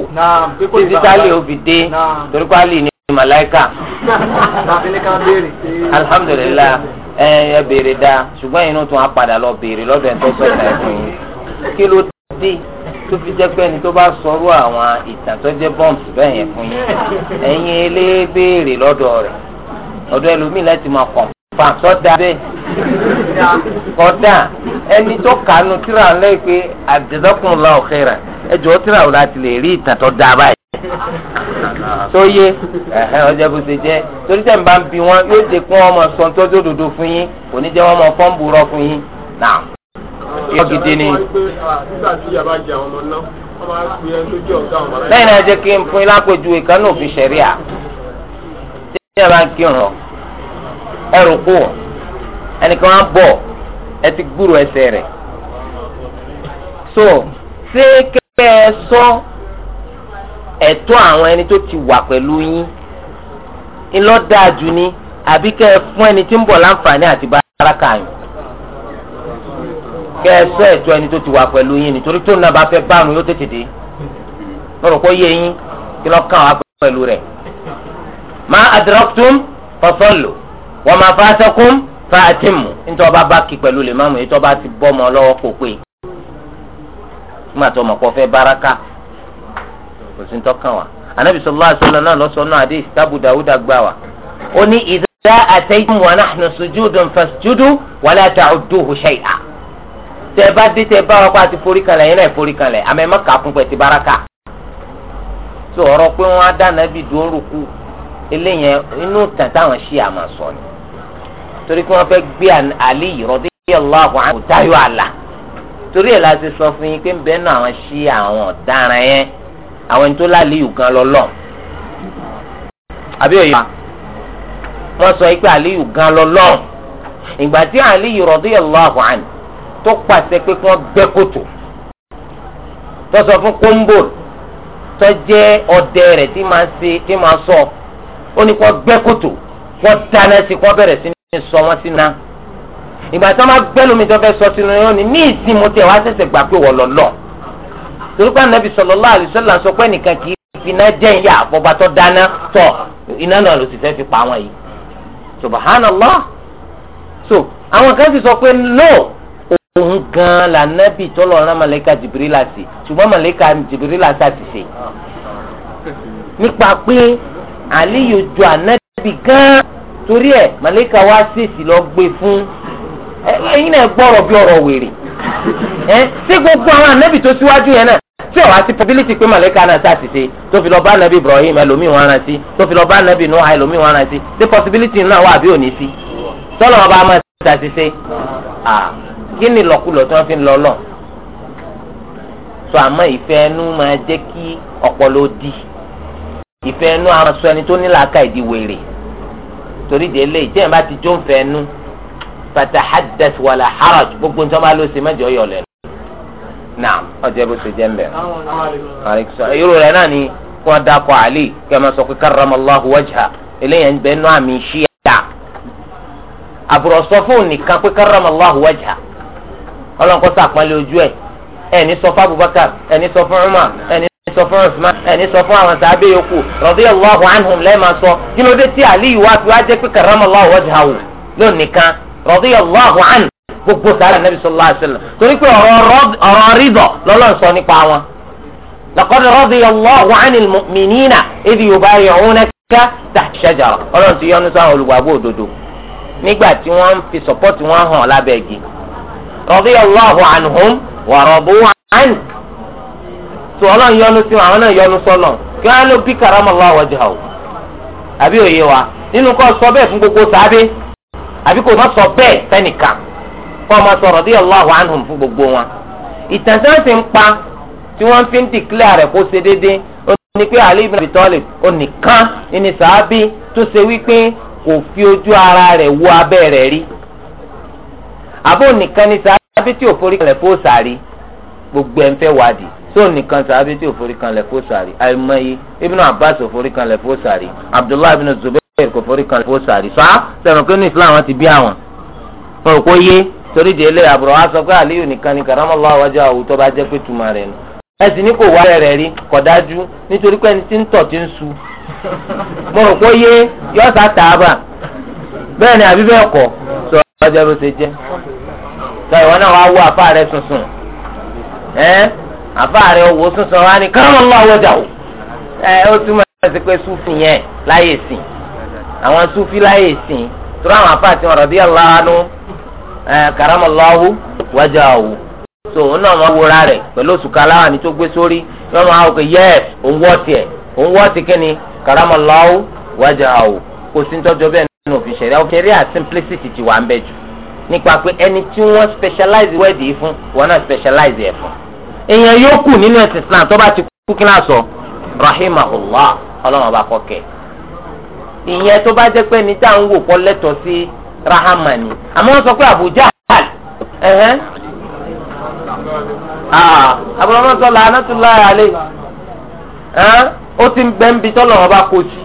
B: títí tálẹ̀ òbí dé torí pé alì ní màláìkà. alhamdulilayi ẹ béèrè dáa ṣùgbọ́n inú tún á padà lọ béèrè lọ́dọ̀ ẹ̀ tó sọ̀tà tó fi jẹ́ pé ẹni tó bá sọ̀rọ̀ àwọn ìtàn tó jẹ́ bọ́ǹsì bẹ́ẹ̀ yẹn fún yín ẹ̀yin eléébèèrè lọ́dọ̀ rẹ̀ ọ̀dọ̀ ẹlòmíì láti máa kàn fà sọ́dà bẹ́ẹ̀ kọ́dà ẹni tó kànú tíra ńlẹ́ pé àdìdọ́kùn la ọ̀kẹ́rà ẹjọ́ tíra ò láti lè rí ìtàn tó dáa báyìí tó yé ọjọ́ bó ṣe jẹ́ torí tẹ̀ ń bá ń bi wọn yóò jẹ́ kí wọ́n mọ̀ sọ́ńtọ́jọ́ òdodo fún yín kò ní jẹ́ wọ́n mọ̀ fọ́ǹbù rọ fún yín náà irọ́ gidi ni. lẹ́yìn náà jẹ́ kí n fún yín lápèjúwe kan ní òfin ṣẹ̀ríà tí a bá ń kírun ẹrù kù ẹnìkan á bọ̀ ẹ ti gbúrò ẹsẹ̀ rẹ̀ so ṣé kẹ́ ẹ sọ ẹ̀tọ́ àwọn ẹni tó ti wà pẹ̀lú yín ńlọ́dáàjú ni àbí kẹ́ ẹ fún ẹni tí ń bọ̀ láǹfààní àti báraka yín. kẹsẹ̀ ẹ̀tọ́ ẹni tó ti wà pẹ̀lú yín nítorí tó nàbà fẹ́ báàmù yóò tètè dé lọ́rọ̀ kó yé yín kí kàn wá pẹ̀lú rẹ ma adraktum fasallu wa ma fatakum fa'atimu nítorí ọba bá kí pẹ̀lú lè má mú ti bọ́ ọmọ kó pé ọmọ kọ fẹ́ kò sí anabi náà adé dàwúdà gbà wá ó ní wa tẹ bá dé tẹ bá wọn kó àti forí kan lẹ̀ yẹn náà forí kan ẹ ti baraka. tó pé wọ́n á dáná bí dòórùkú eléyẹn inú tàn wọn ṣí sọ ni torí pé wọ́n gbé àlè ìrọ̀dé àwọn àlà torí sọ fún yín pé ń àwọn ṣí àwọn yẹn àwọn ẹni tó gan àbí sọ yìí pé gan ìgbà tí tó pàṣẹ pé kí wọ́n gbẹ́ kòtò tó sọ fún kóńbò tó jẹ́ ọdẹ rẹ̀ tí máa ṣe tí máa sọ ó ní kó gbẹ́ kòtò kó dáná sí kó bẹ̀rẹ̀ sí ní sọ wọ́n sínú náà ìgbà tí wọ́n bá gbẹ́ lómi tó fẹ́ sọ sínú yóò ní ní ìsìn mo tẹ̀ wá ṣẹ̀ṣẹ̀ gbà pé wọ́n lọ lọ torí pé ànábì sallallahu alaihi wasallam sọ pé nìkan kì í iná jẹ́ ìyá àfọ̀bá tó dáná tọ̀ iná náà ló sì fẹ́ fi pa àwọn yìí subhanallah so àwọn kan sì sọ pé no òun gan la nẹ́bì tó lọ rán màlẹ́kà jìbìrìlà sí ṣùgbọ́n màlẹ́kà jìbìrìlà ṣàtìṣe nípa pé àlíyò ju ànẹ́bì gan torí ẹ̀ màlẹ́kà wá ṣèṣì lọ gbé fún ẹ̀yin náà gbọ́rọ̀ bí ọ̀rọ̀ wèrè ẹ̀ ṣé gbogbo àwọn ànẹ́bì tó síwájú yẹn náà tí ọ̀rọ̀ àti pọ́bílítì pé màlẹ́kà náà ṣàtìṣe tó fi lọ bá ànẹ́bì Ibrahim ẹlòmíì wọn rántí tó fi lọ bá ànẹ́bì Nuh ẹlòmíì wọn rántí ṣé pọ́sibílítì náà wà bí òní sí tọ́lọ́ kí ni lọ́kùlọ́ tí wọ́n fi ń lọ lọ sọ àmọ́ ìfẹ́ ẹnu máa jẹ́ kí ọpọlọ di ìfẹ́ ẹnu àwọn sọ ẹni tó ní làákà ìdí wèrè torí de lè jẹ́ ìbá ti jó ń fẹ́ ẹnu fatahaddas wàlà haraj gbogbo nǹkan bá lọ sí mẹ́jọ yọ lẹ́nu naam ọjọ́ bó ṣe jẹ́ ń bẹ̀. irú rẹ̀ náà ni kí wọ́n dákọ̀ àlè kí wọ́n sọ pé karramallahu wajha eléyàn ń bẹ́ẹ̀ nú àmì ṣíyà. àbùrọ̀sọ fún nìkan pé karramallahu wajha ọlọ́nkọ́ sàpọ́nlé ojú ẹ̀ ẹni sọ fún Abubakar ẹni sọ fún Umar ẹni sọ fún Usman ẹni sọ fún àwọn sàbẹ̀ yòókù radiyallahu anhum lẹ́ẹ̀ma sọ kí ló dé tí Aliyu wá fi wá jẹ́ pé karramallahu wajhahu lónìí kan radiyallahu anhu gbogbo sàrà nàbì sallallahu alaihi wasallam torí pé ọ̀rọ̀ rídọ̀ lọ́lọ́ sọ nípa wọn. laqad radiyallahu anil mu'minina idh yubayi'unaka tahta shajara ọlọ́run ti yọ́nú sáwọn olùgbàgbọ́ òdodo nígbà tí wọ́n fi radiyallahu anhum wa radu anhu tó ọlọ́run yọ́nú sí wọn àwọn náà yọ́nú sọ́nà kí wọ́n á lọ bí karamallahu wajhahu àbí òye wa nínú kọ́ sọ bẹ́ẹ̀ fún gbogbo sábẹ́ àbí sọ bẹ́ẹ̀ ma sọ fún gbogbo wọn ìtànsán ń pa tí wọ́n fi ń dìklẹ́ rẹ̀ kó ṣe ní pé ní tó ṣe wípé kò fi ojú ara rẹ̀ wo abẹ́ àbò nìkan ni sàábí tí òforí kan lẹ̀ fó sàárì gbogbo ẹ̀ ń fẹ́ wádìí tó nìkan sàábí tí òforí kan lẹ̀ fó sàárì àìmọye ibnu abbas òforí kan lẹ̀ fó sàárì abdullahi ibnu zubair kò forí kan fó sàárì sọ sẹ́wọ̀n kí ní islam wọn ti bí àwọn wọn kò yé torí de ilé àbúrò wa sọ pé aliyu nìkan ni karamallahu wajhahu àwùjọ bá jẹ́ pé tuma rẹ̀ nù
A: ẹ̀sìn ní kò wá rẹ̀
B: rí kò dájú nítorí pé ẹni ń tọ̀ ti ń su mo rò pé yé yọ́ọ̀sà tààbà bẹ́ẹ̀ ni àbí bẹ́ẹ̀ kọ́ lọ́jọ́ ló ṣe jẹ́
A: sọ ìwọ náà wàá wọ
B: àfa rẹ sunsun ẹ àfa rẹ owó sunsun wa ni kárọ̀ lọ́wọ́ àwọ̀dà o ẹ ó túmọ̀ sí pé súfì yẹn láyè sìn àwọn súfì láyè sìn tó ráwọn àfa tí wọn rọ̀bí ọ̀làánú ẹ kàrámọ̀ lọ́wọ́ wájà o so òun náà máa wúra rẹ pẹ̀lú òṣùkà aláwọ̀ ni tó gbé sórí wọn máa wọ pé yẹ́ẹ̀ òun wọ́ tiẹ̀ òun wọ́ ti kíni kàrámọ̀ lọ́wọ́ o kò sí ní tọ́jú bẹ́ẹ̀ nínú òfin ṣẹ̀ríà òkè rí ti wà ń bẹ jù nípa pé ẹni tí wọ́n specialize wẹ́ẹ̀dì fún wọn náà specialize ẹ̀ fún. èèyàn yóò kù nínú ẹ̀sìn Islam tó sọ ọlọ́run ọba kọ̀kẹ́. ìyẹn tó bá jẹ́ pé ní tá à ń wò Abuja lẹ́tọ̀ọ́ sí rahama àmọ́ wọ́n sọ pé àbúrò wọn sọ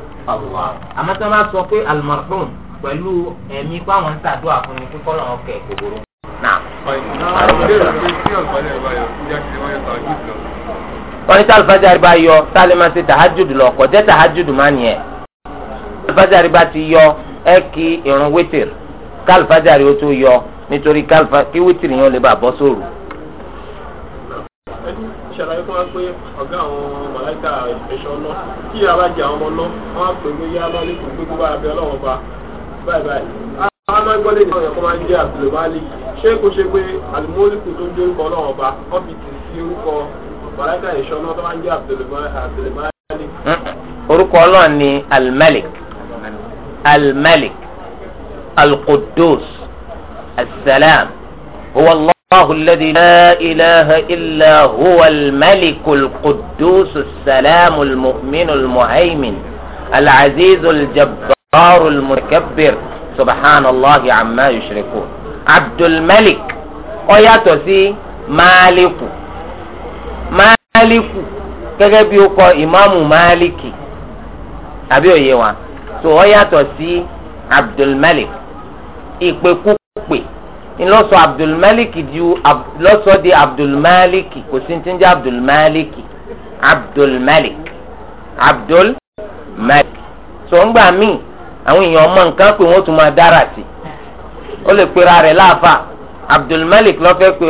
B: Allah àmọ́ tí wọ́n bá sọ pé almarhum pẹ̀lú ẹ̀mí pé àwọn ń ṣàdúrà fún mi kíkọ́ lọ́wọ́ kẹ̀ kòkòrò. wọ́n ní sàlùfáàjà rí bá yọ sálẹ̀ máa ṣe tàhájùdù lọ kọ̀ jẹ́ tàhájùdù máa nìyẹn. sàlùfáàjà rí bá ti yọ ẹ kí irun wítìrì kálùfáàjà rí ó tó yọ nítorí kí wítìrì yẹn ó lè bá bọ́ sóòrù
A: ṣàlàyé fún wa pé ọ̀gá àwọn màláìka ìfẹsọ̀ náà kí abájẹ àwọn ọmọ náà wọ́n á pè mí yá lọ́lẹ́ kò gbé gbogbo abẹ́ ọlọ́wọ́ pa báyìí báyìí. àwọn ọmọ lè ní ọ̀yọ́ kó máa ń jẹ́ àbùlùmálì ṣé kò ṣe pé àlùmọ́lìkù tó ń dórúkọ ọlọ́wọ́ pa wọ́n fi tì sí orúkọ màláìka ìṣọ́ náà tó máa ń jẹ́ àbùlùmálì.
B: orúkọ ọlọ́run الله الذي لا إله إلا هو الملك القدوس السلام المؤمن المهيمن العزيز الجبار المتكبر سبحان الله عما يشركون عبد الملك ọyàtọ̀ sí مالك máàlíkù gẹ́gẹ́ bí ó kọ ìmáàmù máàlíkì àbí òye wa tó ọyàtọ̀ sí ńlọsọ abdulmalik di lọsọ di abdulmalik kò sí ti ń jẹ abdulmalik abdulmalik abdulmalik tó ń gbà míì àwọn èèyàn ọmọ nǹkan pé wọ́n tún máa dára sí ó lè pera rẹ̀ láàfà abdulmalik lọ́fẹ́ pé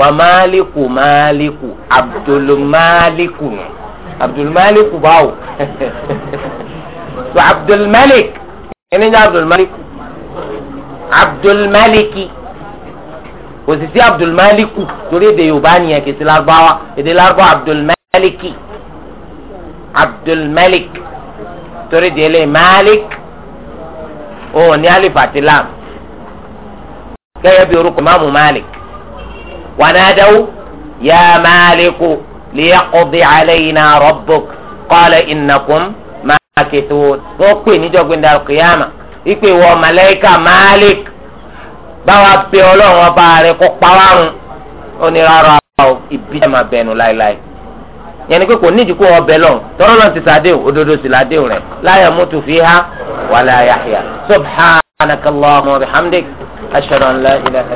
B: wà máàlíkù máàlíkù abdulmáàlíkù nù abdulmáàlíkù báwò so abdulmalik ẹni jẹ́ abdulmalik abdulmaliki kò sì sí abdulmaliku torí èdè yorùbá nìyẹn kì í sí lárúbáwá èdè lárúbáwá abdulmaliki abdulmalik torí èdè ilé malik òun ní alif àti lam gẹ́gẹ́ bí orúkọ máàmù malik wanadawu ya maliku liyaqdi alayna rabbuk qala innakum makithun wọ́n pè níjọ́ gbẹ̀ndà kìyàmà ìpè wọ màláíkà Malik báwa pe ọlọ́run ọba rẹ kó pawárun ó ní rárá o ibi ẹ̀ máa bẹnu láéláé yẹn ni pé kò nídìí kó ọbẹ̀ lọ tọ́rọ́ náà ti sàdéhùn òdodo sì làdéhùn rẹ̀ la yamutu fiha wala yahya subhanakallahumma wa bihamdik ashhadu an la ilaha.